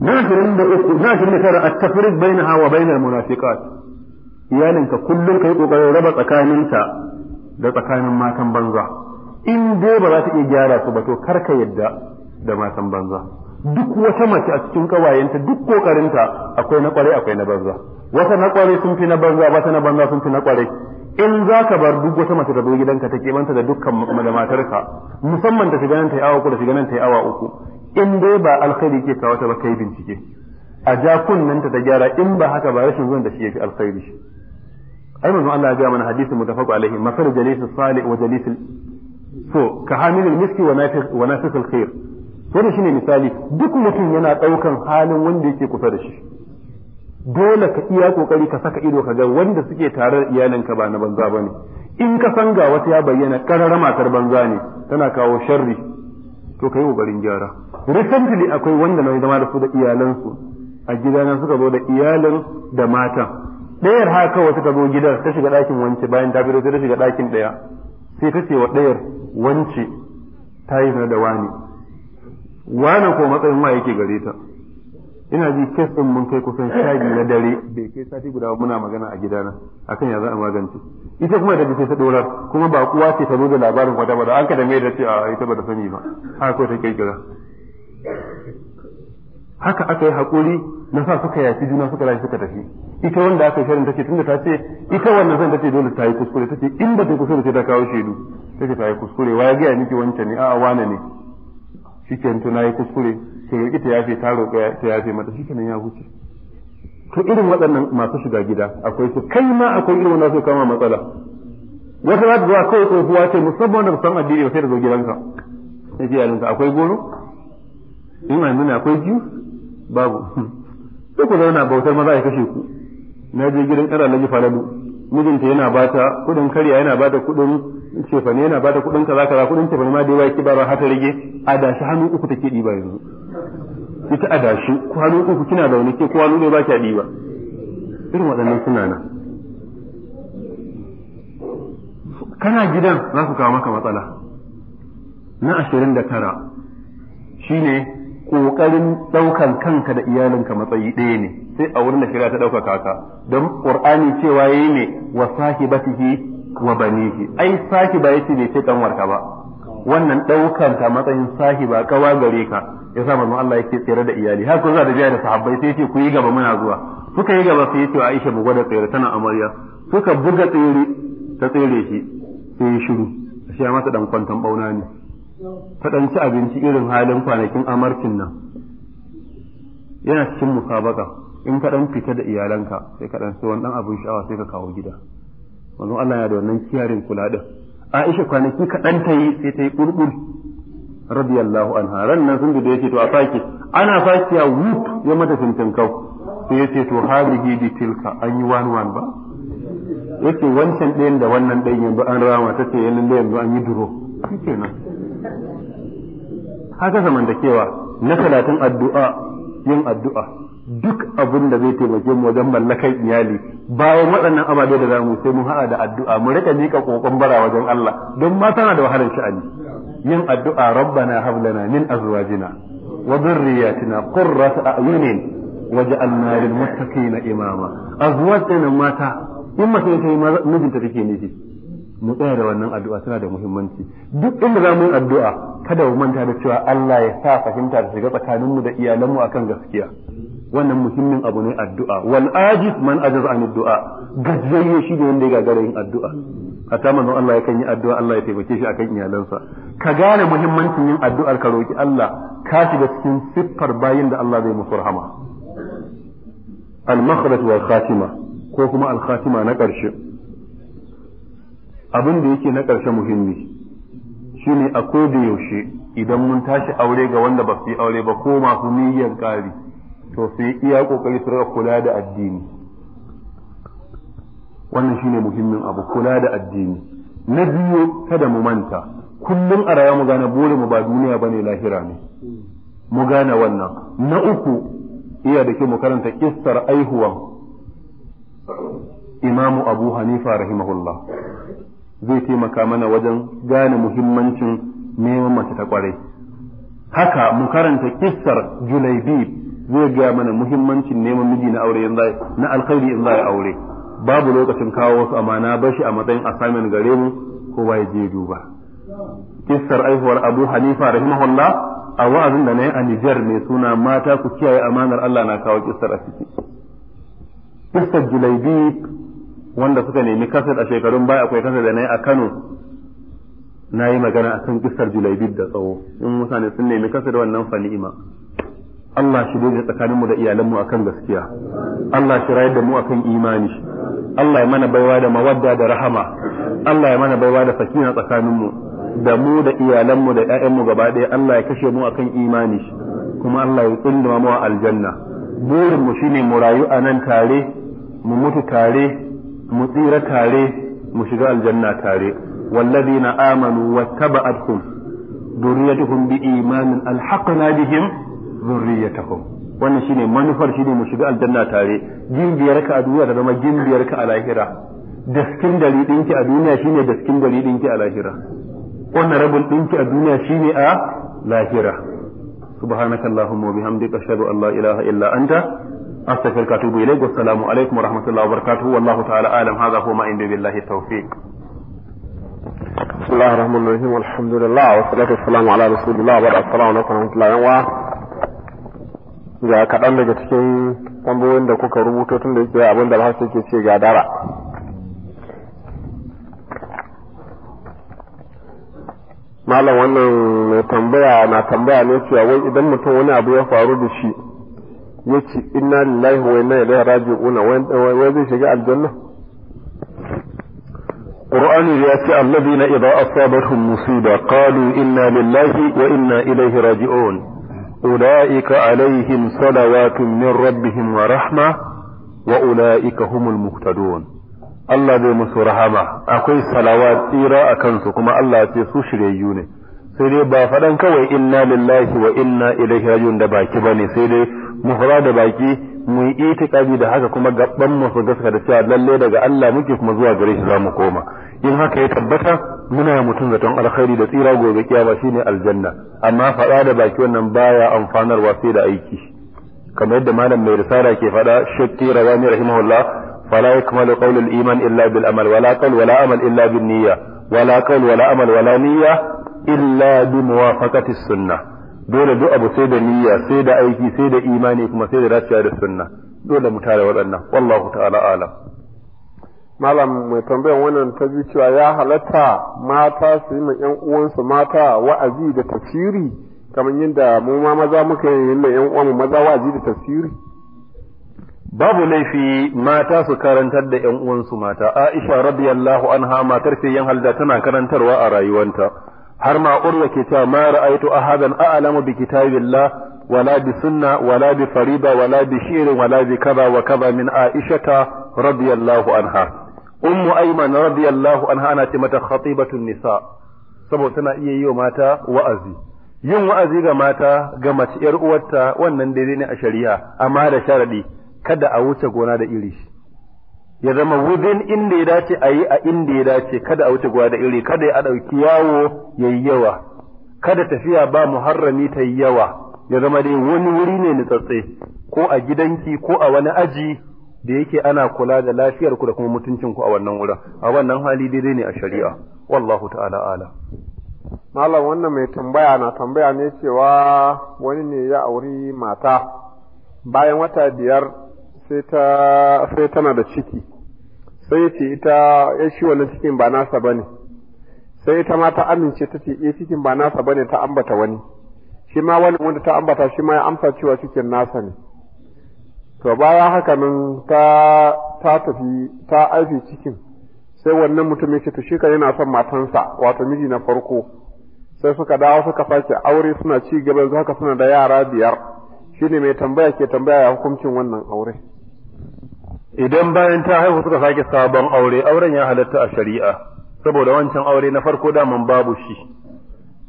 na da uku na da tara at-tafriq bainaha wa bainal munafiqat iyalinka kullum kai ƙoƙarin raba tsakaninta da tsakanin matan banza in dai ba za ta iya gyara su ba to kar ka yadda da matan banza duk wata mace a cikin kawayenta duk kokarinta akwai na kware akwai na banza wata na kware sun fi na banza wata na banza sun fi na kware in za ka bar duk wata mace da zo gidanka ta kebanta da dukkan da matarka musamman da shiga nan ta yi awa uku da shiga nan ta yi awa uku in dai ba alkhairi ke kawo ta ba kai bincike a ja kunnanta ta gyara in ba haka ba rashin zuwan da shi yake alkhairi ai manzo Allah ya ga mana hadisi mutafaqu alaihi masal jalisus salih wa jalisul so ka hamilul miski wa nafis wa nafisul khair shi ne misali duk mutum yana ɗaukan halin wanda yake kusa da shi dole ka iya kokari ka saka ido ka ga wanda suke tare da iyalinka ba na banza bane in ka san ga wata ya bayyana karara matar banza ne tana kawo sharri to kai kokarin gyara recently akwai wanda na zama da su da iyalansu a gidana suka zo da iyalin da matan ɗayar haka wata ta zo gidan ta shiga ɗakin wance bayan ta fito ta shiga ɗakin ɗaya sai ta ce wa ɗayar wance ta yi da wani wane ko matsayin wa yake gare ta ina ji kes din mun kai kusan shaji na dare bai kai sati guda muna magana a gidana akan ya za a magance ita kuma da bisa ta dorar kuma ba kuwa ce ta zo da labarin kwata ba da an kada mai da ce a ita ba ta sani ba haka ko ta kirkira haka aka yi hakuri na sa suka yafi juna suka rayu suka tafi ita wanda aka shirin tace tunda ta ce ita wannan zan ce dole ta yi kuskure ta ce inda ta kuskure sai ta kawo shaidu ce ta yi kuskure wa ya gaya miki wancan ne a'a wane ne shikenan to nayi kuskure ta roki ta yafe ta roƙa ta yafe mata shikenan ya huce to irin waɗannan masu shiga gida akwai su kai ma akwai irin wanda su kama matsala wata za ta zuwa kawai tsohuwa ce musamman da san addini sai da zo gidanka sai ce yalinka akwai goro ina nuna akwai jiyu babu sai ku zauna bautar maza ya kashe ku na je gidan ƙara laji falalu mijinta yana bata kudin karya yana bata kudin fa ne yana bada kuɗin kaza kaza kuɗin cefa ma da yawa yake ba, har ta rage adashi hannu uku take ba yanzu ita adashi ku hannu uku kina zaune ke ku hannu ne ba ki ba. irin waɗannan suna nan kana gidan za ku kawo maka matsala na ashirin da tara shine ƙoƙarin ɗaukan kanka da iyalinka matsayi ɗaya ne sai a wurin da shirya ta ɗaukaka ka don ƙur'ani cewa yayi ne wa sahibatihi wa banihi ai sahiba yace bai ce kanwarka ba wannan daukan ta matsayin sahiba kawa gare ka yasa manzon Allah yake tsere da iyali har ko za da biya da sahabbai sai yace ku yi gaba muna zuwa suka yi gaba sai yace Aisha mu gwada tsere tana amarya suka buga tsere ta tsere shi sai ya shiru ashe masa dan kwantan bauna ne ta abinci irin halin kwanakin amarkin nan yana cikin musabaka in ka dan fita da iyalanka sai ka dan sai wani dan abin sha'awa sai ka kawo gida manzon Allah ya da wannan kiyarin kula din Aisha kwanaki kaɗan ta yi sai ta yi radiyallahu anha ran nan sun da yace to a sake ana ya wuf ya mata kau sai yace to halihi bi tilka an yi wani wani ba yace wancan ɗayan da wannan ɗayan yanzu an rama ta ce yanzu yanzu an yi duro nan. haka zamantakewa na talatin addu'a yin addu'a duk abin da zai taimake mu wajen mallakar iyali bayan waɗannan ababe da zamu sai mun haɗa da addu'a mu rika mika kokon bara wajen Allah don ma tana da wahalar sha'ani yin addu'a rabbana hab lana min azwajina wa dhurriyyatina qurrata a'yunin waj'alna lil muttaqina imama azwajina mata in mace ta yi mijinta take nufi mu tsaya da wannan addu'a tana da muhimmanci duk inda za mu yi addu'a kada mu manta da cewa Allah ya sa fahimta da shiga tsakaninmu da iyalanmu akan gaskiya wannan muhimmin abu ne addu'a wal ajiz man ajaza an addu'a gajiyayye shi ne wanda ya gagara yin addu'a hatta manzon Allah yakan yi addu'a Allah ya taimake shi akan iyalansa ka gane muhimmancin yin addu'ar ka roki Allah ka shiga cikin siffar bayin da Allah zai musu rahama al makhraj wal khatima ko kuma al khatima na karshe abin da yake na karshe muhimmi shine akwai da yaushe idan mun tashi aure ga wanda ba su yi aure ba ko masu niyyar ƙari to sai iya kokari su rika kula da addini wannan shine muhimmin abu kula da addini na biyu kada mu manta kullum a rayuwa mu gane bore mu ba duniya bane lahira ne mu gane wannan na uku iya da ke mu karanta kissar aihuwan imamu abu hanifa rahimahullah zai taimaka mana wajen gane muhimmancin neman mace ta kwarai haka mu karanta kissar julaibib zai gaya mana muhimmancin neman miji na aure na alkhairi in za aure babu lokacin kawo wasu amana bashi a matsayin assignment gare mu ko ya je duba kissar aihuwar abu hanifa rahimahullah a wa'azin da na yi a Nijar mai suna mata ku kiyaye amanar Allah na kawo kissar a ciki kissar julaibi wanda suka nemi kasar a shekarun baya akwai kasar da na yi a Kano na yi magana akan kissar julaibi da tsawo in mutane sun nemi kasar wannan fani'ima Allah shi daidaita tsakaninmu da iyalanmu akan gaskiya Allah shi rayar da mu akan imani Allah ya mana baiwa da mawadda da rahama Allah ya mana baiwa da sakina tsakaninmu da mu da iyalanmu da ƴaƴanmu gaba ɗaya Allah ya kashe mu akan imani kuma Allah ya tsinduma mu aljanna burin mu shine mu rayu a nan tare mu mutu tare mu tsira tare mu shiga aljanna tare والذين آمنوا واتبعتهم ذريتهم بإيمان ألحقنا بهم zurriyatahum wannan shine manufar shine mu shiga aljanna tare gimbiyar ka a duniya ta zama gimbiyar ka a lahira daskin dari dinki a duniya shine daskin dari dinki a lahira wannan rabin dinki a duniya shine a lahira subhanaka allahumma wa bihamdika ashhadu an la ilaha illa anta astaghfiruka wa atubu ilayk wa assalamu alaykum wa rahmatullahi wa barakatuh wallahu ta'ala alam hadha huwa ma inda billahi tawfiq بسم الله الرحمن الرحيم والحمد لله والصلاة والسلام على رسول الله وعلى اله وصحبه ورحمة ga kaɗan daga cikin tambayoyin da kuka rubuto tun da yake abin da alhassan ke ce ga dara malam wannan tambaya na tambaya ne cewa wai idan mutum wani abu ya faru da shi ya ce inna lillahi wa inna ilaihi raji'una wai zai shiga aljanna ya قرآن ياتي الذين da أصابتهم مصيبة قالوا wa لله وإنا إليه راجعون أولئك عليهم صلوات من ربهم ورحمة وأولئك هم المهتدون Allah zai musu rahama akwai salawa tsira a kansu kuma Allah ce su shiryayyu ne sai dai ba faɗan kawai inna lillahi wa inna ilaihi rajiun da baki bane sai dai mu fara da baki mu yi itikadi da haka kuma gaban masu su gaska da cewa lalle daga Allah muke kuma zuwa gare shi zamu koma in haka ya tabbata muna mutum zaton alkhairi da tsira gobe kiyama shine aljanna amma faɗa da baki wannan baya amfanarwa sai da aiki kamar yadda malam mai risala ke faɗa shakki rawani rahimahullah fala yakmalu qawl al-iman illa bil amal wala qawl wala amal illa bin niyya wala qawl wala amal wala niyya illa bi muwafaqati sunnah dole duk abu sai da niyya sai da aiki sai da imani kuma sai da rashiya da sunna dole mu tare waɗannan wallahu ta'ala alam malam mai tambayan wannan ta ji cewa ya halatta mata su yi ma ƴan uwansu mata wa'azi da tafsiri kamar yadda mu ma maza muka yi ma ƴan uwanmu maza wa'azi da tafsiri babu laifi mata su karantar da ƴan uwansu mata Aisha radiyallahu anha matar sai yan halda tana karantarwa a rayuwanta har ma urwa ke cewa ma ra'aitu ahadan a'lamu bi kitabillah wala bi sunna wala bi farida wala bi shi'rin wala bi kaza wa kaza min aishata radiyallahu anha ummu ayman radiyallahu anha ana ce mata khatibatun nisa saboda tana iya yi wa mata wa'azi yin wa'azi ga mata ga mace yar uwarta wannan daidai ne a shari'a amma da sharadi kada a wuce gona da iri ya zama within inda ya dace a yi a inda ya dace kada a wuce gwa da iri kada ya ɗauki yawo ya yi yawa kada tafiya ba muharrami ta yi yawa ya zama dai wani wuri ne na nutsatse ko a gidanki ko a wani aji da yake ana kula da lafiyar ku da kuma mutuncin ku a wannan wurin a wannan hali daidai ne a shari'a wallahu ta'ala ala malam wannan mai tambaya na tambaya ne cewa wani ne ya auri mata bayan wata biyar sai ta sai tana da ciki sai ya ce ita ya eh, shi wannan cikin ba nasa bane sai ita ma ta amince ta ce eh cikin ba nasa bane ta ambata wani shi ma wani wanda ta ambata shi ma ya amsa cewa cikin nasa ne to baya haka nan ta ta tafi ta aifi cikin sai wannan mutum yake to shi ka yana son matansa wato miji na farko sai suka dawo suka sake aure suna ci gaba yanzu haka suna da yara biyar shine mai tambaya ke tambaya hukuncin wannan aure idan bayan ta haihu suka sake sabon aure auren ya halatta a shari'a saboda wancan aure na farko daman babu shi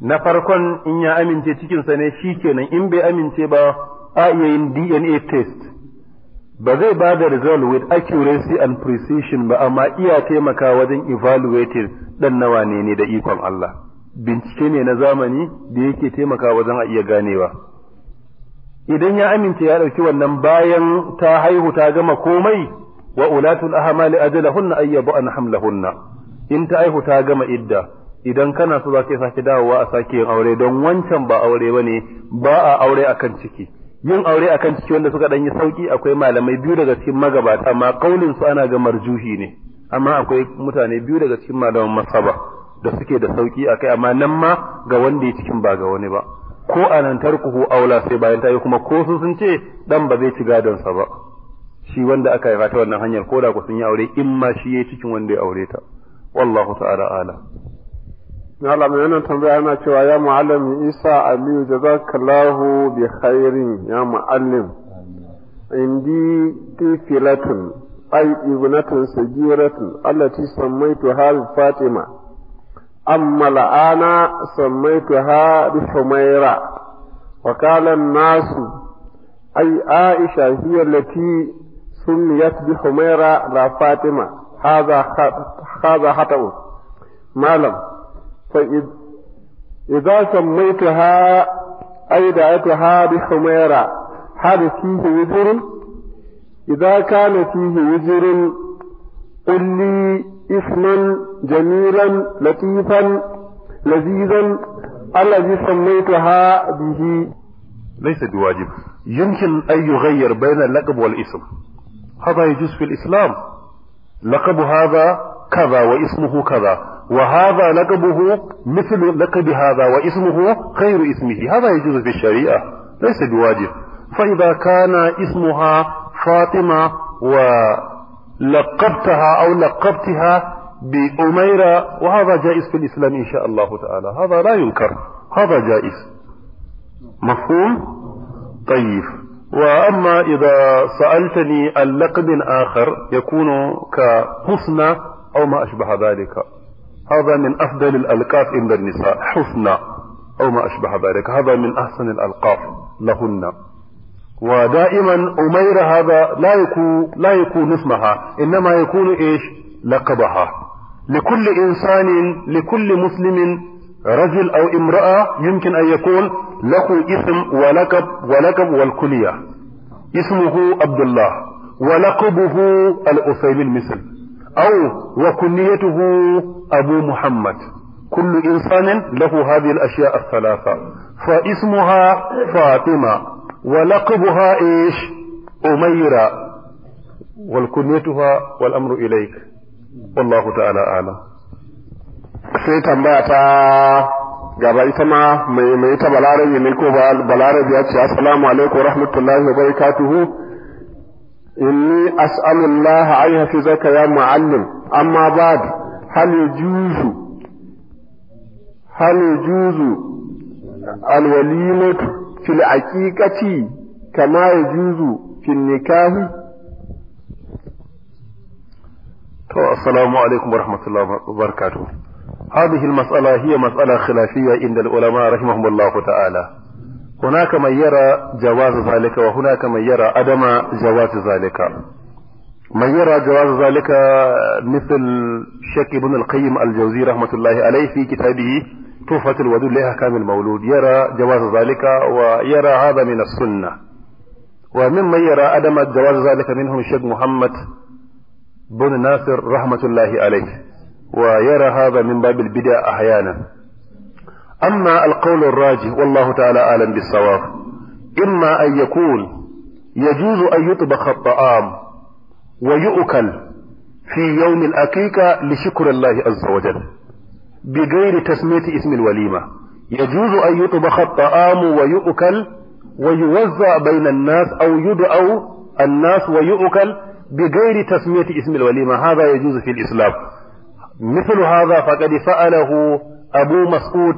na farkon in ya amince cikinsa ne shi kenan in bai amince ba a iya yin dna test ba zai ba da result with accuracy and precision ba amma iya taimaka wajen evaluating dan nawa ne ne da ikon Allah bincike ne na zamani da yake taimaka wajen a iya ganewa idan ya amince ya ɗauki wannan bayan ta haihu ta gama komai wa ulatul ahmali ajalahunna ayyabu an hamlahunna in ta haihu ta gama idda idan kana so zaka sake dawowa a sake yin aure don wancan ba aure bane ba a aure akan ciki yin aure akan ciki wanda suka dan yi sauki akwai malamai biyu daga cikin magabata amma kaulin su ana ga marjuhi ne amma akwai mutane biyu daga cikin malaman masaba da suke da sauki akai amma nan ma ga wanda ya cikin ba ga wani ba ko anantar kuhu aula sai bayan ta yi kuma ko su sun ce dan ba zai ci gadon ba shi wanda aka yi ta wannan hanyar ko da ku sun yi aure in ma shi yayi cikin wanda ya aure ta wallahu ta'ala ala Allah mai wannan tambaya yana cewa ya muallim Isa Aliyu jazakallahu bi khairin ya muallim indi tifilatun ay ibnatun sajiratun allati hal Fatima أما الآن سميتها بحميرة وقال الناس أي عائشة هي التي سميت بحميرة لا فاطمة هذا هذا خطأ لم فإذا سميتها أي دعيتها بحميرة هل فيه وزر إذا كان فيه وزر قل لي اسما جميلا لطيفا لذيذا الذي سميتها به ليس بواجب يمكن أن يغير بين اللقب والاسم هذا يجوز في الإسلام لقب هذا كذا واسمه كذا وهذا لقبه مثل لقب هذا واسمه غير اسمه هذا يجوز في الشريعة ليس بواجب فإذا كان اسمها فاطمة و لقبتها أو لقبتها بأميرة وهذا جائز في الإسلام إن شاء الله تعالى هذا لا ينكر هذا جائز مفهوم طيب وأما إذا سألتني اللقب آخر يكون كحسنى أو ما أشبه ذلك هذا من أفضل الألقاب عند النساء حسنى أو ما أشبه ذلك هذا من أحسن الألقاب لهن ودائما أمير هذا لا يكون لا يكون اسمها إنما يكون إيش لقبها لكل إنسان لكل مسلم رجل أو امرأة يمكن أن يكون له اسم ولقب ولقب والكلية اسمه عبد الله ولقبه الأسيم المثل أو وكنيته أبو محمد كل إنسان له هذه الأشياء الثلاثة فاسمها فاطمة ولقبها إيش أميرة والكنيتها والأمر إليك والله تعالى أعلم sai tambaya ta gaba ita ma mai mai ta balarabi ne ko balarabi ya ce assalamu alaikum rahmatullahi wa barakatuhu inni as'alu Allah an yafizaka ya muallim amma ba'd hal yujuzu hal yujuzu alwalimatu في العقيقة كما يجوز في النكاح السلام عليكم ورحمة الله وبركاته هذه المسألة هي مسألة خلافية عند العلماء رحمهم الله تعالى هناك من يرى جواز ذلك وهناك من يرى عدم جواز ذلك من يرى جواز ذلك مثل شيخ ابن القيم الجوزي رحمة الله عليه في كتابه طوفة الودود لها كان المولود يرى جواز ذلك ويرى هذا من السنة وممن يرى أدم جواز ذلك منهم الشيخ محمد بن ناصر رحمة الله عليه ويرى هذا من باب البدع أحيانا أما القول الراجح والله تعالى أعلم بالصواب إما أن يكون يجوز أن يطبخ الطعام ويؤكل في يوم الأكيكة لشكر الله عز وجل بغير تسمية اسم الوليمة يجوز أن يطبخ الطعام ويؤكل ويوزع بين الناس أو يدعو الناس ويؤكل بغير تسمية اسم الوليمة هذا يجوز في الإسلام مثل هذا فقد فعله أبو مسعود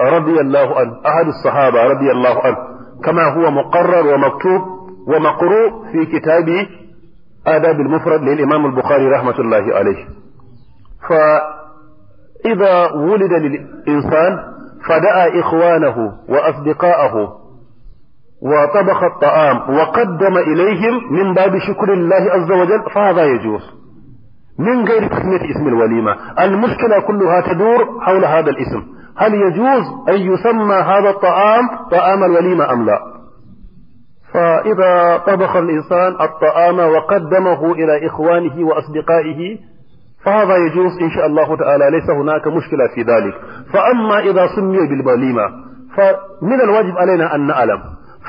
رضي الله عنه أحد الصحابة رضي الله عنه كما هو مقرر ومكتوب ومقروء في كتاب آداب المفرد للإمام البخاري رحمة الله عليه ف إذا ولد للإنسان فدعا إخوانه وأصدقاءه وطبخ الطعام وقدم إليهم من باب شكر الله عز وجل فهذا يجوز من غير تسمية اسم الوليمة المشكلة كلها تدور حول هذا الاسم هل يجوز أن يسمى هذا الطعام طعام الوليمة أم لا فإذا طبخ الإنسان الطعام وقدمه إلى إخوانه وأصدقائه فهذا يجوز إن شاء الله تعالى ليس هناك مشكلة في ذلك فأما إذا سمي بالبليمة فمن الواجب علينا أن نعلم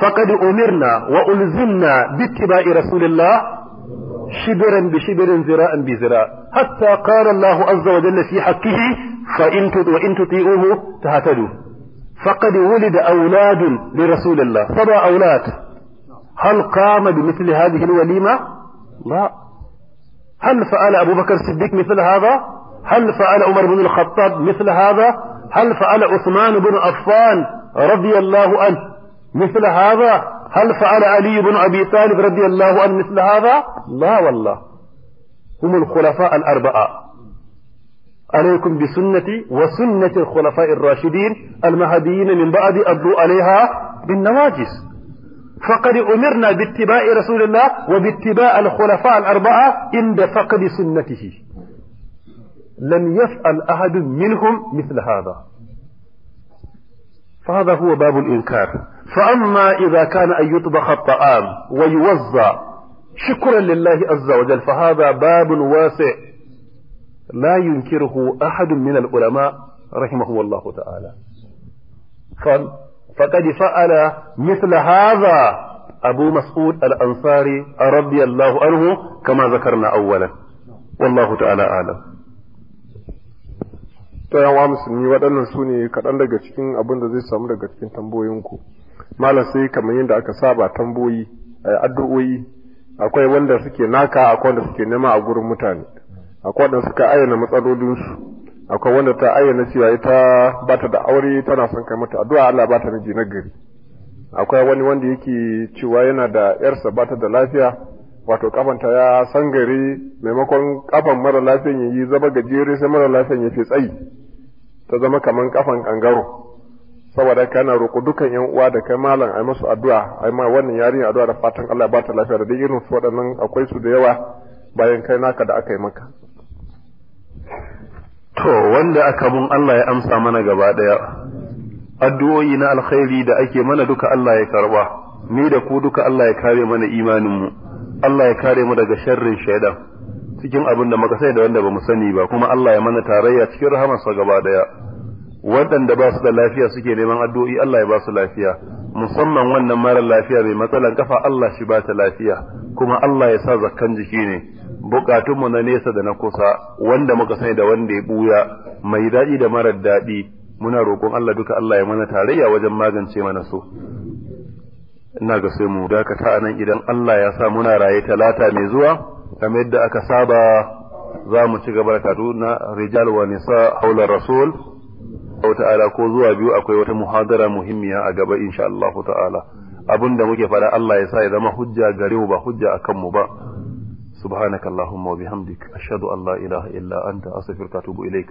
فقد أمرنا وألزمنا باتباع رسول الله شبرا بشبر زراء بزراء حتى قال الله عز وجل في حقه فإن وإن تطيعوه تهتدوا فقد ولد أولاد لرسول الله سبع أولاد هل قام بمثل هذه الوليمة؟ لا هل فعل أبو بكر الصديق مثل هذا هل فعل عمر بن الخطاب مثل هذا هل فعل عثمان بن عفان رضي الله عنه مثل هذا هل فعل علي بن أبي طالب رضي الله عنه مثل هذا لا والله هم الخلفاء الأربعة عليكم بسنتي وسنة الخلفاء الراشدين المهديين من بعد أبدو عليها بالنواجس فقد أمرنا باتباع رسول الله وباتباع الخلفاء الأربعة عند فقد سنته لم يفعل أحد منهم مثل هذا فهذا هو باب الإنكار فأما إذا كان أن يطبخ الطعام ويوزع شكرا لله عز وجل فهذا باب واسع لا ينكره أحد من العلماء رحمه الله تعالى قال فقد fa'ala مثل هذا أبو mas'ud al-ansari الله anhu kama ذكرنا أولا والله تعالى alam to yawa musulmi waɗannan su ne kaɗan daga cikin abin da zai samu daga cikin tambayoyinku malam sai kamar yadda aka saba tamboyi addu'o'i akwai wanda suke naka akwai wanda suke nema a gurin mutane akwai wanda suka ayyana matsalolinsu akwai wanda ta ayyana cewa ita ba ta da aure tana son kai mata addu'a Allah ba ta miji na gari akwai wani wanda yake cewa yana da yarsa ba ta da lafiya wato kafanta ya san gari maimakon kafan mara lafiyan yayi zama gajere sai mara lafiyan ya fi tsayi ta zama kaman kafan kangaro saboda kana roƙo dukan yan uwa da kai malam ai musu addu'a ai ma wannan yarin addu'a da fatan Allah ba ta lafiya da dai irin su waɗannan akwai su da yawa bayan kai naka da aka yi maka to wanda aka mun Allah ya amsa mana gaba daya addu'o'i na alkhairi da ake mana duka Allah ya karba ni da ku duka Allah ya kare mana imanin mu Allah ya kare mu daga sharrin shaidan cikin abin da muka sai da wanda mu sani ba kuma Allah ya mana tarayya cikin sa gaba daya waɗanda ba su da lafiya suke neman addu'o'i Allah ya ba su lafiya musamman wannan mara lafiya mai matsalan kafa Allah shi ba ta lafiya kuma Allah ya sa zakkan jiki ne bukatunmu na nesa da na kusa wanda muka sani da wanda ya buya mai daɗi da marar daɗi muna roƙon Allah duka Allah ya mana tarayya wajen magance mana so ina ga sai mu dakata nan idan Allah ya sa muna raye talata mai zuwa kamar yadda aka saba za mu ci gaba da karatu na rijal wa nisa haula rasul ko ta'ala ko zuwa biyu akwai wata muhadara muhimmiya a gaba insha Allah ta'ala abinda muke fara Allah ya sa ya zama hujja gare mu ba hujja akan mu ba سبحانك اللهم وبحمدك أشهد أن لا إله إلا أنت أستغفرك وأتوب إليك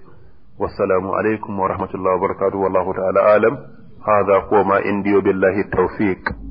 والسلام عليكم ورحمة الله وبركاته والله تعالى أعلم هذا هو ما عندي وبالله التوفيق